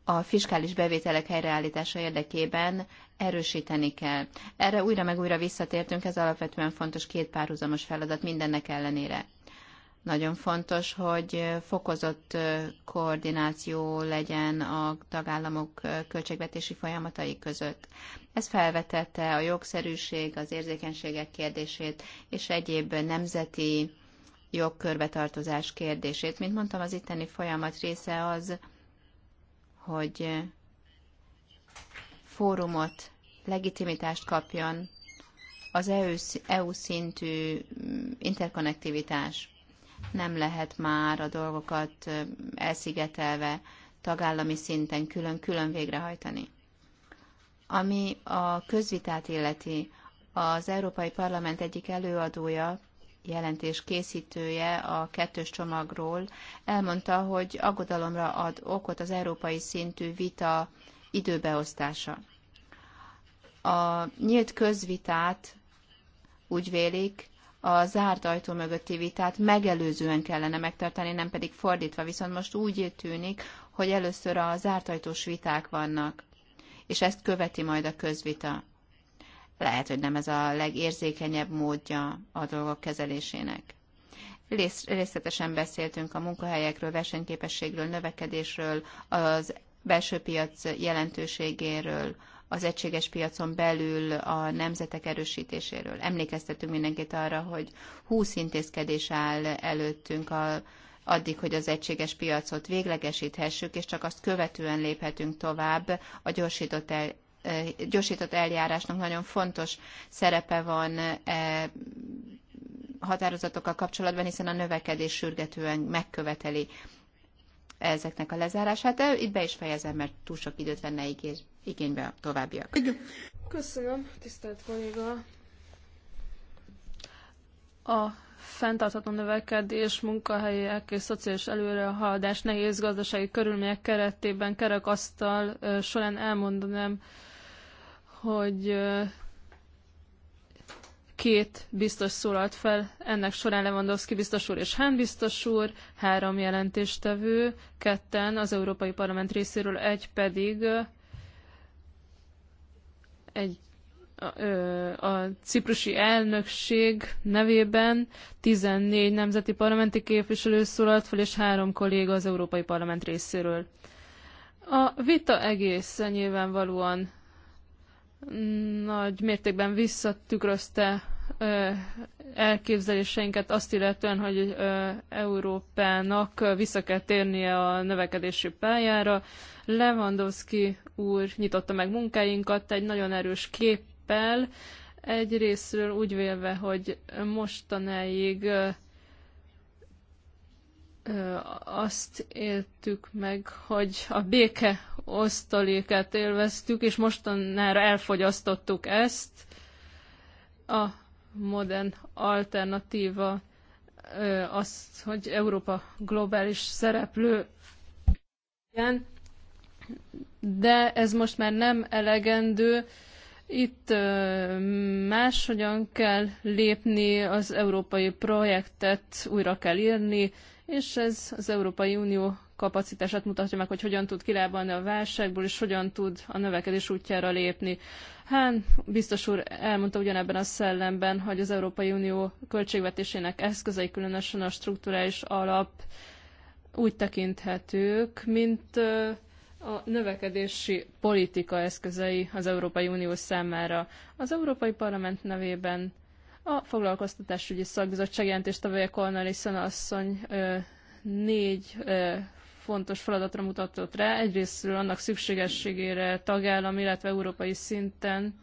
a fiskális bevételek helyreállítása érdekében erősíteni kell. Erre újra meg újra visszatértünk, ez alapvetően fontos két párhuzamos feladat mindennek ellenére. Nagyon fontos, hogy fokozott koordináció legyen a tagállamok költségvetési folyamatai között. Ez felvetette a jogszerűség, az érzékenységek kérdését és egyéb nemzeti jogkörbe tartozás kérdését. Mint mondtam, az itteni folyamat része az, hogy fórumot, legitimitást kapjon az EU, EU szintű mm, interkonnektivitás. Nem lehet már a dolgokat elszigetelve tagállami szinten külön-külön végrehajtani. Ami a közvitát illeti, az Európai Parlament egyik előadója jelentés készítője a kettős csomagról elmondta, hogy aggodalomra ad okot az európai szintű vita időbeosztása. A nyílt közvitát úgy vélik, a zárt ajtó mögötti vitát megelőzően kellene megtartani, nem pedig fordítva. Viszont most úgy tűnik, hogy először a zárt ajtós viták vannak, és ezt követi majd a közvita. Lehet, hogy nem ez a legérzékenyebb módja a dolgok kezelésének. Részletesen beszéltünk a munkahelyekről, versenyképességről, növekedésről, az belső piac jelentőségéről, az egységes piacon belül a nemzetek erősítéséről. Emlékeztetünk mindenkit arra, hogy 20 intézkedés áll előttünk a, addig, hogy az egységes piacot véglegesíthessük, és csak azt követően léphetünk tovább a gyorsított gyorsított eljárásnak nagyon fontos szerepe van határozatokkal kapcsolatban, hiszen a növekedés sürgetően megköveteli ezeknek a lezárását. De itt be is fejezem, mert túl sok időt venne igénybe a
továbbiak. Köszönöm, tisztelt kolléga! A fenntartható növekedés, munkahelyek és szociális előrehaladás nehéz gazdasági körülmények keretében kerekasztal során elmondanám, hogy két biztos szólalt fel, ennek során Lewandowski biztos úr és Hán biztos úr, három jelentéstevő, ketten az Európai Parlament részéről, egy pedig egy a, a ciprusi elnökség nevében 14 nemzeti parlamenti képviselő szólalt fel, és három kolléga az Európai Parlament részéről. A vita egészen nyilvánvalóan nagy mértékben visszatükrözte elképzeléseinket azt illetően, hogy Európának vissza kell térnie a növekedési pályára. Lewandowski úr nyitotta meg munkáinkat egy nagyon erős képpel, egyrésztről úgy vélve, hogy mostanáig azt éltük meg, hogy a béke osztalékát élveztük, és mostanára elfogyasztottuk ezt. A modern alternatíva az, hogy Európa globális szereplő igen, de ez most már nem elegendő. Itt máshogyan kell lépni, az európai projektet újra kell írni, és ez az Európai Unió kapacitását mutatja meg, hogy hogyan tud kilábalni a válságból, és hogyan tud a növekedés útjára lépni. Hán biztos úr elmondta ugyanebben a szellemben, hogy az Európai Unió költségvetésének eszközei, különösen a strukturális alap úgy tekinthetők, mint a növekedési politika eszközei az Európai Unió számára. Az Európai Parlament nevében a foglalkoztatásügyi szakbizottság jelentéstevője Cornelissen asszony négy fontos feladatra mutatott rá. Egyrésztről annak szükségességére tagállam, illetve európai szinten,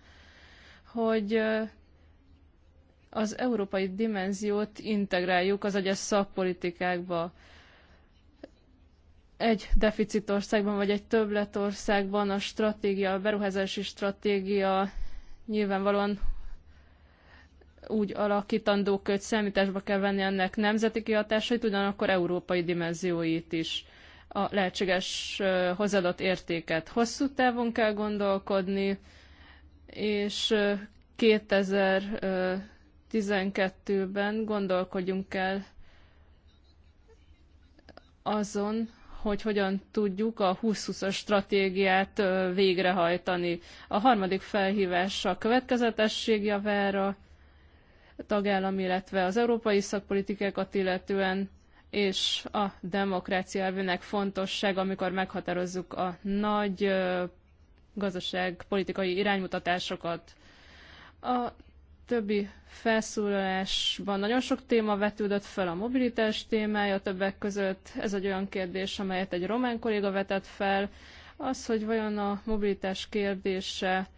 hogy az európai dimenziót integráljuk az egyes szakpolitikákba. Egy deficitországban vagy egy többletországban a stratégia, a beruházási stratégia nyilvánvalóan úgy alakítandók, hogy számításba kell venni ennek nemzeti kihatásait, ugyanakkor európai dimenzióit is a lehetséges hozadott értéket hosszú távon kell gondolkodni, és 2012-ben gondolkodjunk el azon, hogy hogyan tudjuk a 2020-as stratégiát végrehajtani. A harmadik felhívás a következetesség javára, tagállam, illetve az európai szakpolitikákat illetően, és a demokrácia elvének fontosság, amikor meghatározzuk a nagy gazdaságpolitikai iránymutatásokat. A többi felszólalásban nagyon sok téma vetődött fel, a mobilitás témája többek között. Ez egy olyan kérdés, amelyet egy román kolléga vetett fel. Az, hogy vajon a mobilitás kérdése,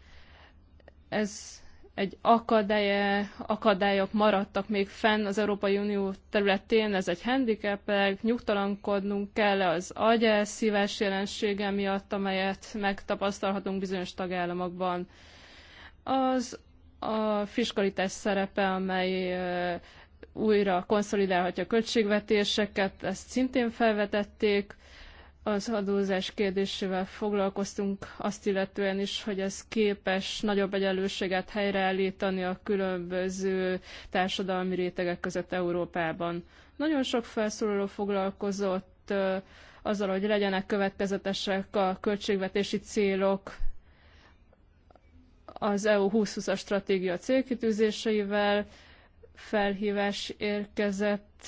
ez egy akadálye, akadályok maradtak még fenn az Európai Unió területén, ez egy handicap, nyugtalankodnunk kell az agyelszívás jelensége miatt, amelyet megtapasztalhatunk bizonyos tagállamokban. Az a fiskalitás szerepe, amely újra konszolidálhatja a költségvetéseket, ezt szintén felvetették, az adózás kérdésével foglalkoztunk azt illetően is, hogy ez képes nagyobb egyenlőséget helyreállítani a különböző társadalmi rétegek között Európában. Nagyon sok felszólaló foglalkozott azzal, hogy legyenek következetesek a költségvetési célok az EU 2020-as stratégia célkitűzéseivel, felhívás érkezett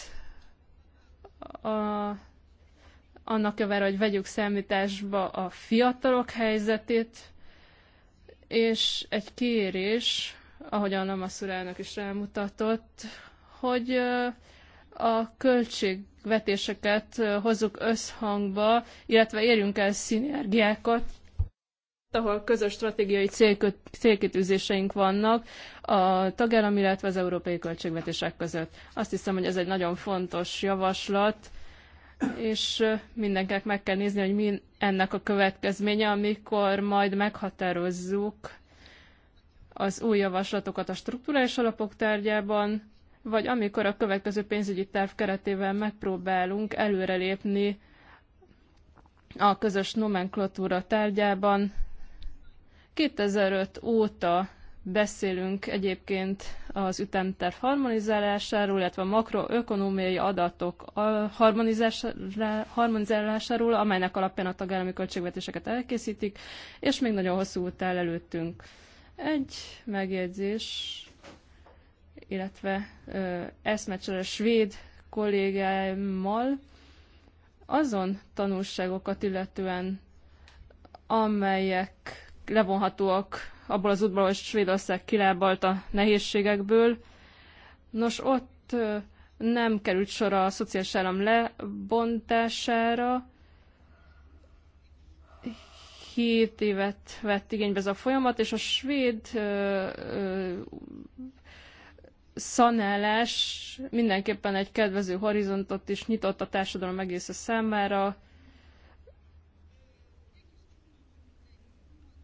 a annak köver, hogy vegyük számításba a fiatalok helyzetét, és egy kérés, ahogyan a Masszurának is rámutatott, hogy a költségvetéseket hozzuk összhangba, illetve érjünk el szinergiákat, ahol közös stratégiai célkitűzéseink vannak a tagállami, illetve az európai költségvetések között. Azt hiszem, hogy ez egy nagyon fontos javaslat, és mindenkinek meg kell nézni, hogy mi ennek a következménye, amikor majd meghatározzuk az új javaslatokat a strukturális alapok tárgyában, vagy amikor a következő pénzügyi terv keretével megpróbálunk előrelépni a közös nomenklatúra tárgyában. 2005 óta Beszélünk egyébként az ütemterv harmonizálásáról, illetve a makroökonomiai adatok harmonizálásáról, amelynek alapján a tagállami költségvetéseket elkészítik, és még nagyon hosszú út áll előttünk. Egy megjegyzés, illetve eszmecsere svéd kollégámmal azon tanulságokat illetően, amelyek levonhatóak abból az útból, hogy Svédország kilábalt a nehézségekből. Nos, ott nem került sor a szociális állam lebontására. Hét évet vett igénybe ez a folyamat, és a svéd szanálás mindenképpen egy kedvező horizontot is nyitott a társadalom a számára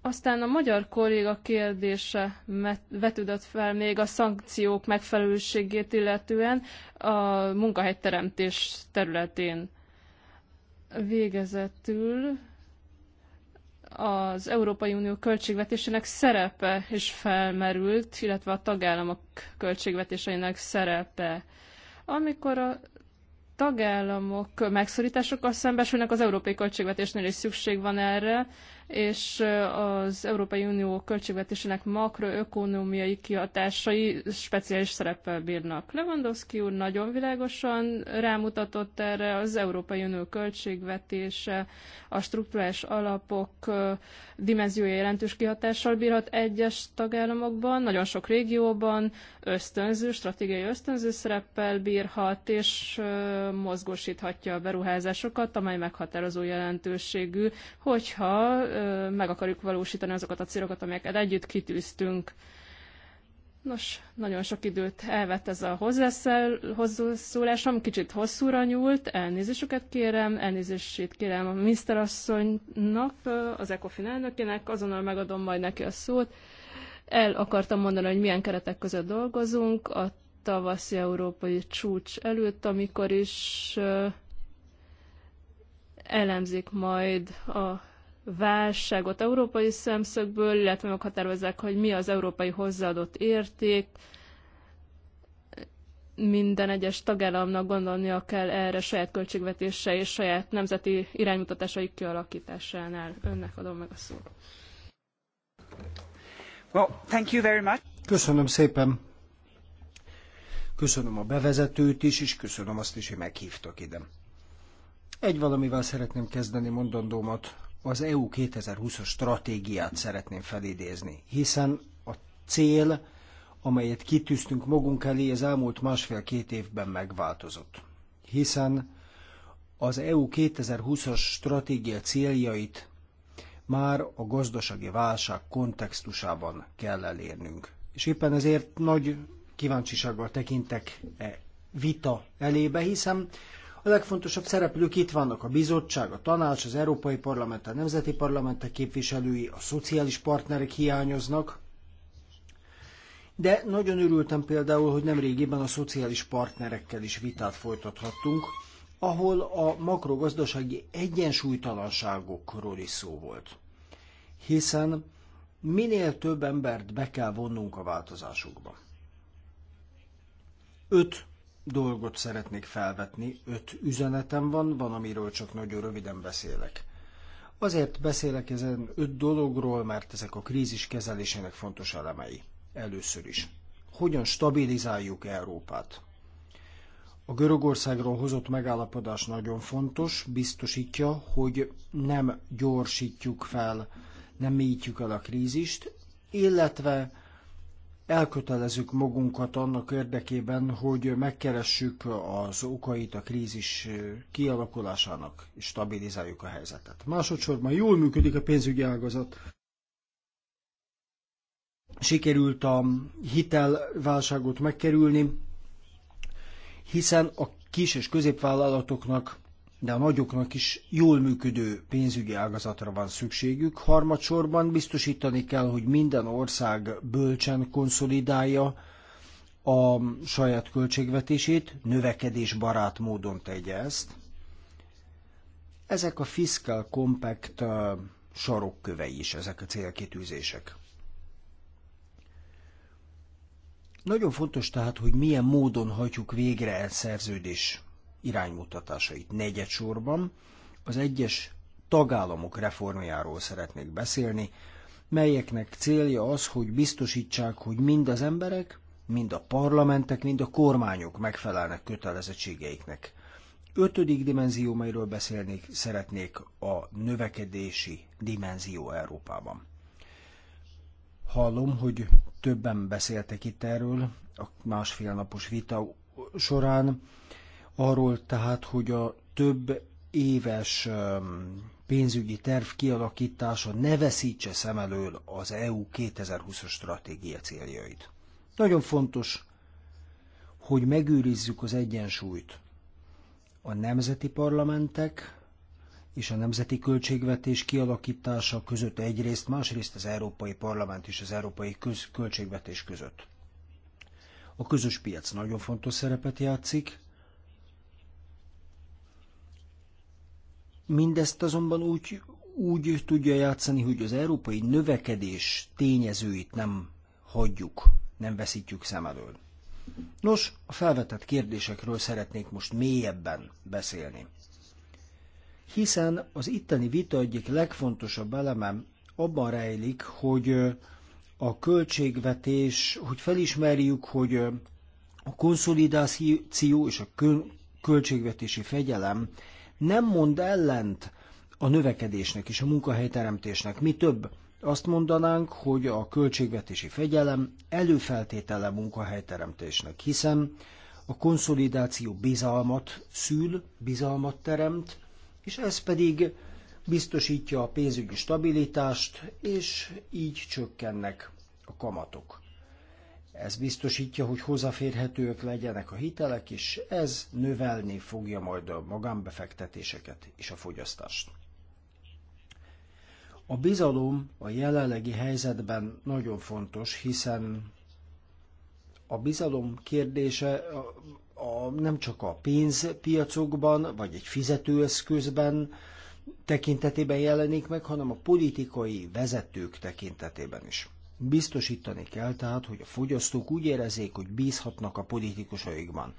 Aztán a magyar kolléga kérdése vetődött fel még a szankciók megfelelőségét illetően a munkahelyteremtés területén. Végezetül az Európai Unió költségvetésének szerepe is felmerült, illetve a tagállamok költségvetéseinek szerepe. Amikor a tagállamok megszorításokkal szembesülnek, az európai költségvetésnél is szükség van erre, és az Európai Unió költségvetésének makroökonómiai kihatásai speciális szereppel bírnak. Lewandowski úr nagyon világosan rámutatott erre az Európai Unió költségvetése, a struktúrás alapok dimenziója jelentős kihatással bírhat egyes tagállamokban, nagyon sok régióban ösztönző, stratégiai ösztönző szereppel bírhat, és mozgósíthatja a beruházásokat, amely meghatározó jelentőségű, hogyha meg akarjuk valósítani azokat a célokat, amelyeket együtt kitűztünk. Nos, nagyon sok időt elvett ez a hozzászólásom, kicsit hosszúra nyúlt, elnézésüket kérem, elnézését kérem a miniszterasszonynak, az ECOFIN elnökének, azonnal megadom majd neki a szót. El akartam mondani, hogy milyen keretek között dolgozunk, a tavaszi európai csúcs előtt, amikor is elemzik majd a válságot európai szemszögből, illetve meghatározzák, hogy mi az európai hozzáadott érték. Minden egyes tagállamnak gondolnia kell erre saját költségvetése és saját nemzeti iránymutatásaik kialakításánál. Önnek adom meg a szót.
Well, thank you very much. Köszönöm szépen. Köszönöm a bevezetőt is, és köszönöm azt is, hogy meghívtak ide. Egy valamivel szeretném kezdeni mondandómat, az EU 2020-as stratégiát szeretném felidézni, hiszen a cél, amelyet kitűztünk magunk elé, az elmúlt másfél-két évben megváltozott. Hiszen az EU 2020-as stratégia céljait már a gazdasági válság kontextusában kell elérnünk. És éppen ezért nagy kíváncsisággal tekintek e vita elébe, hiszen a legfontosabb szereplők itt vannak a bizottság, a tanács, az Európai Parlament, a Nemzeti Parlamentek képviselői, a szociális partnerek hiányoznak, de nagyon örültem például, hogy nemrégiben a szociális partnerekkel is vitát folytathattunk, ahol a makrogazdasági egyensúlytalanságokról is szó volt. Hiszen minél több embert be kell vonnunk a változásokba. Öt dolgot szeretnék felvetni. Öt üzenetem van, van, amiről csak nagyon röviden beszélek. Azért beszélek ezen öt dologról, mert ezek a krízis kezelésének fontos elemei. Először is. Hogyan stabilizáljuk Európát? A Görögországról hozott megállapodás nagyon fontos, biztosítja, hogy nem gyorsítjuk fel, nem mélyítjük el a krízist, illetve elkötelezzük magunkat annak érdekében, hogy megkeressük az okait a krízis kialakulásának, és stabilizáljuk a helyzetet. Másodszorban jól működik a pénzügyi ágazat. Sikerült a hitelválságot megkerülni, hiszen a kis és középvállalatoknak de a nagyoknak is jól működő pénzügyi ágazatra van szükségük. Harmadsorban biztosítani kell, hogy minden ország bölcsen konszolidálja a saját költségvetését, növekedésbarát módon tegye ezt. Ezek a Fiscal Compact uh, sarokkövei is, ezek a célkitűzések. Nagyon fontos tehát, hogy milyen módon hagyjuk végre el szerződés iránymutatásait. Negyedsorban az egyes tagállamok reformjáról szeretnék beszélni, melyeknek célja az, hogy biztosítsák, hogy mind az emberek, mind a parlamentek, mind a kormányok megfelelnek kötelezettségeiknek. Ötödik dimenzió, melyről beszélnék, szeretnék a növekedési dimenzió Európában. Hallom, hogy többen beszéltek itt erről a másfél napos vita során. Arról tehát, hogy a több éves pénzügyi terv kialakítása ne veszítse szem elől az EU 2020-as stratégia céljait. Nagyon fontos, hogy megőrizzük az egyensúlyt a nemzeti parlamentek és a nemzeti költségvetés kialakítása között egyrészt, másrészt az Európai Parlament és az Európai költségvetés között. A közös piac nagyon fontos szerepet játszik, Mindezt azonban úgy, úgy tudja játszani, hogy az európai növekedés tényezőit nem hagyjuk, nem veszítjük szem elől. Nos, a felvetett kérdésekről szeretnék most mélyebben beszélni. Hiszen az itteni vita egyik legfontosabb elemem abban rejlik, hogy a költségvetés, hogy felismerjük, hogy a konszolidáció és a költségvetési fegyelem nem mond ellent a növekedésnek és a munkahelyteremtésnek. Mi több, azt mondanánk, hogy a költségvetési fegyelem előfeltétele munkahelyteremtésnek, hiszen a konszolidáció bizalmat szül, bizalmat teremt, és ez pedig biztosítja a pénzügyi stabilitást, és így csökkennek a kamatok. Ez biztosítja, hogy hozzáférhetőek legyenek a hitelek, és ez növelni fogja majd a magánbefektetéseket és a fogyasztást. A bizalom a jelenlegi helyzetben nagyon fontos, hiszen a bizalom kérdése a, a, nem csak a pénzpiacokban, vagy egy fizetőeszközben tekintetében jelenik meg, hanem a politikai vezetők tekintetében is. Biztosítani kell tehát, hogy a fogyasztók úgy érezzék, hogy bízhatnak a politikusaikban.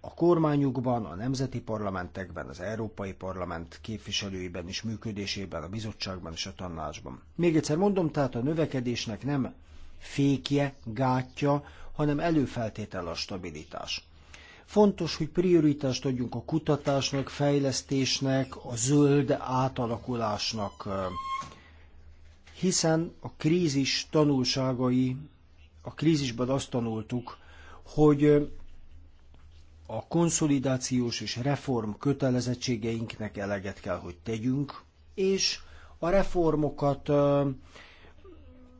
A kormányukban, a nemzeti parlamentekben, az Európai Parlament képviselőiben és működésében, a bizottságban és a tanácsban. Még egyszer mondom, tehát a növekedésnek nem fékje, gátja, hanem előfeltétel a stabilitás. Fontos, hogy prioritást adjunk a kutatásnak, fejlesztésnek, a zöld átalakulásnak, hiszen a krízis tanulságai, a krízisben azt tanultuk, hogy a konszolidációs és reform kötelezettségeinknek eleget kell, hogy tegyünk, és a reformokat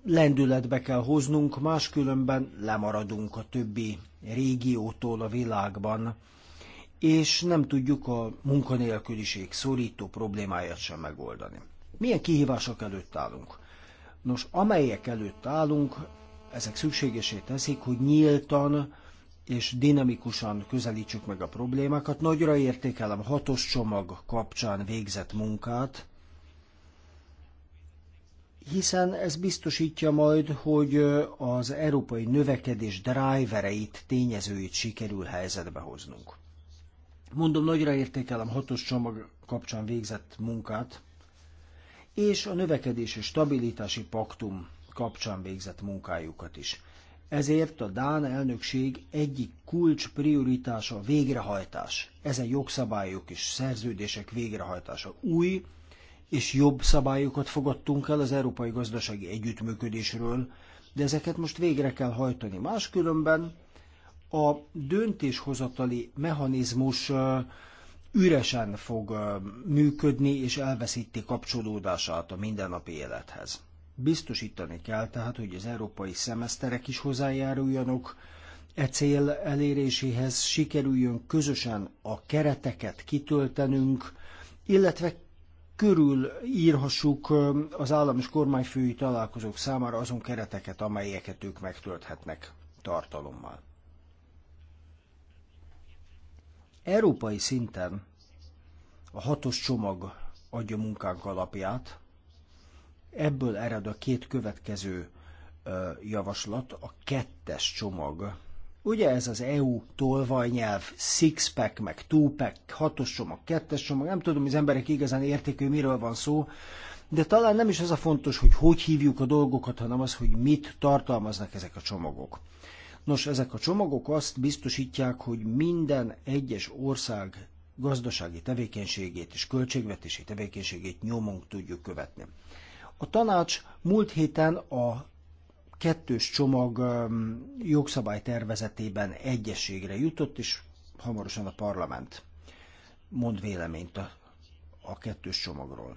lendületbe kell hoznunk, máskülönben lemaradunk a többi régiótól a világban, és nem tudjuk a munkanélküliség szorító problémáját sem megoldani. Milyen kihívások előtt állunk? Nos, amelyek előtt állunk, ezek szükségesé teszik, hogy nyíltan és dinamikusan közelítsük meg a problémákat. Nagyra értékelem hatos csomag kapcsán végzett munkát, hiszen ez biztosítja majd, hogy az európai növekedés drivereit, tényezőit sikerül helyzetbe hoznunk. Mondom, nagyra értékelem hatos csomag kapcsán végzett munkát, és a növekedési stabilitási paktum kapcsán végzett munkájukat is. Ezért a Dán elnökség egyik kulcs prioritása a végrehajtás. Ezen jogszabályok és szerződések végrehajtása. Új és jobb szabályokat fogadtunk el az európai gazdasági együttműködésről, de ezeket most végre kell hajtani. Máskülönben a döntéshozatali mechanizmus üresen fog működni, és elveszíti kapcsolódását a mindennapi élethez. Biztosítani kell tehát, hogy az európai szemeszterek is hozzájáruljanak e cél eléréséhez, sikerüljön közösen a kereteket kitöltenünk, illetve körül írhassuk az állam és kormányfői találkozók számára azon kereteket, amelyeket ők megtölthetnek tartalommal. Európai szinten a hatos csomag adja munkánk alapját, ebből ered a két következő javaslat, a kettes csomag. Ugye ez az EU tolvajnyelv, six-pack, meg two-pack, hatos csomag, kettes csomag, nem tudom, az emberek igazán értik, hogy miről van szó, de talán nem is az a fontos, hogy hogy hívjuk a dolgokat, hanem az, hogy mit tartalmaznak ezek a csomagok. Nos, ezek a csomagok azt biztosítják, hogy minden egyes ország gazdasági tevékenységét és költségvetési tevékenységét nyomon tudjuk követni. A tanács múlt héten a kettős csomag um, jogszabálytervezetében egyességre jutott, és hamarosan a parlament mond véleményt a, a kettős csomagról.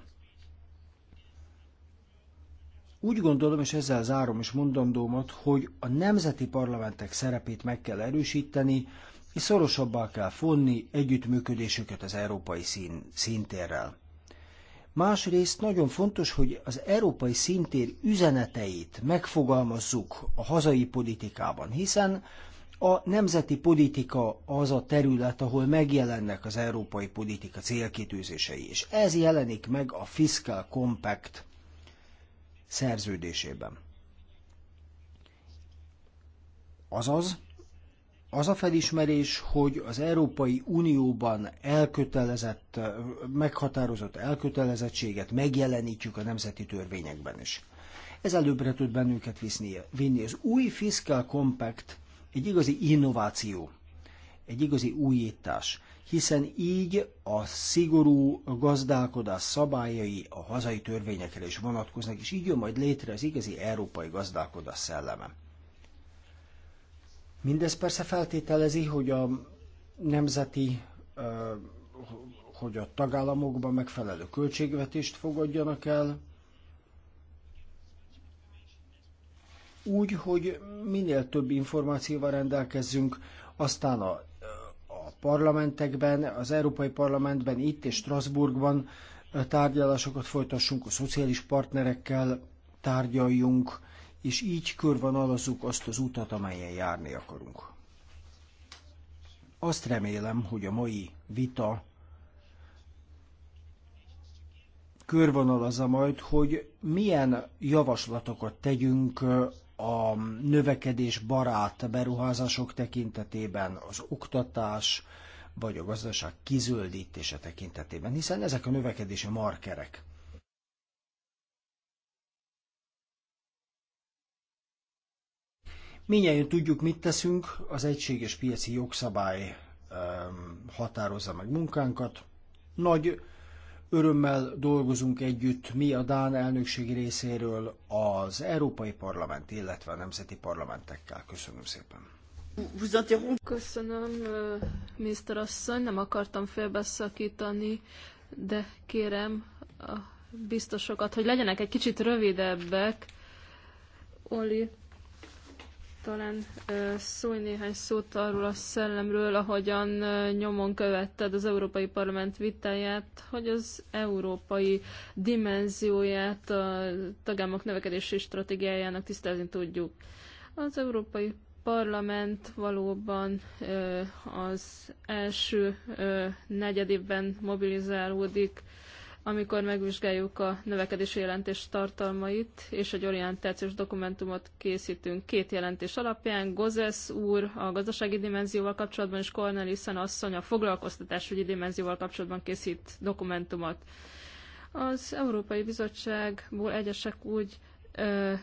Úgy gondolom, és ezzel zárom is mondandómat, hogy a nemzeti parlamentek szerepét meg kell erősíteni, és szorosabbá kell fonni együttműködésüket az európai szín, szintérrel. Másrészt nagyon fontos, hogy az európai szintér üzeneteit megfogalmazzuk a hazai politikában, hiszen a nemzeti politika az a terület, ahol megjelennek az európai politika célkitűzései, és ez jelenik meg a Fiscal Compact szerződésében. Azaz, az a felismerés, hogy az Európai Unióban elkötelezett, meghatározott elkötelezettséget megjelenítjük a nemzeti törvényekben is. Ez előbbre tud bennünket viszni, vinni. Az új Fiscal Compact egy igazi innováció, egy igazi újítás hiszen így a szigorú gazdálkodás szabályai a hazai törvényekre is vonatkoznak, és így jön majd létre az igazi európai gazdálkodás szelleme. Mindez persze feltételezi, hogy a nemzeti, hogy a tagállamokban megfelelő költségvetést fogadjanak el, úgy, hogy minél több információval rendelkezzünk, aztán a a parlamentekben, az Európai Parlamentben, itt és Strasbourgban tárgyalásokat folytassunk, a szociális partnerekkel tárgyaljunk, és így körvonalazzuk azt az utat, amelyen járni akarunk. Azt remélem, hogy a mai vita körvonalazza majd, hogy milyen javaslatokat tegyünk a növekedés barát beruházások tekintetében, az oktatás vagy a gazdaság kizöldítése tekintetében, hiszen ezek a növekedési markerek. Minnyáján tudjuk, mit teszünk, az egységes piaci jogszabály ehm, határozza meg munkánkat. Nagy Örömmel dolgozunk együtt mi a Dán elnökség részéről az Európai Parlament, illetve a nemzeti parlamentekkel. Köszönöm szépen.
Köszönöm, Mr. asszony, nem akartam félbeszakítani, de kérem a biztosokat, hogy legyenek egy kicsit rövidebbek. Oli, talán szólj néhány szót arról a szellemről, ahogyan nyomon követted az Európai Parlament vitáját, hogy az európai dimenzióját a tagállamok növekedési stratégiájának tisztázni tudjuk. Az Európai Parlament valóban az első negyedében mobilizálódik amikor megvizsgáljuk a növekedési jelentés tartalmait, és egy orientációs dokumentumot készítünk két jelentés alapján. Gozes úr a gazdasági dimenzióval kapcsolatban, és Cornelissen asszony a foglalkoztatásügyi dimenzióval kapcsolatban készít dokumentumot. Az Európai Bizottságból egyesek úgy ö,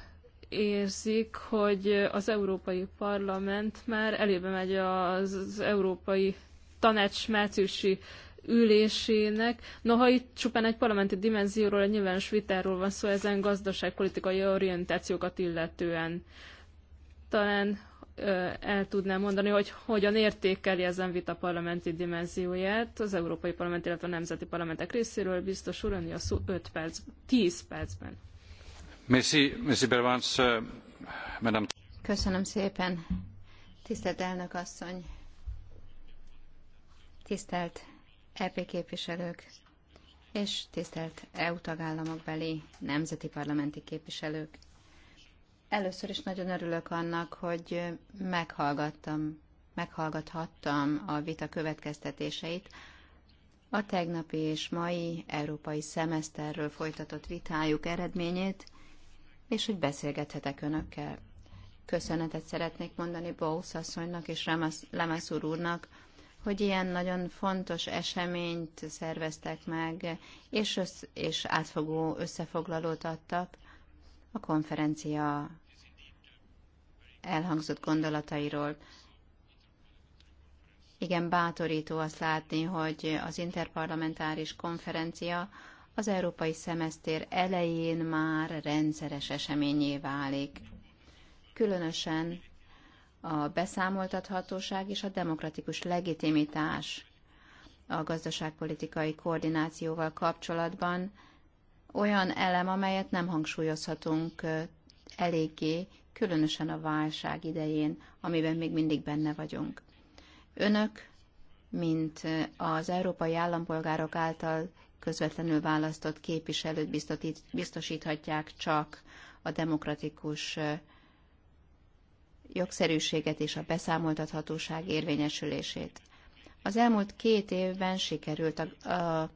érzik, hogy az Európai Parlament már elébe megy az, az Európai Tanács márciusi ülésének. Noha itt csupán egy parlamenti dimenzióról, egy nyilvános vitáról van szó ezen gazdaságpolitikai orientációkat illetően. Talán el tudnám mondani, hogy hogyan értékeli ezen vita parlamenti dimenzióját az Európai Parlament, illetve a Nemzeti Parlamentek részéről. Biztos úr, a szó 5 perc, 10 percben.
Merci, merci Bervance, uh, madame.
Köszönöm szépen. Tisztelt elnök asszony, tisztelt EP képviselők és tisztelt EU tagállamok beli nemzeti parlamenti képviselők. Először is nagyon örülök annak, hogy meghallgattam, meghallgathattam a vita következtetéseit, a tegnapi és mai európai szemeszterről folytatott vitájuk eredményét, és hogy beszélgethetek önökkel. Köszönetet szeretnék mondani Bósz asszonynak és Lemaszúr úrnak, hogy ilyen nagyon fontos eseményt szerveztek meg, és, össz, és átfogó összefoglalót adtak a konferencia elhangzott gondolatairól. Igen, bátorító azt látni, hogy az interparlamentáris konferencia az európai szemesztér elején már rendszeres eseményé válik. Különösen a beszámoltathatóság és a demokratikus legitimitás a gazdaságpolitikai koordinációval kapcsolatban olyan elem, amelyet nem hangsúlyozhatunk eléggé, különösen a válság idején, amiben még mindig benne vagyunk. Önök, mint az európai állampolgárok által közvetlenül választott képviselőt biztosíthatják csak a demokratikus jogszerűséget és a beszámoltathatóság érvényesülését. Az elmúlt két évben sikerült a, a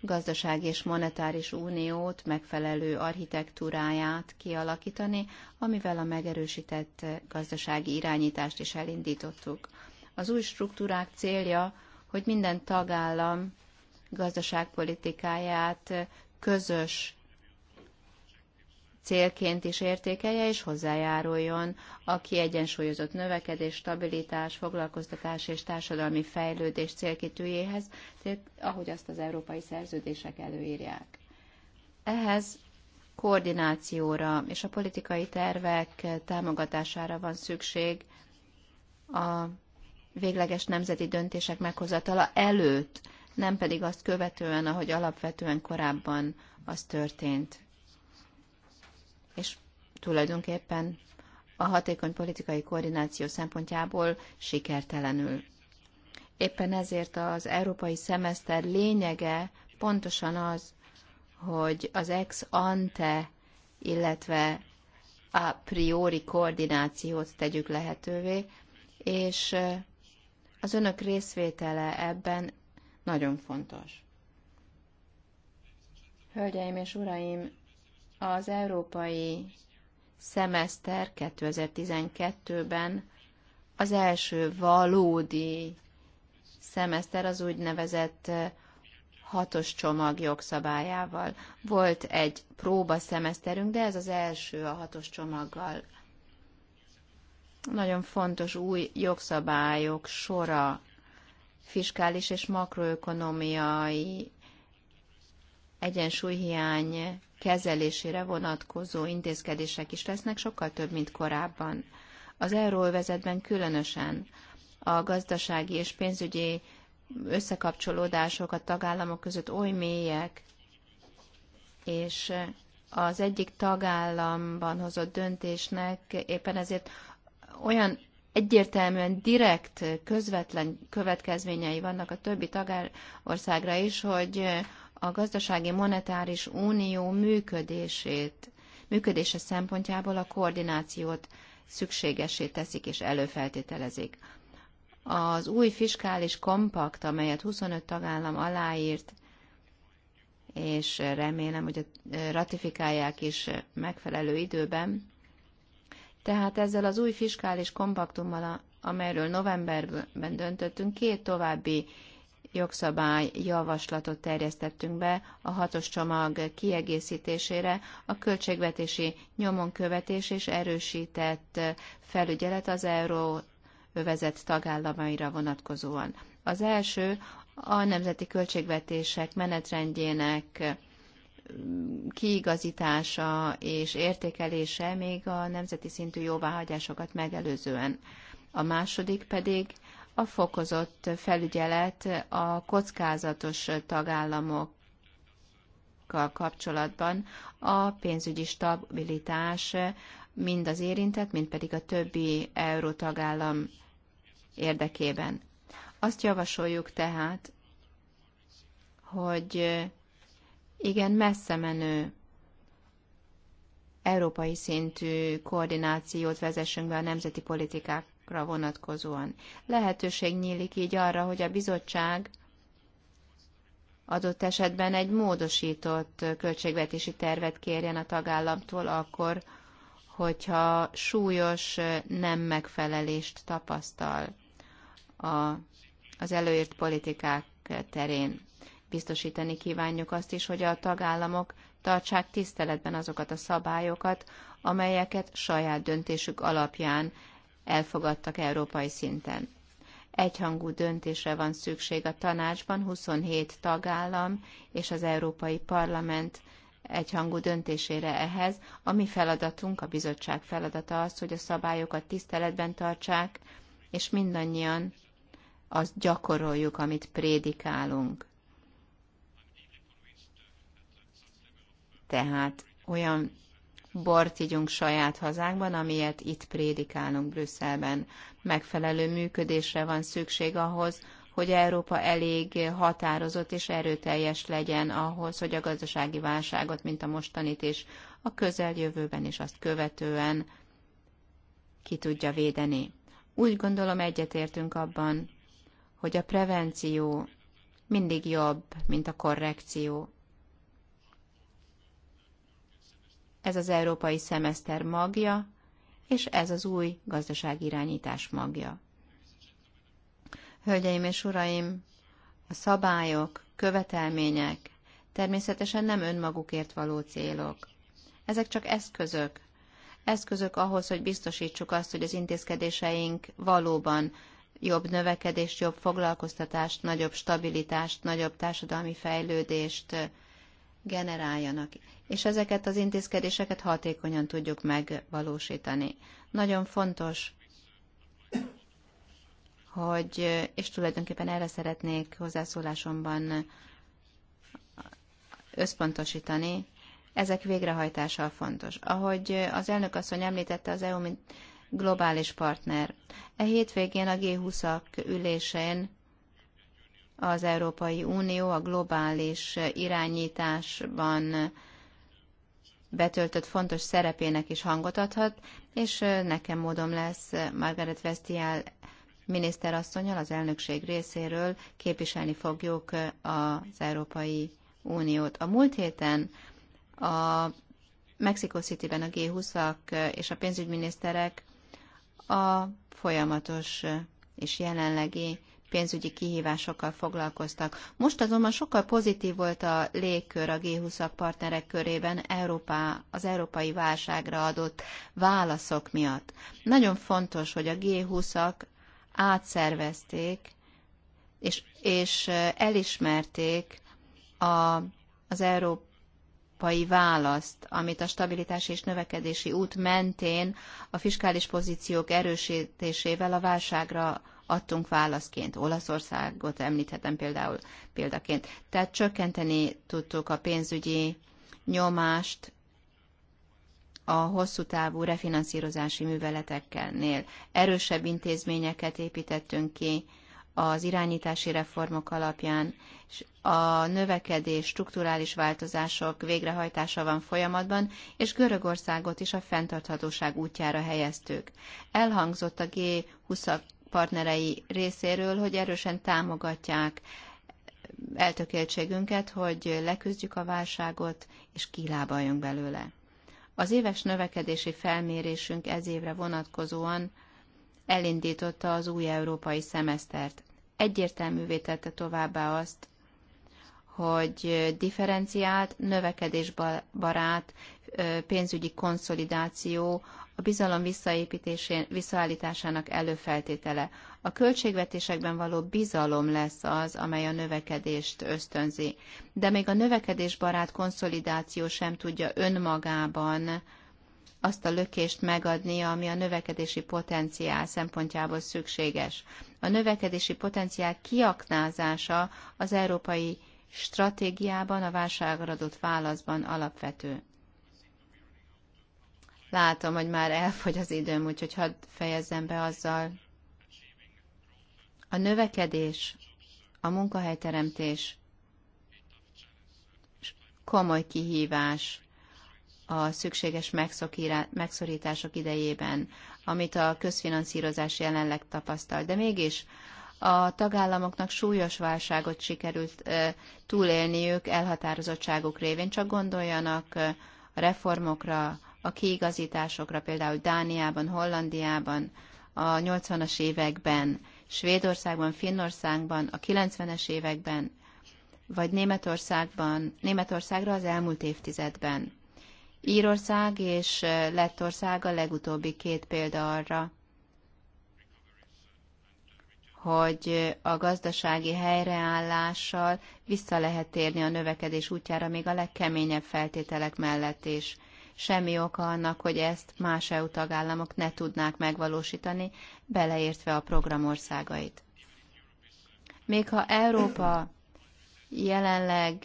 gazdasági és monetáris uniót megfelelő architektúráját kialakítani, amivel a megerősített gazdasági irányítást is elindítottuk. Az új struktúrák célja, hogy minden tagállam gazdaságpolitikáját közös célként is értékelje és hozzájáruljon a kiegyensúlyozott növekedés, stabilitás, foglalkoztatás és társadalmi fejlődés célkitűjéhez, ahogy azt az európai szerződések előírják. Ehhez koordinációra és a politikai tervek támogatására van szükség a végleges nemzeti döntések meghozatala előtt, nem pedig azt követően, ahogy alapvetően korábban az történt és tulajdonképpen a hatékony politikai koordináció szempontjából sikertelenül. Éppen ezért az európai szemeszter lényege pontosan az, hogy az ex ante, illetve a priori koordinációt tegyük lehetővé, és az önök részvétele ebben nagyon fontos. Hölgyeim és uraim, az európai szemeszter 2012-ben az első valódi szemeszter az úgynevezett hatos csomag jogszabályával. Volt egy próba szemeszterünk, de ez az első a hatos csomaggal. Nagyon fontos új jogszabályok sora, fiskális és makroökonomiai egyensúlyhiány kezelésére vonatkozó intézkedések is lesznek, sokkal több, mint korábban. Az euróvezetben különösen a gazdasági és pénzügyi összekapcsolódások a tagállamok között oly mélyek, és az egyik tagállamban hozott döntésnek éppen ezért olyan egyértelműen direkt, közvetlen következményei vannak a többi tagországra is, hogy a gazdasági monetáris unió működését, működése szempontjából a koordinációt szükségesé teszik és előfeltételezik. Az új fiskális kompakt, amelyet 25 tagállam aláírt, és remélem, hogy ratifikálják is megfelelő időben. Tehát ezzel az új fiskális kompaktummal, amelyről novemberben döntöttünk, két további jogszabály javaslatot terjesztettünk be a hatos csomag kiegészítésére, a költségvetési nyomonkövetés és erősített felügyelet az euró övezet tagállamaira vonatkozóan. Az első a nemzeti költségvetések menetrendjének kiigazítása és értékelése még a nemzeti szintű jóváhagyásokat megelőzően. A második pedig a fokozott felügyelet a kockázatos tagállamokkal kapcsolatban a pénzügyi stabilitás mind az érintett, mind pedig a többi euró tagállam érdekében. Azt javasoljuk tehát, hogy igen messze menő európai szintű koordinációt vezessünk be a nemzeti politikák tárgyakra vonatkozóan. Lehetőség nyílik így arra, hogy a bizottság adott esetben egy módosított költségvetési tervet kérjen a tagállamtól akkor, hogyha súlyos nem megfelelést tapasztal a, az előírt politikák terén. Biztosítani kívánjuk azt is, hogy a tagállamok tartsák tiszteletben azokat a szabályokat, amelyeket saját döntésük alapján elfogadtak európai szinten. Egyhangú döntésre van szükség a tanácsban, 27 tagállam és az Európai Parlament egyhangú döntésére ehhez. A mi feladatunk, a bizottság feladata az, hogy a szabályokat tiszteletben tartsák, és mindannyian azt gyakoroljuk, amit prédikálunk. Tehát olyan bort igyunk saját hazánkban, amilyet itt prédikálunk Brüsszelben. Megfelelő működésre van szükség ahhoz, hogy Európa elég határozott és erőteljes legyen ahhoz, hogy a gazdasági válságot, mint a mostanit is, a közeljövőben és azt követően ki tudja védeni. Úgy gondolom egyetértünk abban, hogy a prevenció mindig jobb, mint a korrekció. Ez az európai szemeszter magja, és ez az új gazdaságirányítás magja. Hölgyeim és uraim, a szabályok, követelmények természetesen nem önmagukért való célok. Ezek csak eszközök. Eszközök ahhoz, hogy biztosítsuk azt, hogy az intézkedéseink valóban jobb növekedést, jobb foglalkoztatást, nagyobb stabilitást, nagyobb társadalmi fejlődést generáljanak, és ezeket az intézkedéseket hatékonyan tudjuk megvalósítani. Nagyon fontos, hogy, és tulajdonképpen erre szeretnék hozzászólásomban összpontosítani, ezek végrehajtása fontos. Ahogy az elnök asszony említette, az EU mint globális partner. E hétvégén a G20-ak ülésén az Európai Unió a globális irányításban betöltött fontos szerepének is hangot adhat, és nekem módom lesz Margaret Vestiál miniszterasszonyal az elnökség részéről képviselni fogjuk az Európai Uniót. A múlt héten a Mexico City-ben a G20-ak és a pénzügyminiszterek a folyamatos és jelenlegi pénzügyi kihívásokkal foglalkoztak. Most azonban sokkal pozitív volt a légkör a g 20 partnerek körében Európa az európai válságra adott válaszok miatt. Nagyon fontos, hogy a G20-ak átszervezték és, és elismerték a, az Európa európai választ, amit a stabilitás és növekedési út mentén a fiskális pozíciók erősítésével a válságra adtunk válaszként. Olaszországot említhetem például példaként. Tehát csökkenteni tudtuk a pénzügyi nyomást a hosszú távú refinanszírozási műveleteknél. Erősebb intézményeket építettünk ki az irányítási reformok alapján, és a növekedés, strukturális változások végrehajtása van folyamatban, és Görögországot is a fenntarthatóság útjára helyeztük. Elhangzott a G20 partnerei részéről, hogy erősen támogatják eltökéltségünket, hogy leküzdjük a válságot, és kilábaljunk belőle. Az éves növekedési felmérésünk ez évre vonatkozóan elindította az új európai szemesztert. Egyértelművé tette továbbá azt, hogy differenciált, növekedésbarát pénzügyi konszolidáció a bizalom visszaépítésén, visszaállításának előfeltétele. A költségvetésekben való bizalom lesz az, amely a növekedést ösztönzi. De még a növekedésbarát konszolidáció sem tudja önmagában azt a lökést megadni, ami a növekedési potenciál szempontjából szükséges. A növekedési potenciál kiaknázása az európai stratégiában, a válságra adott válaszban alapvető. Látom, hogy már elfogy az időm, úgyhogy hadd fejezzem be azzal. A növekedés, a munkahelyteremtés komoly kihívás a szükséges megszorítások idejében, amit a közfinanszírozás jelenleg tapasztal. De mégis a tagállamoknak súlyos válságot sikerült túlélniük elhatározottságuk révén. Csak gondoljanak a reformokra, a kiigazításokra, például Dániában, Hollandiában, a 80-as években, Svédországban, Finnországban, a 90-es években, vagy Németországban, Németországra az elmúlt évtizedben. Írország és Lettország a legutóbbi két példa arra, hogy a gazdasági helyreállással vissza lehet térni a növekedés útjára még a legkeményebb feltételek mellett is semmi oka annak, hogy ezt más EU tagállamok ne tudnák megvalósítani, beleértve a programországait. Még ha Európa jelenleg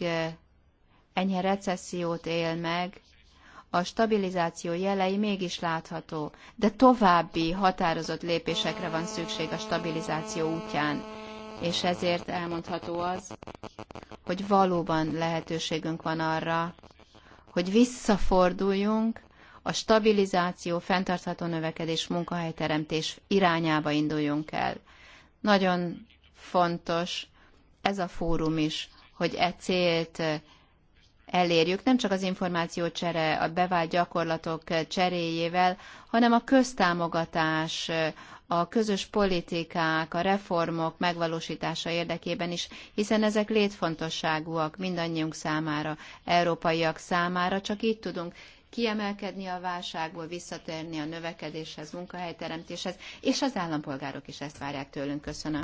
enyhe recessziót él meg, a stabilizáció jelei mégis látható, de további határozott lépésekre van szükség a stabilizáció útján, és ezért elmondható az, hogy valóban lehetőségünk van arra, hogy visszaforduljunk a stabilizáció, fenntartható növekedés, munkahelyteremtés irányába induljunk el. Nagyon fontos ez a fórum is, hogy e célt elérjük, nem csak az információcsere, a bevált gyakorlatok cseréjével, hanem a köztámogatás, a közös politikák, a reformok megvalósítása érdekében is, hiszen ezek létfontosságúak mindannyiunk számára, európaiak számára, csak így tudunk kiemelkedni a válságból, visszatérni a növekedéshez, munkahelyteremtéshez, és az állampolgárok is ezt várják tőlünk. Köszönöm.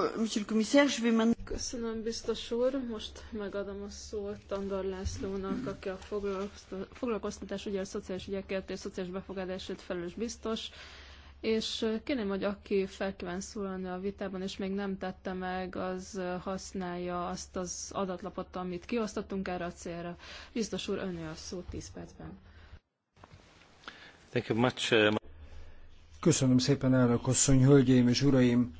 Köszönöm, biztos úr. Most megadom a szót Andor Lászlónak, aki a foglalkoztatás, ugye a szociális ügyekért és szociális befogadásért felelős biztos és kérném, hogy aki fel kíván szólalni a vitában, és még nem tette meg, az használja azt az adatlapot, amit kiosztottunk erre a célra. Biztos úr, önő a szó 10 percben.
Thank you much. Uh,
Köszönöm szépen, elnök asszony, hölgyeim és uraim!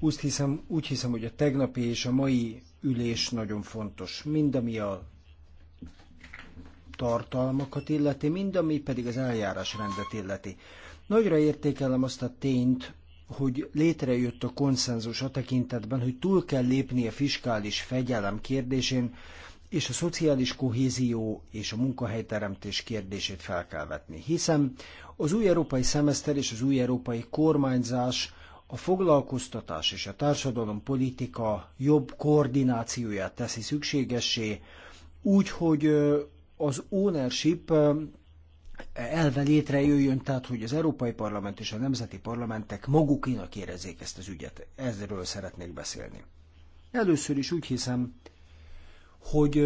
Úgy hiszem, úgy hiszem, hogy a tegnapi és a mai ülés nagyon fontos. Mind ami a tartalmakat illeti, mind ami pedig az eljárásrendet illeti. Nagyra értékelem azt a tényt, hogy létrejött a konszenzus a tekintetben, hogy túl kell lépni a fiskális fegyelem kérdésén, és a szociális kohézió és a munkahelyteremtés kérdését fel kell vetni. Hiszen az új európai szemeszter és az új európai kormányzás a foglalkoztatás és a társadalompolitika jobb koordinációját teszi szükségessé, úgy, hogy az ownership elve létrejöjjön, tehát hogy az Európai Parlament és a nemzeti parlamentek magukinak érezzék ezt az ügyet. Ezről szeretnék beszélni. Először is úgy hiszem, hogy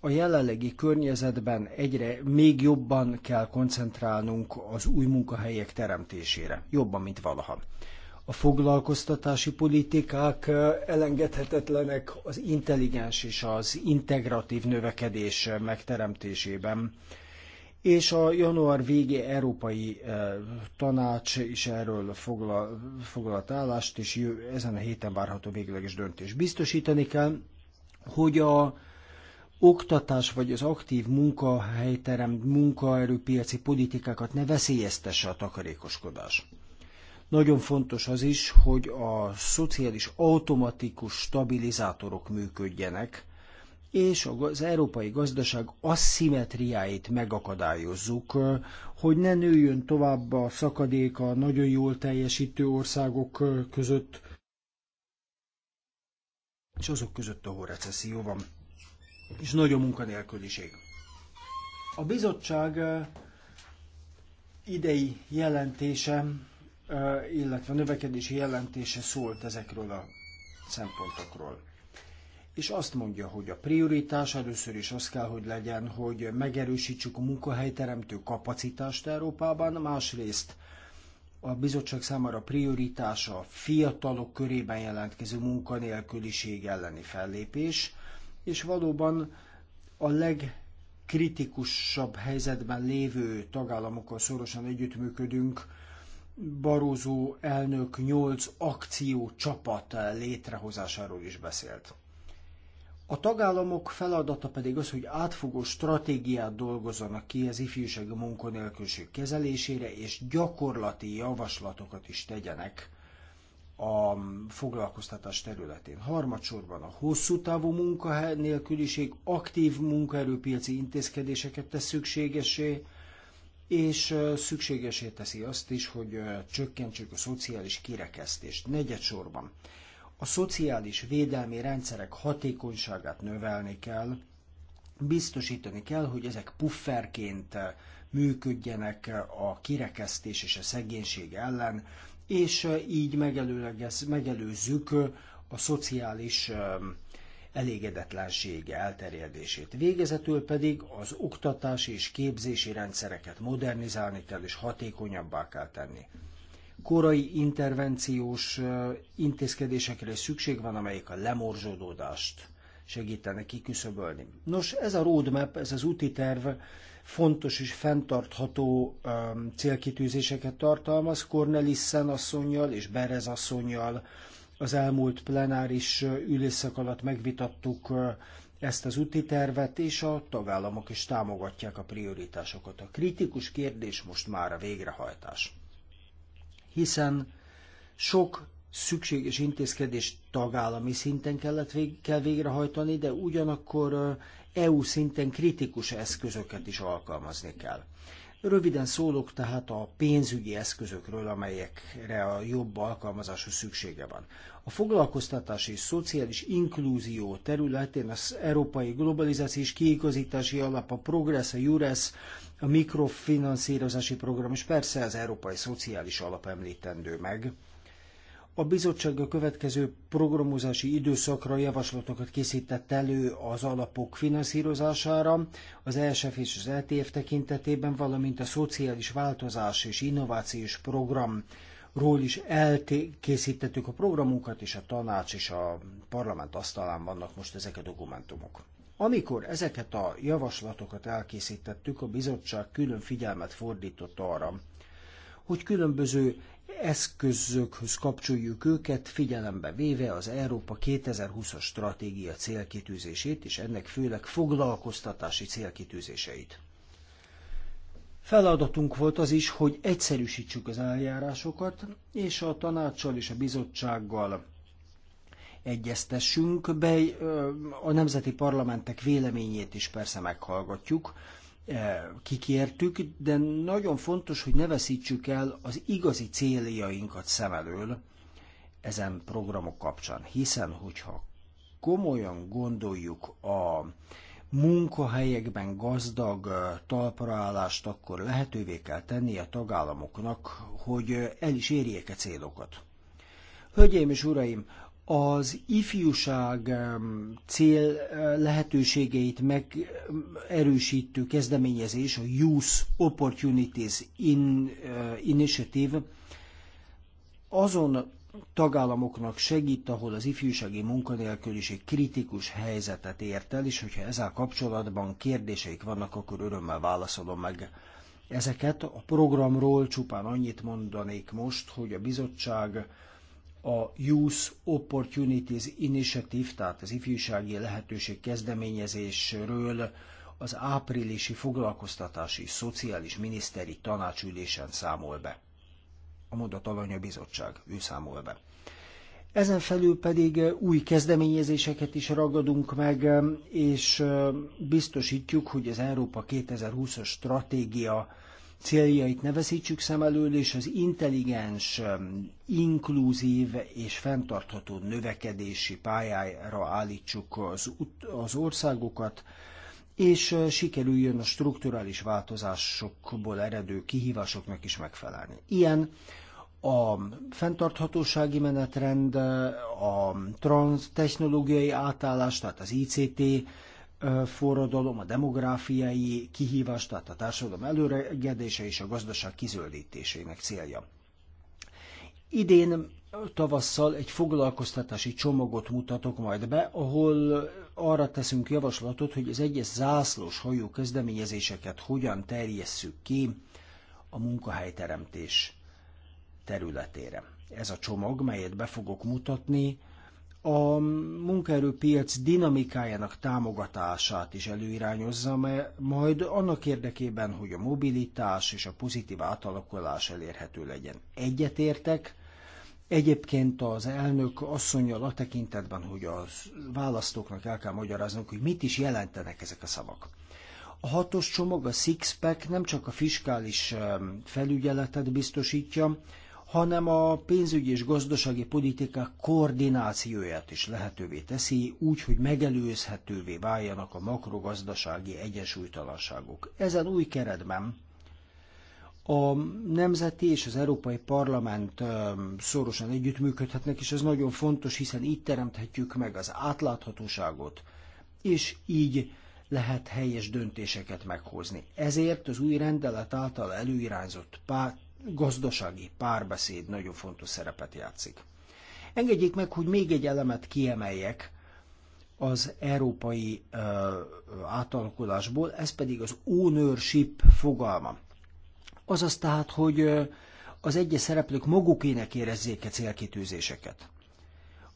a jelenlegi környezetben egyre még jobban kell koncentrálnunk az új munkahelyek teremtésére, jobban, mint valaha. A foglalkoztatási politikák elengedhetetlenek az intelligens és az integratív növekedés megteremtésében és a január végi Európai eh, Tanács is erről foglalt állást, és ezen a héten várható végleges döntés. Biztosítani kell, hogy a oktatás vagy az aktív munkahelyterem, munkaerőpiaci politikákat ne veszélyeztesse a takarékoskodás. Nagyon fontos az is, hogy a szociális automatikus stabilizátorok működjenek, és az európai gazdaság asszimetriáit megakadályozzuk, hogy ne nőjön tovább a szakadék a nagyon jól teljesítő országok között, és azok között, ahol recesszió van, és nagy a munkanélküliség. A bizottság idei jelentése, illetve növekedési jelentése szólt ezekről a szempontokról és azt mondja, hogy a prioritás először is az kell, hogy legyen, hogy megerősítsük a munkahelyteremtő kapacitást Európában, másrészt a bizottság számára prioritás a fiatalok körében jelentkező munkanélküliség elleni fellépés, és valóban a legkritikusabb helyzetben lévő tagállamokkal szorosan együttműködünk, Barózó elnök 8 akció csapat létrehozásáról is beszélt. A tagállamok feladata pedig az, hogy átfogó stratégiát dolgozzanak ki az ifjúsági munkanélküliség kezelésére, és gyakorlati javaslatokat is tegyenek a foglalkoztatás területén. Harmadsorban a hosszú távú munkanélküliség aktív munkaerőpiaci intézkedéseket tesz szükségesé, és szükségesé teszi azt is, hogy csökkentsük a szociális kirekesztést. Negyedsorban a szociális védelmi rendszerek hatékonyságát növelni kell, biztosítani kell, hogy ezek pufferként működjenek a kirekesztés és a szegénység ellen, és így megelőzzük a szociális elégedetlensége elterjedését. Végezetül pedig az oktatási és képzési rendszereket modernizálni kell és hatékonyabbá kell tenni korai intervenciós intézkedésekre is szükség van, amelyek a lemorzsolódást segítenek kiküszöbölni. Nos, ez a roadmap, ez az úti terv fontos és fenntartható um, célkitűzéseket tartalmaz. Cornelissen asszonyjal és Berez asszonyjal. az elmúlt plenáris ülésszak alatt megvitattuk ezt az úti tervet, és a tagállamok is támogatják a prioritásokat. A kritikus kérdés most már a végrehajtás hiszen sok szükséges intézkedést tagállami szinten kellett vég, kell végrehajtani, de ugyanakkor EU szinten kritikus eszközöket is alkalmazni kell. Röviden szólok tehát a pénzügyi eszközökről, amelyekre a jobb alkalmazáshoz szüksége van. A foglalkoztatási és szociális inklúzió területén az Európai Globalizációs Kiigazítási Alap, a Progress, a Jures, a mikrofinanszírozási program, és persze az Európai Szociális Alap említendő meg a bizottság a következő programozási időszakra javaslatokat készített elő az alapok finanszírozására, az ESF és az ETF tekintetében, valamint a szociális változás és innovációs programról is elkészítettük a programunkat, és a tanács és a parlament asztalán vannak most ezek a dokumentumok. Amikor ezeket a javaslatokat elkészítettük, a bizottság külön figyelmet fordított arra, hogy különböző eszközökhöz kapcsoljuk őket, figyelembe véve az Európa 2020-as stratégia célkitűzését, és ennek főleg foglalkoztatási célkitűzéseit. Feladatunk volt az is, hogy egyszerűsítsük az eljárásokat, és a tanácssal és a bizottsággal egyeztessünk, be a nemzeti parlamentek véleményét is persze meghallgatjuk, Eh, kikértük, de nagyon fontos, hogy ne veszítsük el az igazi céljainkat szem elől ezen programok kapcsán, hiszen hogyha komolyan gondoljuk a munkahelyekben gazdag eh, talpraállást, akkor lehetővé kell tenni a tagállamoknak, hogy eh, el is érjék a célokat. Hölgyeim és uraim, az ifjúság cél lehetőségeit megerősítő kezdeményezés, a Youth Opportunities in, eh, Initiative, azon tagállamoknak segít, ahol az ifjúsági munkanélküliség kritikus helyzetet ért el, és hogyha ezzel kapcsolatban kérdéseik vannak, akkor örömmel válaszolom meg ezeket. A programról csupán annyit mondanék most, hogy a bizottság a Youth Opportunities Initiative, tehát az ifjúsági lehetőség kezdeményezésről az áprilisi foglalkoztatási szociális miniszteri tanácsülésen számol be. A mondat alanya bizottság, ő számol be. Ezen felül pedig új kezdeményezéseket is ragadunk meg, és biztosítjuk, hogy az Európa 2020-as stratégia céljait ne veszítsük szem elől, és az intelligens, um, inkluzív és fenntartható növekedési pályára állítsuk az, az országokat, és uh, sikerüljön a strukturális változásokból eredő kihívásoknak is megfelelni. Ilyen a fenntarthatósági menetrend, uh, a transz technológiai átállás, tehát az ICT forradalom, a demográfiai kihívás, tehát a társadalom előregedése és a gazdaság kizöldítésének célja. Idén tavasszal egy foglalkoztatási csomagot mutatok majd be, ahol arra teszünk javaslatot, hogy az egyes zászlós hajó kezdeményezéseket hogyan terjesszük ki a munkahelyteremtés területére. Ez a csomag, melyet be fogok mutatni, a munkaerőpiac dinamikájának támogatását is előirányozza, mert majd annak érdekében, hogy a mobilitás és a pozitív átalakulás elérhető legyen. Egyetértek, Egyébként az elnök asszonyjal a tekintetben, hogy a választóknak el kell magyaráznunk, hogy mit is jelentenek ezek a szavak. A hatos csomag, a six-pack nem csak a fiskális felügyeletet biztosítja, hanem a pénzügyi és gazdasági politikák koordinációját is lehetővé teszi, úgy, hogy megelőzhetővé váljanak a makrogazdasági egyensúlytalanságok. Ezen új keretben a nemzeti és az Európai Parlament szorosan együttműködhetnek, és ez nagyon fontos, hiszen így teremthetjük meg az átláthatóságot, és így lehet helyes döntéseket meghozni. Ezért az új rendelet által előirányzott gazdasági párbeszéd nagyon fontos szerepet játszik. Engedjék meg, hogy még egy elemet kiemeljek az európai ö, átalakulásból, ez pedig az ownership fogalma. Azaz tehát, hogy az egyes szereplők magukének érezzék a célkitűzéseket.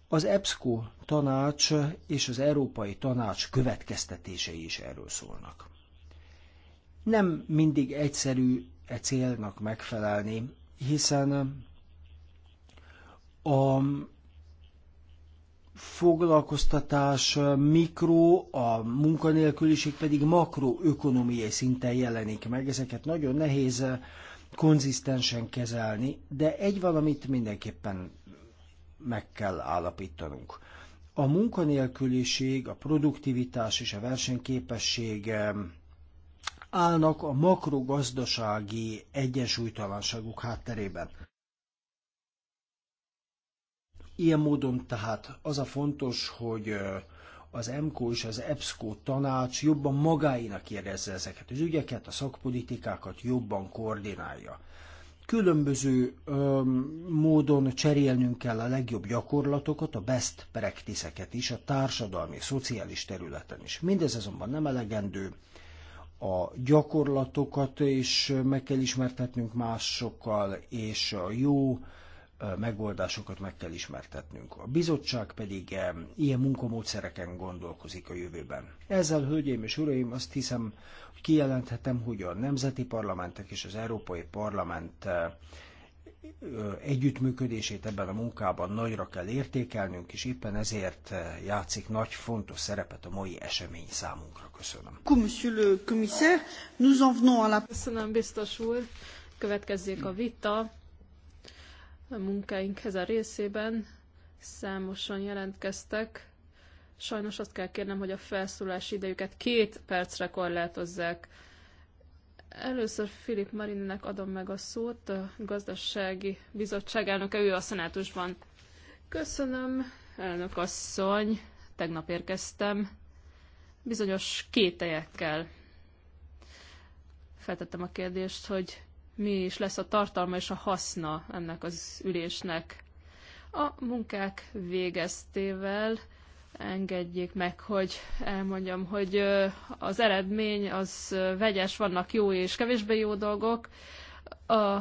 Az EBSCO tanács és az Európai Tanács következtetései is erről szólnak. Nem mindig egyszerű e célnak megfelelni, hiszen a foglalkoztatás mikro, a munkanélküliség pedig makroökonomiai szinten jelenik meg. Ezeket nagyon nehéz konzisztensen kezelni, de egy valamit mindenképpen meg kell állapítanunk. A munkanélküliség, a produktivitás és a versenyképesség állnak a makrogazdasági egyensúlytalanságok hátterében. Ilyen módon tehát az a fontos, hogy az EMKO és az EBSCO tanács jobban magáinak érezze ezeket az ügyeket, a szakpolitikákat jobban koordinálja. Különböző ö, módon cserélnünk kell a legjobb gyakorlatokat, a best practice eket is a társadalmi, szociális területen is. Mindez azonban nem elegendő, a gyakorlatokat is meg kell ismertetnünk másokkal, és a jó megoldásokat meg kell ismertetnünk. A bizottság pedig ilyen munkamódszereken gondolkozik a jövőben. Ezzel, hölgyeim és uraim, azt hiszem, hogy kijelenthetem, hogy a nemzeti parlamentek és az Európai Parlament együttműködését ebben a munkában nagyra kell értékelnünk, és éppen ezért játszik nagy fontos szerepet a mai esemény számunkra. Köszönöm.
Köszönöm, biztos úr. Következzék a vita a munkáink ezen részében. Számosan jelentkeztek. Sajnos azt kell kérnem, hogy a felszólás idejüket két percre korlátozzák. Először Filip Marinnek adom meg a szót, a gazdasági bizottság elnöke, ő a szenátusban. Köszönöm, elnök asszony, tegnap érkeztem, bizonyos kételyekkel. Feltettem a kérdést, hogy mi is lesz a tartalma és a haszna ennek az ülésnek. A munkák végeztével engedjék meg, hogy elmondjam, hogy az eredmény az vegyes, vannak jó és kevésbé jó dolgok. A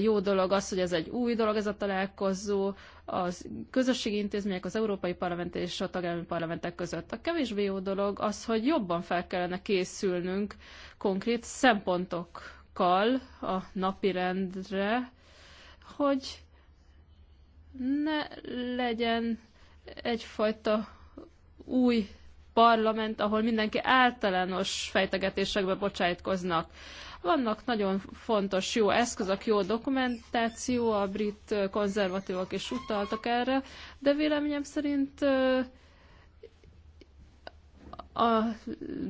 jó dolog az, hogy ez egy új dolog, ez a találkozó, az közösségi intézmények, az Európai Parlament és a tagállami parlamentek között. A kevésbé jó dolog az, hogy jobban fel kellene készülnünk konkrét szempontokkal a napirendre, hogy ne legyen egyfajta új parlament, ahol mindenki általános fejtegetésekbe bocsájtkoznak. Vannak nagyon fontos jó eszközök, jó dokumentáció, a brit konzervatívok is utaltak erre, de véleményem szerint a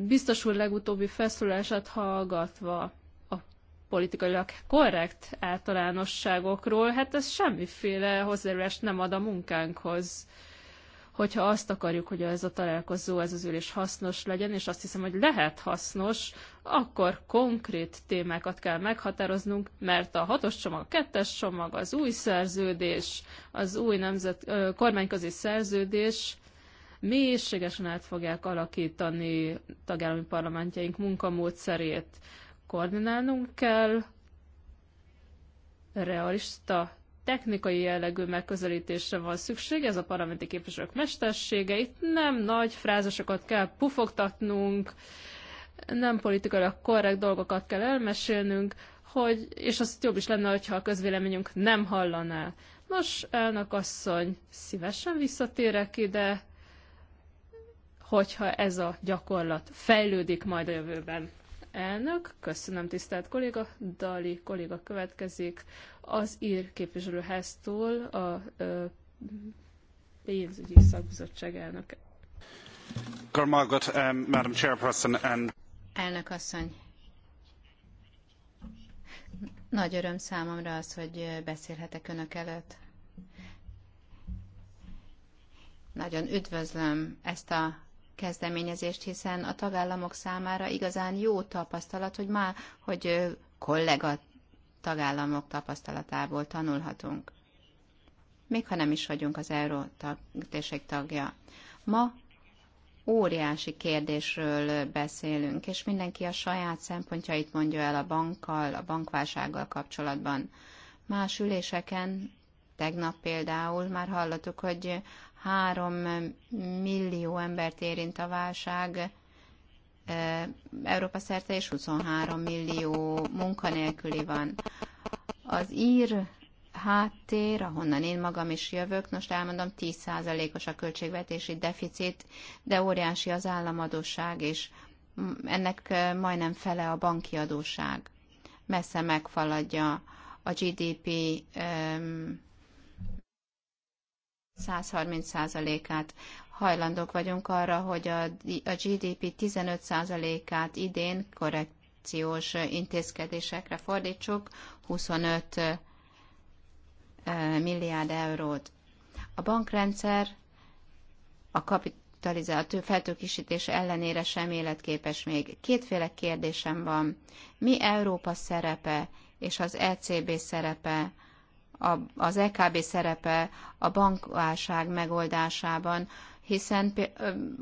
biztos úr legutóbbi feszülását hallgatva a politikailag korrekt általánosságokról, hát ez semmiféle hozzájárulást nem ad a munkánkhoz hogyha azt akarjuk, hogy ez a találkozó, ez az ülés hasznos legyen, és azt hiszem, hogy lehet hasznos, akkor konkrét témákat kell meghatároznunk, mert a hatos csomag, a kettes csomag, az új szerződés, az új nemzet, kormányközi szerződés mélységesen át fogják alakítani tagállami parlamentjeink munkamódszerét. Koordinálnunk kell, realista technikai jellegű megközelítésre van szükség, ez a parlamenti képviselők mestersége, itt nem nagy frázisokat kell pufogtatnunk, nem politikailag korrekt dolgokat kell elmesélnünk, hogy, és az jobb is lenne, hogyha a közvéleményünk nem hallaná. Nos, elnök asszony, szívesen visszatérek ide, hogyha ez a gyakorlat fejlődik majd a jövőben. Elnök, köszönöm tisztelt kolléga, Dali kolléga következik az ír képviselőháztól a ö, pénzügyi szakbizottság elnöke.
Um, Madam Chairperson and...
Elnök
asszony, nagy öröm számomra az, hogy beszélhetek Önök előtt. Nagyon üdvözlöm ezt a kezdeményezést, hiszen a tagállamok számára igazán jó tapasztalat, hogy már, hogy kollega tagállamok tapasztalatából tanulhatunk. Még ha nem is vagyunk az Euró tag- tagja. Ma óriási kérdésről beszélünk, és mindenki a saját szempontjait mondja el a bankkal, a bankválsággal kapcsolatban. Más üléseken, tegnap például már hallottuk, hogy 3 millió embert érint a válság Európa szerte, és 23 millió munkanélküli van. Az ír háttér, ahonnan én magam is jövök, most elmondom, 10%-os a költségvetési deficit, de óriási az államadóság, és ennek majdnem fele a banki adóság. Messze megfaladja a GDP um, 130%-át hajlandók vagyunk arra, hogy a, a GDP 15%-át idén korrekciós intézkedésekre fordítsuk, 25 milliárd eurót. A bankrendszer a kapitalizáció feltőkisítés ellenére sem életképes még. Kétféle kérdésem van. Mi Európa szerepe és az ECB szerepe a, az EKB szerepe a bankválság megoldásában, hiszen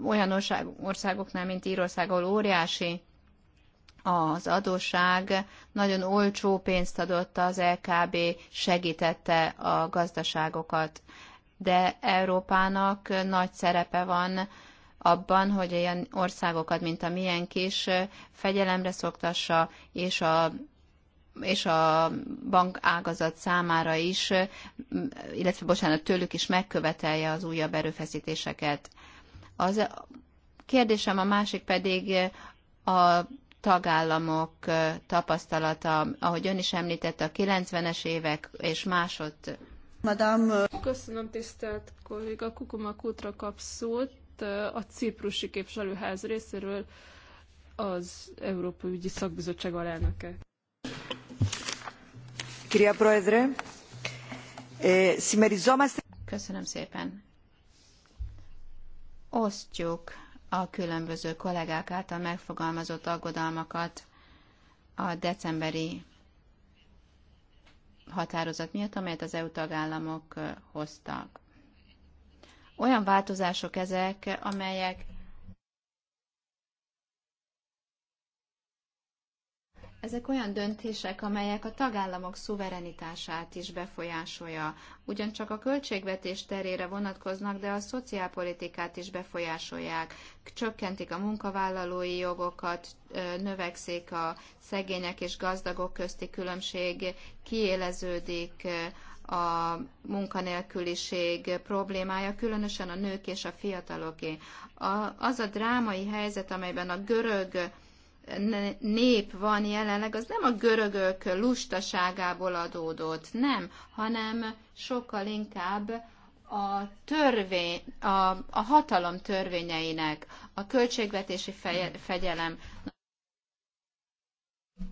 olyan országoknál, mint Írország, ahol óriási az adóság, nagyon olcsó pénzt adott az LKB, e segítette a gazdaságokat. De Európának nagy szerepe van abban, hogy olyan országokat, mint a miénk is, fegyelemre szoktassa, és a és a bank ágazat számára is, illetve bocsánat, tőlük is megkövetelje az újabb erőfeszítéseket. Az a kérdésem a másik pedig a tagállamok tapasztalata, ahogy ön is említette, a 90-es évek és másod.
Madame. Köszönöm, tisztelt kolléga. Kukuma Kutra kap szót a ciprusi képviselőház részéről az Európai Ügyi Szakbizottság alelnöke. Köszönöm szépen.
Osztjuk a különböző kollégák által megfogalmazott aggodalmakat a decemberi határozat miatt, amelyet az EU tagállamok hoztak. Olyan változások ezek, amelyek Ezek olyan döntések, amelyek a tagállamok szuverenitását is befolyásolja. Ugyancsak a költségvetés terére vonatkoznak, de a szociálpolitikát is befolyásolják. Csökkentik a munkavállalói jogokat, növekszik a szegények és gazdagok közti különbség, kiéleződik a munkanélküliség problémája, különösen a nők és a fiataloké. A, az a drámai helyzet, amelyben a görög nép van jelenleg, az nem a görögök lustaságából adódott, nem, hanem sokkal inkább a törvény, a, a hatalom törvényeinek, a költségvetési feje, fegyelem,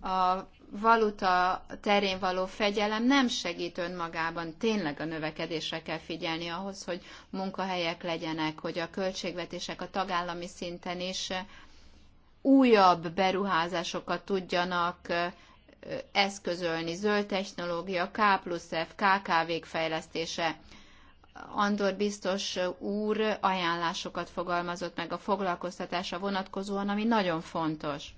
a valuta terén való fegyelem nem segít önmagában. Tényleg a növekedésre kell figyelni ahhoz, hogy munkahelyek legyenek, hogy a költségvetések a tagállami szinten is újabb beruházásokat tudjanak eszközölni, zöld technológia, K plusz F, KKV-k fejlesztése. Andor biztos úr ajánlásokat fogalmazott meg a foglalkoztatásra vonatkozóan, ami nagyon fontos.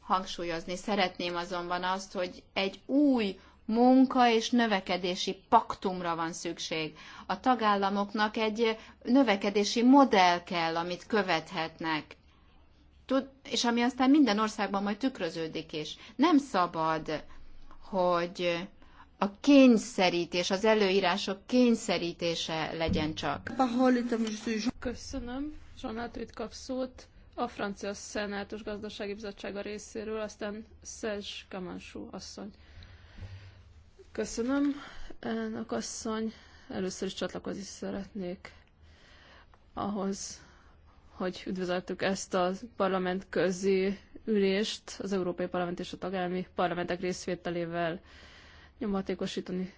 Hangsúlyozni szeretném azonban azt, hogy egy új munka és növekedési paktumra van szükség. A tagállamoknak egy növekedési modell kell, amit követhetnek. Tud, és ami aztán minden országban majd tükröződik is. Nem szabad, hogy a kényszerítés, az előírások kényszerítése legyen csak.
Köszönöm. itt kap szót a francia szenátus gazdasági bizottsága részéről, aztán Szerzs Kamansú asszony. Köszönöm, A asszony. Először is csatlakozni szeretnék ahhoz, hogy üdvözöltük ezt a parlament közi ülést az Európai Parlament és a tagállami parlamentek részvételével nyomatékosítani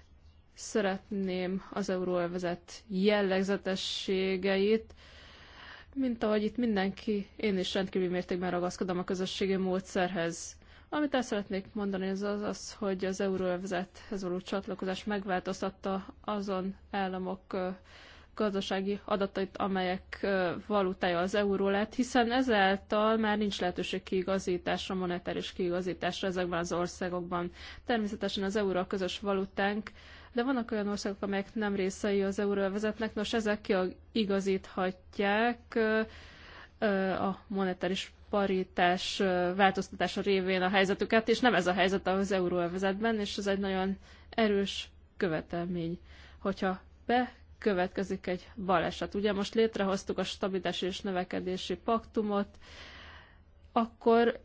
szeretném az euróelvezet jellegzetességeit, mint ahogy itt mindenki, én is rendkívül mértékben ragaszkodom a közösségi módszerhez. Amit el szeretnék mondani, az az, az hogy az euróövezethez való csatlakozás megváltoztatta azon államok gazdasági adatait, amelyek valutája az euró lett, hiszen ezáltal már nincs lehetőség kiigazításra, monetáris kiigazításra ezekben az országokban. Természetesen az euró a közös valutánk, de vannak olyan országok, amelyek nem részei az euróvezetnek, nos ezek kiigazíthatják a monetáris paritás változtatása révén a helyzetüket, és nem ez a helyzet az euróövezetben, és ez egy nagyon erős követelmény, hogyha bekövetkezik egy baleset. Ugye most létrehoztuk a stabilitási és növekedési paktumot, akkor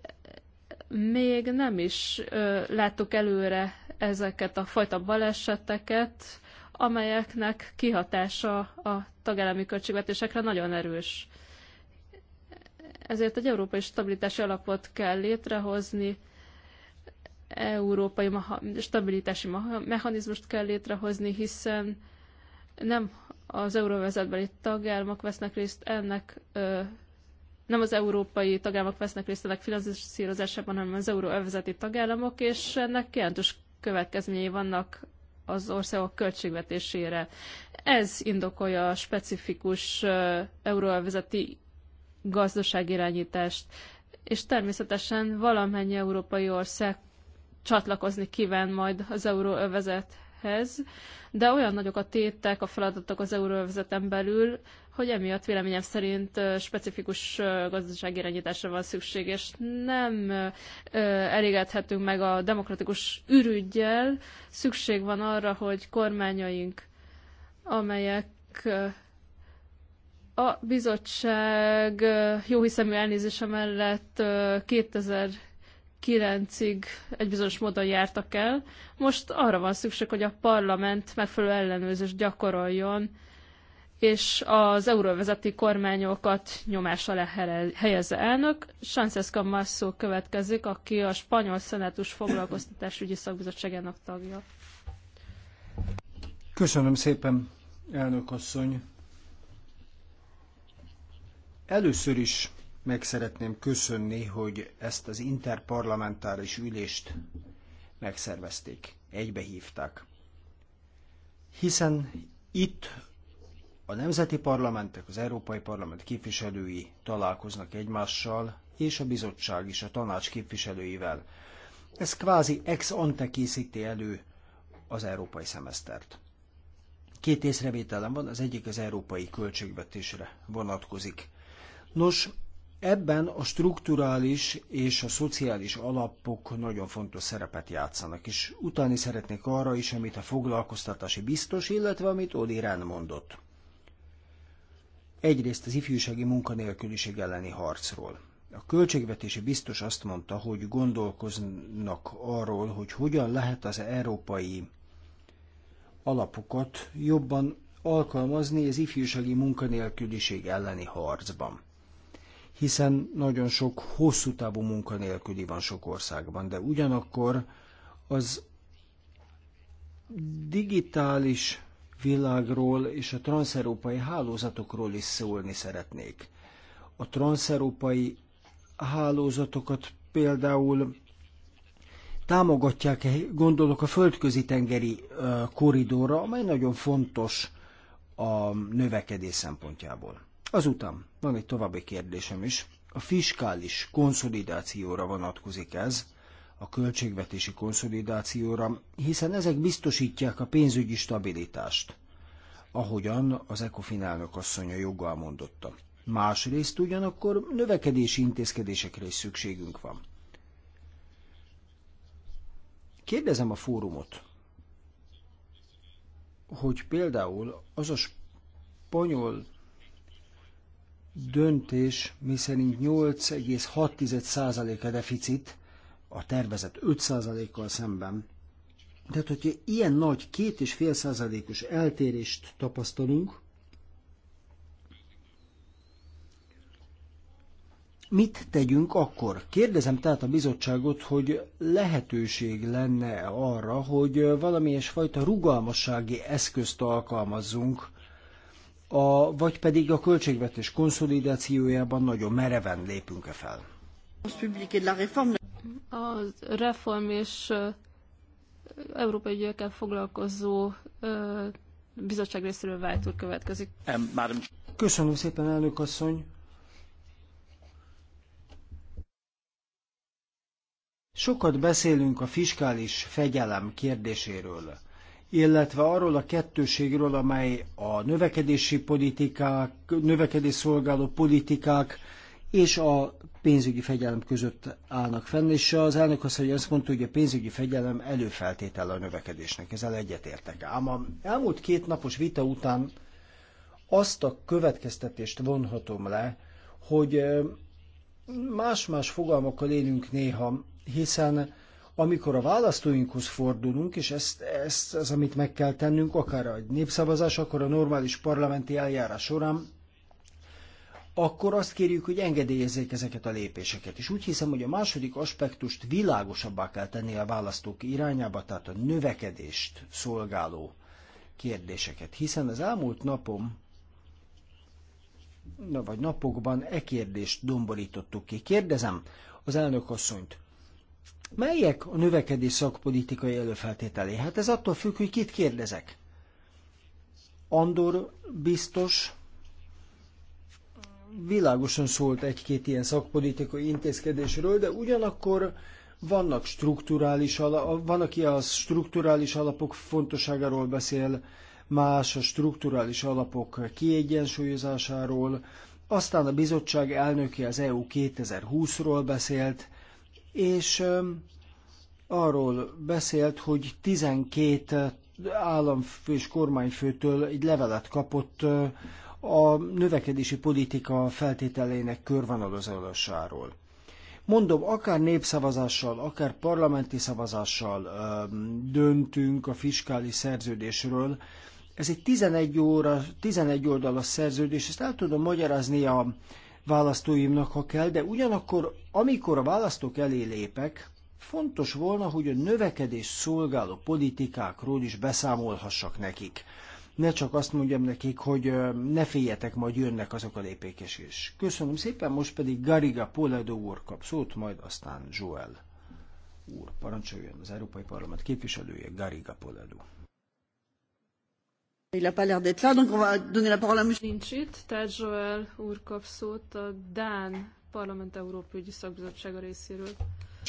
még nem is ö, láttuk előre ezeket a fajta baleseteket, amelyeknek kihatása a tagállami költségvetésekre nagyon erős ezért egy európai stabilitási alapot kell létrehozni, európai stabilitási mechanizmust kell létrehozni, hiszen nem az euróvezetbeli tagállamok vesznek részt ennek, nem az európai tagállamok vesznek részt ennek finanszírozásában, hanem az euróövezeti tagállamok, és ennek jelentős következményei vannak az országok költségvetésére. Ez indokolja a specifikus euróvezeti gazdaságirányítást. És természetesen valamennyi európai ország csatlakozni kíván majd az euróövezethez, de olyan nagyok a tétek, a feladatok az euróövezeten belül, hogy emiatt véleményem szerint specifikus gazdaságirányításra van szükség, és nem elégedhetünk meg a demokratikus ürügyjel. Szükség van arra, hogy kormányaink, amelyek a bizottság jóhiszemű elnézése mellett 2000 9-ig egy bizonyos módon jártak el. Most arra van szükség, hogy a parlament megfelelő ellenőrzést gyakoroljon, és az euróvezeti kormányokat nyomás alá helyezze elnök. Sancesca Masszó következik, aki a spanyol szenátus foglalkoztatásügyi szakbizottságának
tagja.
Köszönöm szépen, elnök asszony. Először is meg szeretném köszönni, hogy ezt az interparlamentáris ülést megszervezték, egybehívták. Hiszen itt a nemzeti parlamentek, az Európai Parlament képviselői találkoznak egymással, és a bizottság is a tanács képviselőivel. Ez kvázi ex ante készíti elő az európai szemesztert. Két észrevételem van, az egyik az európai költségvetésre vonatkozik. Nos, ebben a strukturális és a szociális alapok nagyon fontos szerepet játszanak, és utáni szeretnék arra is, amit a foglalkoztatási biztos, illetve amit Odirán mondott. Egyrészt az ifjúsági munkanélküliség elleni harcról. A költségvetési biztos azt mondta, hogy gondolkoznak arról, hogy hogyan lehet az európai alapokat jobban alkalmazni az ifjúsági munkanélküliség elleni harcban hiszen nagyon sok hosszú távú munkanélküli van sok országban, de ugyanakkor az digitális világról és a transzeurópai hálózatokról is szólni szeretnék. A transzeurópai hálózatokat például támogatják, gondolok a földközi tengeri koridorra, amely nagyon fontos a növekedés szempontjából. Azután van egy további kérdésem is. A fiskális konszolidációra vonatkozik ez, a költségvetési konszolidációra, hiszen ezek biztosítják a pénzügyi stabilitást, ahogyan az ECOFIN elnök asszonya joggal mondotta. Másrészt ugyanakkor növekedési intézkedésekre is szükségünk van. Kérdezem a fórumot, hogy például az a spanyol döntés, miszerint 8,6% a deficit a tervezett 5%-kal szemben. Tehát, hogyha ilyen nagy 2,5%-os eltérést tapasztalunk, Mit tegyünk akkor? Kérdezem tehát a bizottságot, hogy lehetőség lenne arra, hogy valamilyen fajta rugalmassági eszközt alkalmazzunk, a, vagy pedig a költségvetés konszolidációjában nagyon mereven lépünk-e fel?
A reform és európai ügyekkel foglalkozó bizottság részéről váltó következik.
Köszönöm szépen, elnök asszony! Sokat beszélünk a fiskális fegyelem kérdéséről illetve arról a kettőségről, amely a növekedési politikák, növekedés szolgáló politikák és a pénzügyi fegyelem között állnak fenn, és az elnök azt, hogy azt mondta, hogy a pénzügyi fegyelem előfeltétele a növekedésnek, ezzel egyetértek. Ám a elmúlt két napos vita után azt a következtetést vonhatom le, hogy más-más fogalmakkal élünk néha, hiszen amikor a választóinkhoz fordulunk, és ezt, ezt az, amit meg kell tennünk, akár a népszavazás, akkor a normális parlamenti eljárás során, akkor azt kérjük, hogy engedélyezzék ezeket a lépéseket. És úgy hiszem, hogy a második aspektust világosabbá kell tenni a választók irányába, tehát a növekedést szolgáló kérdéseket. Hiszen az elmúlt napom, na vagy napokban e kérdést domborítottuk ki. Kérdezem az elnök asszonyt, Melyek a növekedés szakpolitikai előfeltételei? Hát ez attól függ, hogy kit kérdezek. Andor biztos világosan szólt egy-két ilyen szakpolitikai intézkedésről, de ugyanakkor vannak strukturális alapok, van, aki a strukturális alapok fontosságáról beszél, más a strukturális alapok kiegyensúlyozásáról, aztán a bizottság elnöke az EU 2020-ról beszélt, és arról beszélt, hogy 12 államfő és kormányfőtől egy levelet kapott a növekedési politika feltételeinek körvonalazásáról. Mondom, akár népszavazással, akár parlamenti szavazással döntünk a fiskális szerződésről. Ez egy 11, óra, 11 oldalas szerződés, ezt el tudom magyarázni a választóimnak, ha kell, de ugyanakkor, amikor a választók elé lépek, fontos volna, hogy a növekedés szolgáló politikákról is beszámolhassak nekik. Ne csak azt mondjam nekik, hogy ne féljetek, majd jönnek azok a lépékes is. Köszönöm szépen, most pedig Gariga Poledo úr kap szót, majd aztán Joel úr parancsoljon az Európai Parlament képviselője, Gariga Poledo.
Nincs itt, tehát Joel úr kap szót a Dán Parlament Európai Szakbizottsága részéről.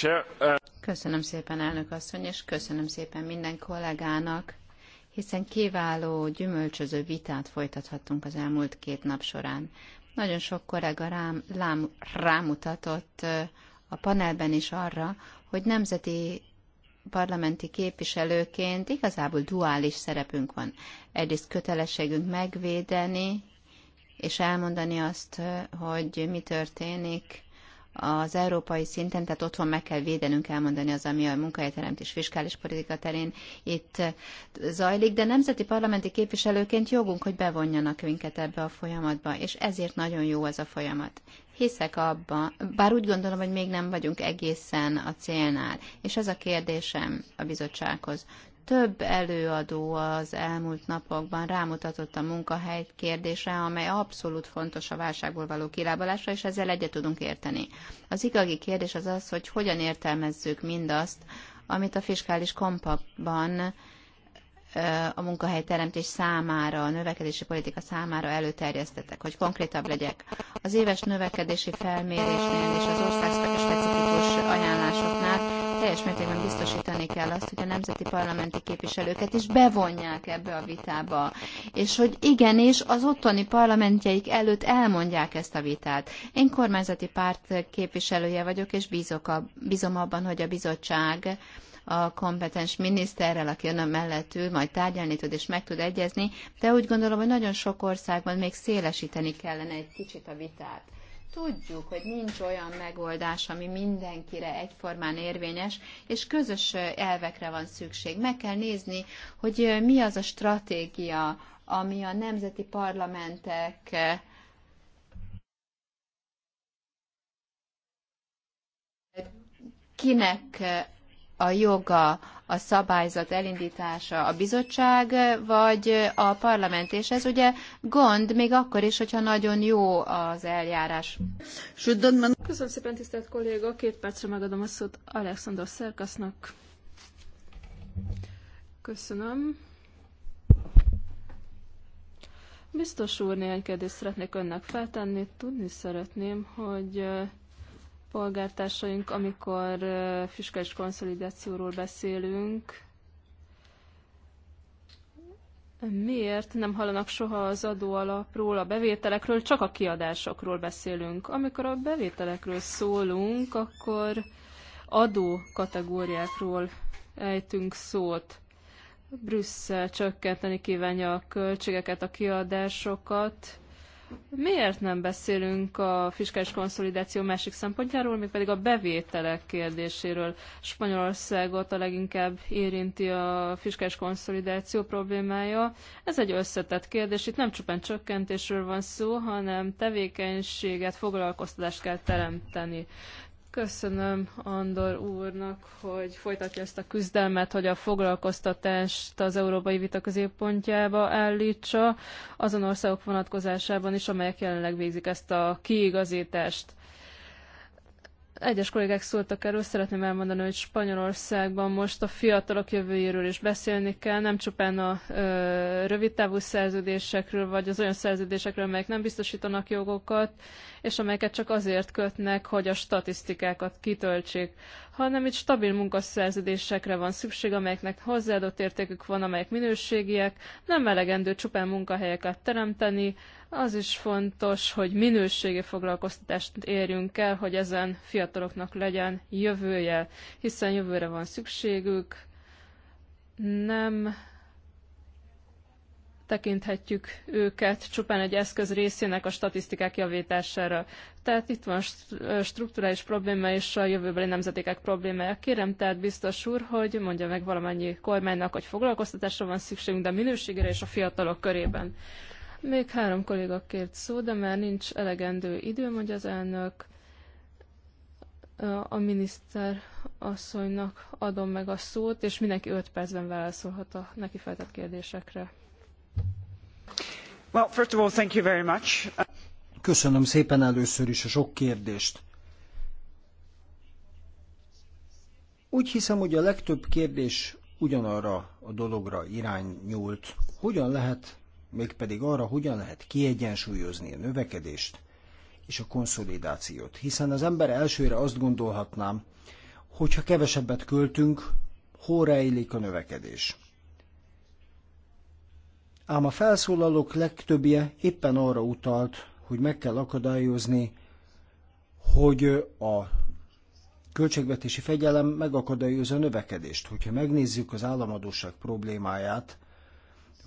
Uh, köszönöm szépen, elnök asszony, és köszönöm szépen minden kollégának, hiszen kiváló, gyümölcsöző vitát folytathattunk az elmúlt két nap során. Nagyon sok kollega rám, lám, rámutatott uh, a panelben is arra, hogy nemzeti parlamenti képviselőként igazából duális szerepünk van. Egyrészt kötelességünk megvédeni, és elmondani azt, hogy mi történik az európai szinten, tehát otthon meg kell védenünk elmondani az, ami a munkahelyteremtés fiskális politika terén itt zajlik, de nemzeti parlamenti képviselőként jogunk, hogy bevonjanak minket ebbe a folyamatba, és ezért nagyon jó ez a folyamat hiszek abban, bár úgy gondolom, hogy még nem vagyunk egészen a célnál. És ez a kérdésem a bizottsághoz. Több előadó az elmúlt napokban rámutatott a munkahely kérdésre, amely abszolút fontos a válságból való kilábalásra, és ezzel egyet tudunk érteni. Az igazi kérdés az az, hogy hogyan értelmezzük mindazt, amit a fiskális kompakban a munkahelyteremtés számára, a növekedési politika számára előterjesztettek, hogy konkrétabb legyek. Az éves növekedési felmérésnél és az ország specifikus ajánlásoknál teljes mértékben biztosítani kell azt, hogy a nemzeti parlamenti képviselőket is bevonják ebbe a vitába, és hogy igenis az ottani parlamentjeik előtt elmondják ezt a vitát. Én kormányzati párt képviselője vagyok, és bízok a, bízom abban, hogy a bizottság a kompetens miniszterrel, aki ön mellett ül, majd tárgyalni tud és meg tud egyezni, de úgy gondolom, hogy nagyon sok országban még szélesíteni kellene egy kicsit a vitát. Tudjuk, hogy nincs olyan megoldás, ami mindenkire egyformán érvényes, és közös elvekre van szükség. Meg kell nézni, hogy mi az a stratégia, ami a nemzeti parlamentek kinek a joga, a szabályzat elindítása a bizottság, vagy a parlament, és ez ugye gond, még akkor
is, hogyha nagyon jó az eljárás. Köszönöm szépen, tisztelt kolléga, két percre megadom a szót Alexander Szerkasznak. Köszönöm. Biztos úr, néhány kérdést szeretnék önnek feltenni. Tudni szeretném, hogy polgártársaink, amikor fiskális konszolidációról beszélünk, Miért nem hallanak soha az adóalapról, a bevételekről, csak a kiadásokról beszélünk? Amikor a bevételekről szólunk, akkor adó kategóriákról ejtünk szót. Brüsszel csökkenteni kívánja a költségeket, a kiadásokat, Miért nem beszélünk a fiskális konszolidáció másik szempontjáról, még pedig a bevételek kérdéséről? Spanyolországot a leginkább érinti a fiskális konszolidáció problémája. Ez egy összetett kérdés, itt nem csupán csökkentésről van szó, hanem tevékenységet, foglalkoztatást kell teremteni. Köszönöm Andor úrnak, hogy folytatja ezt a küzdelmet, hogy a foglalkoztatást az európai vita középpontjába állítsa, azon országok vonatkozásában is, amelyek jelenleg végzik ezt a kiigazítást. Egyes kollégák szóltak erről, szeretném elmondani, hogy Spanyolországban most a fiatalok jövőjéről is beszélni kell, nem csupán a ö, rövidtávú szerződésekről, vagy az olyan szerződésekről, amelyek nem biztosítanak jogokat, és amelyeket csak azért kötnek, hogy a statisztikákat kitöltsék, hanem itt stabil munkaszerződésekre van szükség, amelyeknek hozzáadott értékük van, amelyek minőségiek, nem elegendő csupán munkahelyeket teremteni, az is fontos, hogy minőségi foglalkoztatást érjünk el, hogy ezen fiataloknak legyen jövője, hiszen jövőre van szükségük. Nem tekinthetjük őket csupán egy eszköz részének a statisztikák javítására. Tehát itt van strukturális probléma és a jövőbeli nemzetékek problémája. Kérem tehát biztos úr, hogy mondja meg valamennyi kormánynak, hogy foglalkoztatásra van szükségünk, de minőségére és a fiatalok körében. Még három kolléga kért szó, de már nincs elegendő idő, hogy az elnök a miniszter asszonynak adom meg a szót, és mindenki öt percben válaszolhat a neki feltett kérdésekre.
Well, first of all, thank you very
much. Köszönöm szépen először is a sok kérdést. Úgy hiszem, hogy a legtöbb kérdés ugyanarra a dologra irányult. Hogyan lehet mégpedig arra, hogyan lehet kiegyensúlyozni a növekedést és a konszolidációt. Hiszen az ember elsőre azt gondolhatnám, hogyha kevesebbet költünk, hol rejlik a növekedés. Ám a felszólalók legtöbbje éppen arra utalt, hogy meg kell akadályozni, hogy a költségvetési fegyelem megakadályozza a növekedést. Hogyha megnézzük az államadóság problémáját,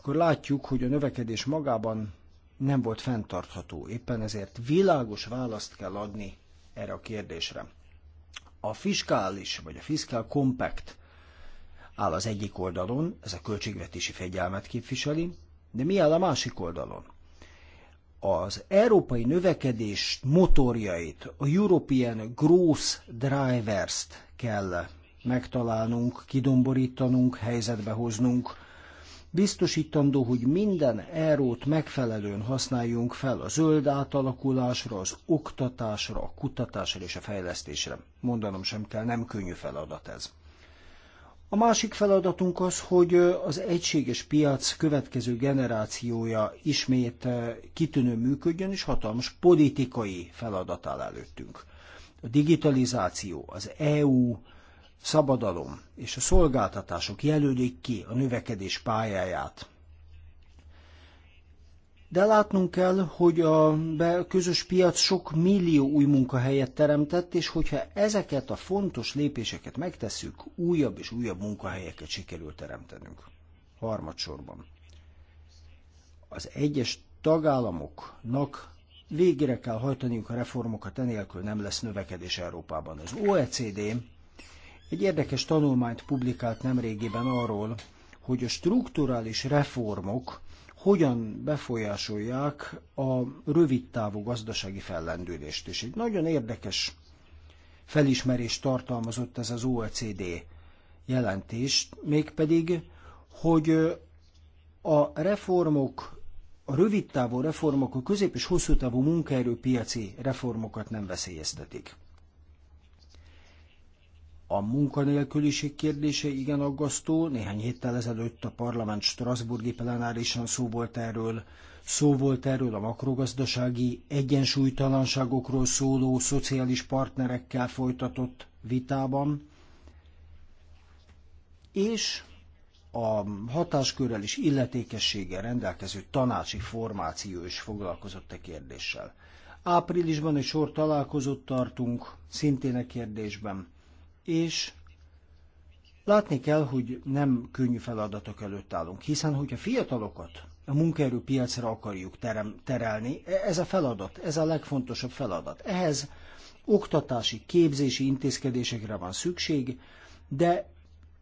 akkor látjuk, hogy a növekedés magában nem volt fenntartható. Éppen ezért világos választ kell adni erre a kérdésre. A fiskális, vagy a fiskál compact áll az egyik oldalon, ez a költségvetési fegyelmet képviseli, de mi áll a másik oldalon? Az európai növekedés motorjait, a European Growth Drivers-t kell megtalálnunk, kidomborítanunk, helyzetbe hoznunk, biztosítandó, hogy minden eurót megfelelően használjunk fel a zöld átalakulásra, az oktatásra, a kutatásra és a fejlesztésre. Mondanom sem kell, nem könnyű feladat ez. A másik feladatunk az, hogy az egységes piac következő generációja ismét eh, kitűnő működjön, és hatalmas politikai feladat áll előttünk. A digitalizáció, az EU szabadalom és a szolgáltatások jelölik ki a növekedés pályáját. De látnunk kell, hogy a közös piac sok millió új munkahelyet teremtett, és hogyha ezeket a fontos lépéseket megtesszük, újabb és újabb munkahelyeket sikerül teremtenünk. Harmadsorban. Az egyes tagállamoknak végére kell hajtaniuk a reformokat, enélkül nem lesz növekedés Európában. Az OECD egy érdekes tanulmányt publikált nemrégiben arról, hogy a strukturális reformok hogyan befolyásolják a rövidtávú gazdasági fellendülést. És egy nagyon érdekes felismerést tartalmazott ez az OECD jelentés, mégpedig, hogy a reformok, a rövidtávú reformok, a közép- és hosszú távú munkaerőpiaci reformokat nem veszélyeztetik. A munkanélküliség kérdése igen aggasztó. Néhány héttel ezelőtt a parlament Strasburgi plenárisan szó volt erről. Szó volt erről a makrogazdasági egyensúlytalanságokról szóló szociális partnerekkel folytatott vitában. És a hatáskörrel és illetékességgel rendelkező tanácsi formáció is foglalkozott a e kérdéssel. Áprilisban egy sor találkozót tartunk, szintén a e kérdésben és látni kell, hogy nem könnyű feladatok előtt állunk, hiszen hogyha fiatalokat a munkaerőpiacra akarjuk terem, terelni, e- ez a feladat, ez a legfontosabb feladat. Ehhez oktatási, képzési intézkedésekre van szükség, de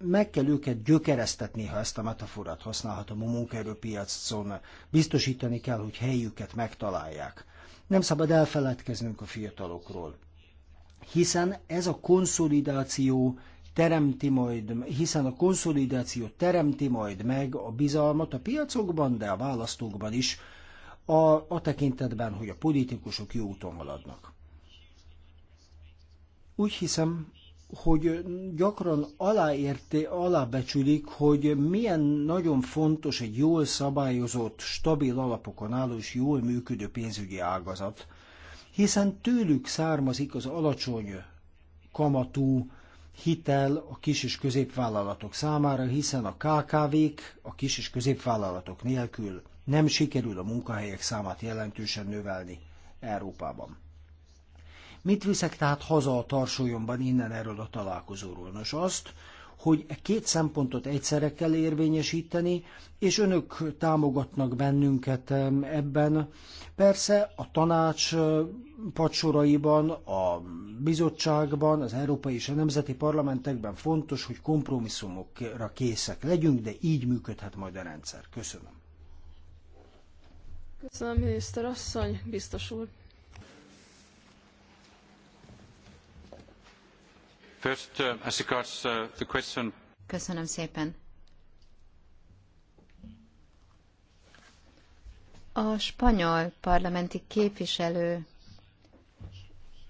meg kell őket gyökeresztetni, ha ezt a metaforát használhatom a munkaerőpiacon. Biztosítani kell, hogy helyüket megtalálják. Nem szabad elfeledkeznünk a fiatalokról hiszen ez a konszolidáció teremti majd, hiszen a konszolidáció teremti majd meg a bizalmat a piacokban, de a választókban is, a, a tekintetben, hogy a politikusok jó úton haladnak. Úgy hiszem, hogy gyakran aláérté, alábecsülik, hogy milyen nagyon fontos egy jól szabályozott, stabil alapokon álló és jól működő pénzügyi ágazat, hiszen tőlük származik az alacsony kamatú hitel a kis és középvállalatok számára, hiszen a KKV-k a kis és középvállalatok nélkül nem sikerül a munkahelyek számát jelentősen növelni Európában. Mit viszek tehát haza a tarsolyomban innen erről a találkozóról? Nos azt, hogy e két szempontot egyszerre kell érvényesíteni, és önök támogatnak bennünket ebben. Persze a tanács pacsoraiban, a bizottságban, az európai és a nemzeti parlamentekben fontos, hogy kompromisszumokra készek legyünk, de így működhet majd a rendszer. Köszönöm.
Köszönöm, miniszter asszony, biztos úr.
Uh, uh,
Köszönöm szépen. A spanyol parlamenti képviselő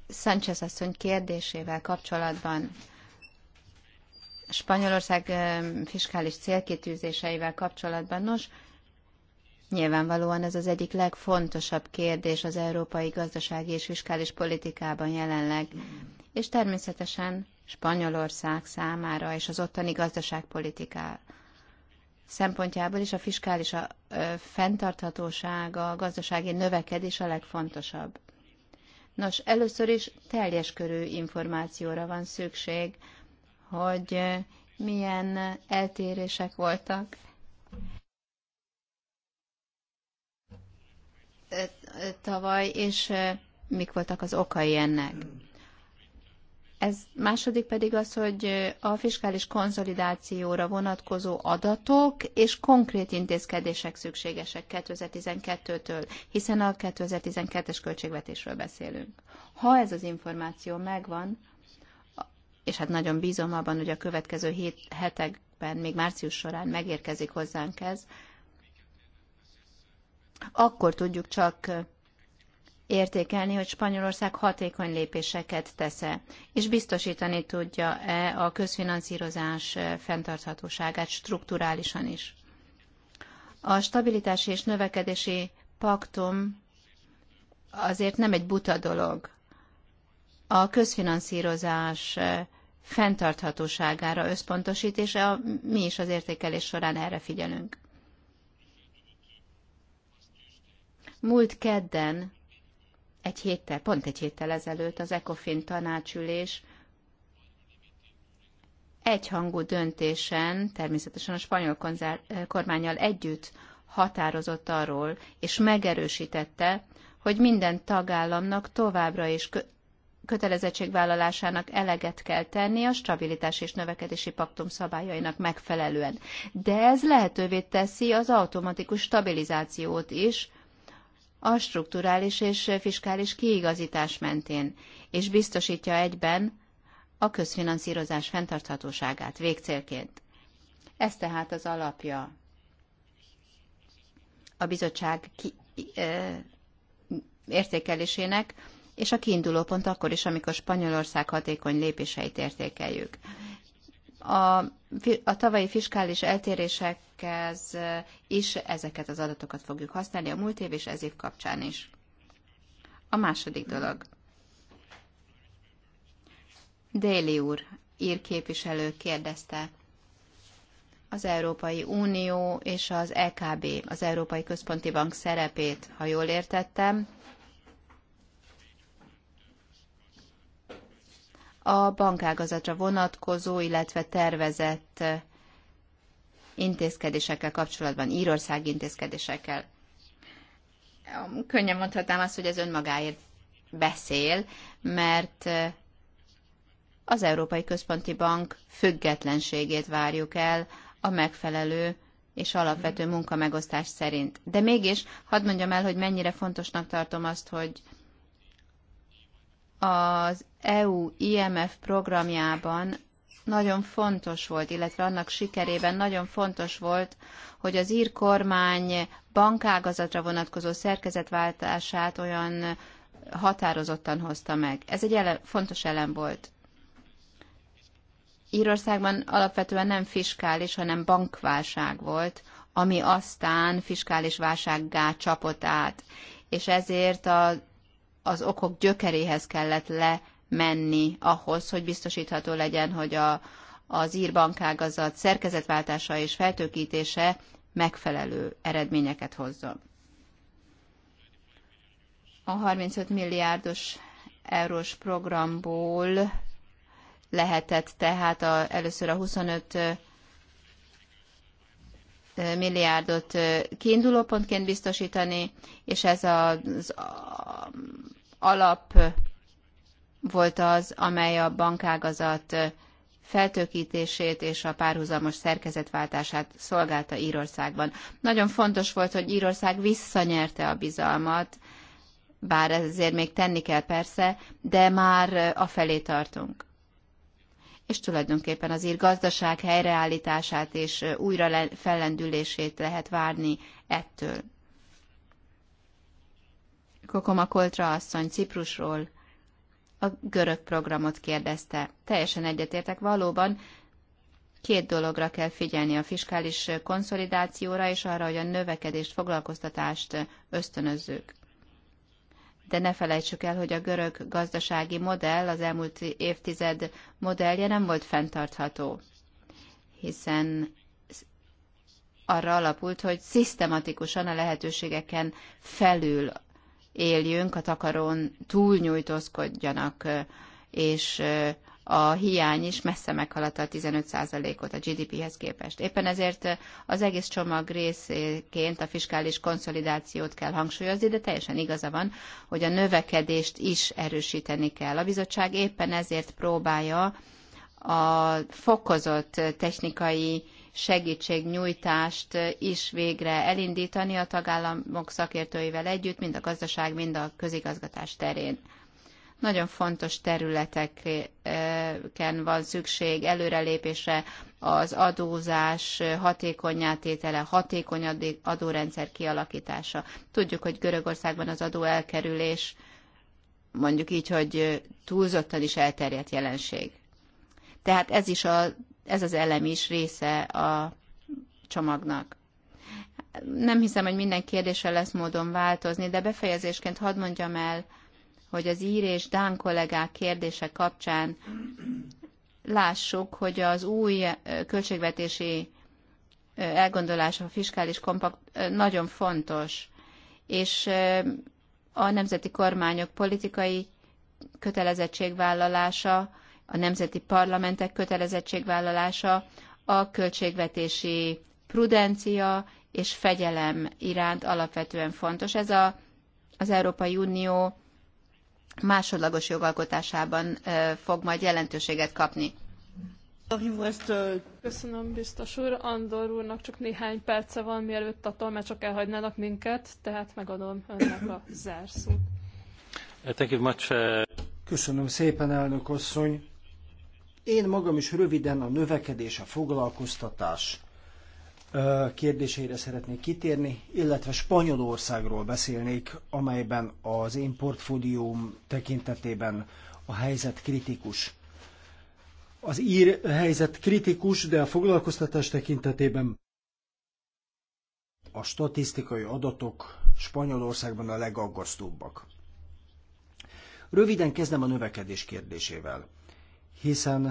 Sánchez asszony kérdésével kapcsolatban, Spanyolország fiskális célkitűzéseivel kapcsolatban, nos, nyilvánvalóan ez az egyik legfontosabb kérdés az európai gazdasági és fiskális politikában jelenleg, és természetesen Spanyolország számára és az ottani gazdaságpolitiká szempontjából is a fiskális a, ö, fenntarthatóság, a gazdasági növekedés a legfontosabb. Nos, először is teljes körű információra van szükség, hogy milyen eltérések voltak. Tavaly, és mik voltak az okai ennek? Ez második pedig az, hogy a fiskális konszolidációra vonatkozó adatok és konkrét intézkedések szükségesek 2012-től, hiszen a 2012-es költségvetésről beszélünk. Ha ez az információ megvan, és hát nagyon bízom abban, hogy a következő hét, hetekben, még március során megérkezik hozzánk ez, akkor tudjuk csak értékelni, hogy Spanyolország hatékony lépéseket tesz-e, és biztosítani tudja-e a közfinanszírozás fenntarthatóságát strukturálisan is. A stabilitási és növekedési paktum azért nem egy buta dolog. A közfinanszírozás fenntarthatóságára összpontosít, és a, mi is az értékelés során erre figyelünk. Múlt kedden egy héttel, pont egy héttel ezelőtt az ECOFIN tanácsülés egyhangú döntésen, természetesen a spanyol eh, kormányjal együtt határozott arról, és megerősítette, hogy minden tagállamnak továbbra is kö- kötelezettségvállalásának eleget kell tenni a stabilitás és növekedési paktum szabályainak megfelelően. De ez lehetővé teszi az automatikus stabilizációt is, a strukturális és fiskális kiigazítás mentén, és biztosítja egyben a közfinanszírozás fenntarthatóságát végcélként. Ez tehát az alapja a bizottság ki, ö, értékelésének, és a kiinduló pont akkor is, amikor Spanyolország hatékony lépéseit értékeljük a, a tavalyi fiskális eltérésekhez is ezeket az adatokat fogjuk használni a múlt év és ez év kapcsán is. A második dolog. Déli úr, ír képviselő kérdezte. Az Európai Unió és az EKB, az Európai Központi Bank szerepét, ha jól értettem, a bankágazatra vonatkozó, illetve tervezett intézkedésekkel kapcsolatban, Írország intézkedésekkel. Könnyen mondhatnám azt, hogy ez önmagáért beszél, mert az Európai Központi Bank függetlenségét várjuk el a megfelelő és alapvető munkamegosztás szerint. De mégis hadd mondjam el, hogy mennyire fontosnak tartom azt, hogy az EU-IMF programjában nagyon fontos volt, illetve annak sikerében nagyon fontos volt, hogy az ír kormány bankágazatra vonatkozó szerkezetváltását olyan határozottan hozta meg. Ez egy ele- fontos elem volt. Írországban alapvetően nem fiskális, hanem bankválság volt, ami aztán fiskális válsággá csapott át, és ezért a az okok gyökeréhez kellett lemenni ahhoz, hogy biztosítható legyen, hogy a, az írbankágazat szerkezetváltása és feltőkítése megfelelő eredményeket hozzon. A 35 milliárdos eurós programból lehetett tehát a, először a 25 milliárdot kiindulópontként biztosítani, és ez az alap volt az, amely a bankágazat feltökítését és a párhuzamos szerkezetváltását szolgálta Írországban. Nagyon fontos volt, hogy Írország visszanyerte a bizalmat, bár ezért még tenni kell persze, de már a felé tartunk. És tulajdonképpen az ír gazdaság helyreállítását és újra fellendülését lehet várni ettől. Kokoma Koltra asszony Ciprusról a görög programot kérdezte. Teljesen egyetértek valóban, két dologra kell figyelni, a fiskális konszolidációra és arra, hogy a növekedést, foglalkoztatást ösztönözzük. De ne felejtsük el, hogy a görög gazdasági modell, az elmúlt évtized modellje nem volt fenntartható, hiszen arra alapult, hogy szisztematikusan a lehetőségeken felül éljünk, a takaron túlnyújtózkodjanak, és a hiány is messze meghaladta a 15%-ot a GDP-hez képest. Éppen ezért az egész csomag részként a fiskális konszolidációt kell hangsúlyozni, de teljesen igaza van, hogy a növekedést is erősíteni kell. A bizottság éppen ezért próbálja a fokozott technikai segítségnyújtást is végre elindítani a tagállamok szakértőivel együtt, mind a gazdaság, mind a közigazgatás terén. Nagyon fontos területeken van szükség előrelépésre, az adózás hatékonyátétele, hatékony adórendszer kialakítása. Tudjuk, hogy Görögországban az adó elkerülés mondjuk így, hogy túlzottan is elterjedt jelenség. Tehát ez is a ez az elem is része a csomagnak. Nem hiszem, hogy minden kérdéssel lesz módon változni, de befejezésként hadd mondjam el, hogy az ír és dán kollégák kérdése kapcsán lássuk, hogy az új költségvetési elgondolása, a fiskális kompakt nagyon fontos, és a nemzeti kormányok politikai kötelezettségvállalása a nemzeti parlamentek kötelezettségvállalása a költségvetési prudencia és fegyelem iránt alapvetően fontos. Ez a, az Európai Unió másodlagos jogalkotásában fog majd jelentőséget kapni.
Köszönöm, biztos úr. Andor úrnak csak néhány perce van, mielőtt a tolmácsok elhagynának minket, tehát megadom önnek a zárszót.
Uh,
Köszönöm szépen, elnök asszony. Én magam is röviden a növekedés, a foglalkoztatás kérdésére szeretnék kitérni, illetve Spanyolországról beszélnék, amelyben az én portfólióm tekintetében a helyzet kritikus. Az ír helyzet kritikus, de a foglalkoztatás tekintetében a statisztikai adatok Spanyolországban a legaggasztóbbak. Röviden kezdem a növekedés kérdésével hiszen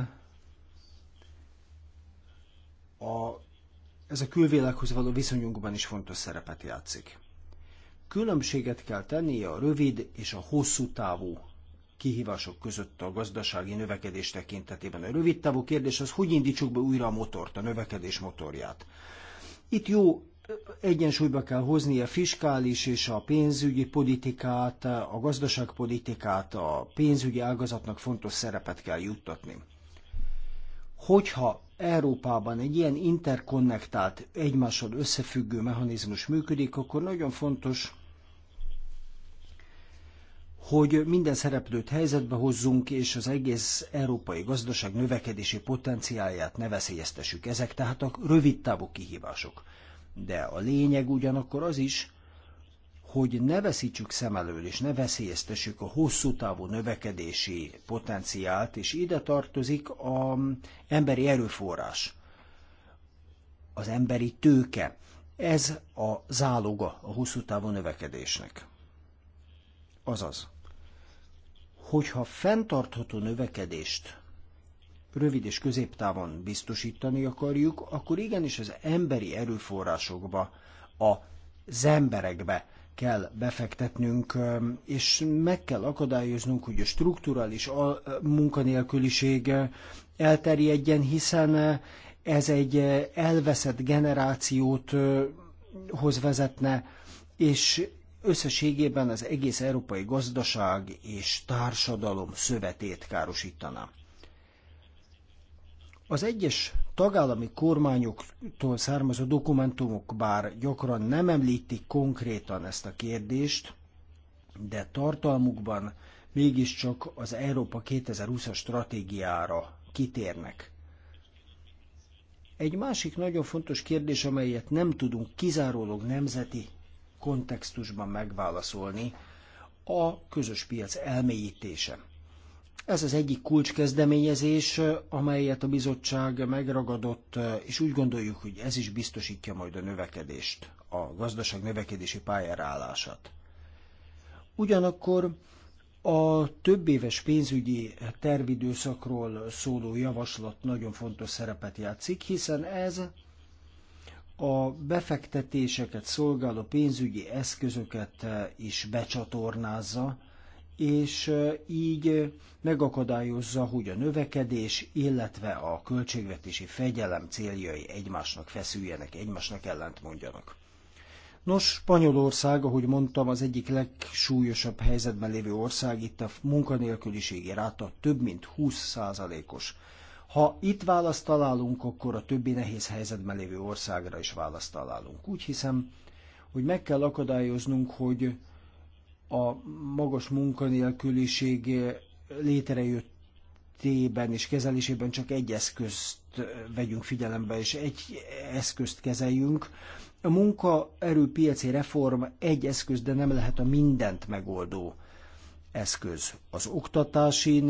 a, ez a külvilághoz való viszonyunkban is fontos szerepet játszik. Különbséget kell tennie a rövid és a hosszú távú kihívások között a gazdasági növekedés tekintetében. A rövid távú kérdés az, hogy indítsuk be újra a motort, a növekedés motorját. Itt jó egyensúlyba kell hozni a fiskális és a pénzügyi politikát, a gazdaságpolitikát, a pénzügyi ágazatnak fontos szerepet kell juttatni. Hogyha Európában egy ilyen interkonnektált, egymással összefüggő mechanizmus működik, akkor nagyon fontos, hogy minden szereplőt helyzetbe hozzunk, és az egész európai gazdaság növekedési potenciálját ne veszélyeztessük. Ezek tehát a rövid távú kihívások. De a lényeg ugyanakkor az is, hogy ne veszítsük szem elől, és ne veszélyeztessük a hosszú távú növekedési potenciált, és ide tartozik az emberi erőforrás, az emberi tőke. Ez a záloga a hosszú távú növekedésnek. Azaz, hogyha fenntartható növekedést rövid és középtávon biztosítani akarjuk, akkor igenis az emberi erőforrásokba, az emberekbe kell befektetnünk, és meg kell akadályoznunk, hogy a strukturális munkanélküliség elterjedjen, hiszen ez egy elveszett generációt hoz vezetne, és összességében az egész európai gazdaság és társadalom szövetét károsítaná. Az egyes tagállami kormányoktól származó dokumentumok bár gyakran nem említik konkrétan ezt a kérdést, de tartalmukban mégiscsak az Európa 2020-as stratégiára kitérnek. Egy másik nagyon fontos kérdés, amelyet nem tudunk kizárólag nemzeti kontextusban megválaszolni, a közös piac elmélyítése. Ez az egyik kulcskezdeményezés, amelyet a bizottság megragadott, és úgy gondoljuk, hogy ez is biztosítja majd a növekedést, a gazdaság növekedési pályára állását. Ugyanakkor a több éves pénzügyi tervidőszakról szóló javaslat nagyon fontos szerepet játszik, hiszen ez a befektetéseket szolgáló pénzügyi eszközöket is becsatornázza, és így megakadályozza, hogy a növekedés, illetve a költségvetési fegyelem céljai egymásnak feszüljenek, egymásnak ellent mondjanak. Nos, Spanyolország, ahogy mondtam, az egyik legsúlyosabb helyzetben lévő ország, itt a munkanélküliségi ráta több mint 20%-os. Ha itt választ találunk, akkor a többi nehéz helyzetben lévő országra is választ találunk. Úgy hiszem, hogy meg kell akadályoznunk, hogy a magas munkanélküliség létrejöttében és kezelésében csak egy eszközt vegyünk figyelembe, és egy eszközt kezeljünk. A munkaerőpiaci reform egy eszköz, de nem lehet a mindent megoldó eszköz. Az oktatási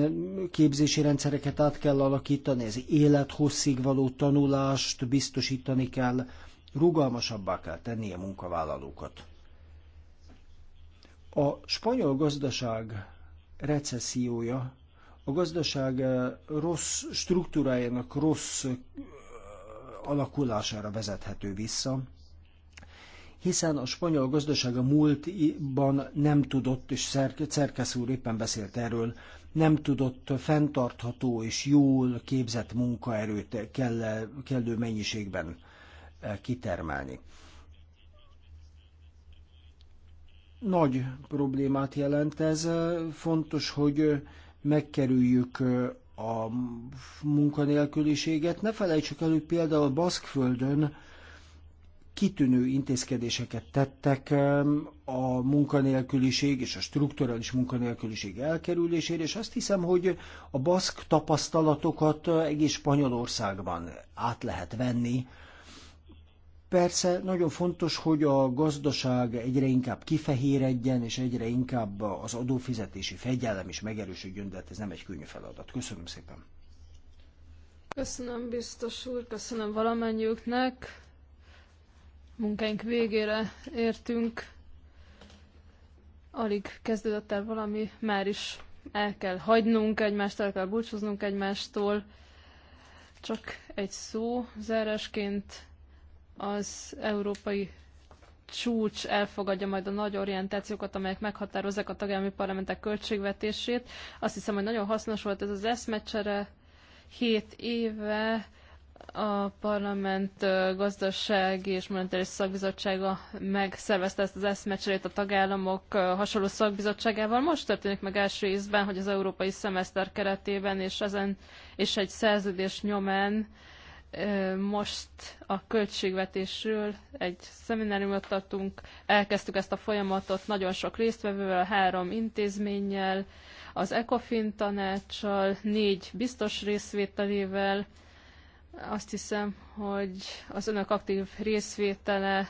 képzési rendszereket át kell alakítani, az élethosszig való tanulást biztosítani kell, rugalmasabbá kell tenni a munkavállalókat. A spanyol gazdaság recessziója, a gazdaság eh, rossz struktúrájának rossz eh, alakulására vezethető vissza, hiszen a spanyol gazdaság a múltban nem tudott, és Cerkesz úr éppen beszélt erről, nem tudott fenntartható és jól képzett munkaerőt kell, kellő mennyiségben eh, kitermelni. nagy problémát jelent ez. Fontos, hogy megkerüljük a munkanélküliséget. Ne felejtsük el, hogy például a Baszkföldön kitűnő intézkedéseket tettek a munkanélküliség és a strukturális munkanélküliség elkerülésére, és azt hiszem, hogy a baszk tapasztalatokat egész Spanyolországban át lehet venni Persze nagyon fontos, hogy a gazdaság egyre inkább kifehéredjen, és egyre inkább az adófizetési fegyelem is megerősödjön, de hát ez nem egy könnyű feladat. Köszönöm szépen.
Köszönöm biztos úr, köszönöm valamennyiüknek. Munkánk végére értünk. Alig kezdődött el valami, már is el kell hagynunk egymást, el kell búcsúznunk egymástól. Csak egy szó zárásként az európai csúcs elfogadja majd a nagy orientációkat, amelyek meghatározzák a tagállami parlamentek költségvetését. Azt hiszem, hogy nagyon hasznos volt ez az eszmecsere. Hét éve a parlament gazdasági és monetáris szakbizottsága megszervezte ezt az eszmecserét a tagállamok hasonló szakbizottságával. Most történik meg első ízben, hogy az európai szemeszter keretében és ezen és egy szerződés nyomán most a költségvetésről egy szemináriumot tartunk, elkezdtük ezt a folyamatot nagyon sok résztvevővel, három intézménnyel, az ECOFIN tanácssal, négy biztos részvételével. Azt hiszem, hogy az önök aktív részvétele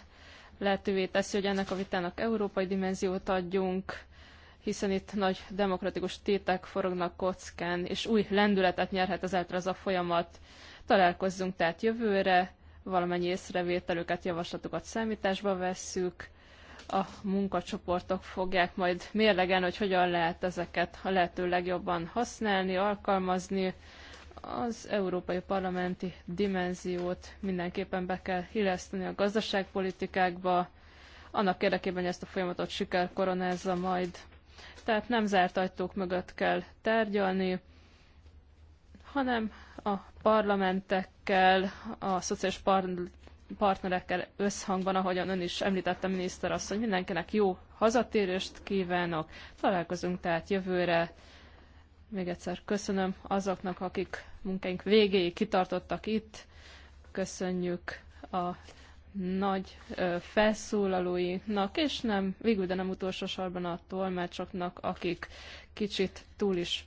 lehetővé teszi, hogy ennek a vitának európai dimenziót adjunk, hiszen itt nagy demokratikus tétek forognak kockán, és új lendületet nyerhet ezáltal ez a folyamat. Találkozzunk tehát jövőre, valamennyi észrevételüket, javaslatokat számításba vesszük, a munkacsoportok fogják majd mérlegen, hogy hogyan lehet ezeket a lehető legjobban használni, alkalmazni. Az európai parlamenti dimenziót mindenképpen be kell illeszteni a gazdaságpolitikákba, annak érdekében, hogy ezt a folyamatot siker koronázza majd. Tehát nem zárt ajtók mögött kell tárgyalni, hanem a parlamentekkel, a szociális partnerekkel összhangban, ahogyan ön is említette, miniszter asszony, mindenkinek jó hazatérést kívánok. Találkozunk tehát jövőre. Még egyszer köszönöm azoknak, akik munkáink végéig kitartottak itt. Köszönjük a nagy ö, felszólalóinknak, és nem, végül de nem utolsó sorban a tolmácsoknak, akik kicsit túl is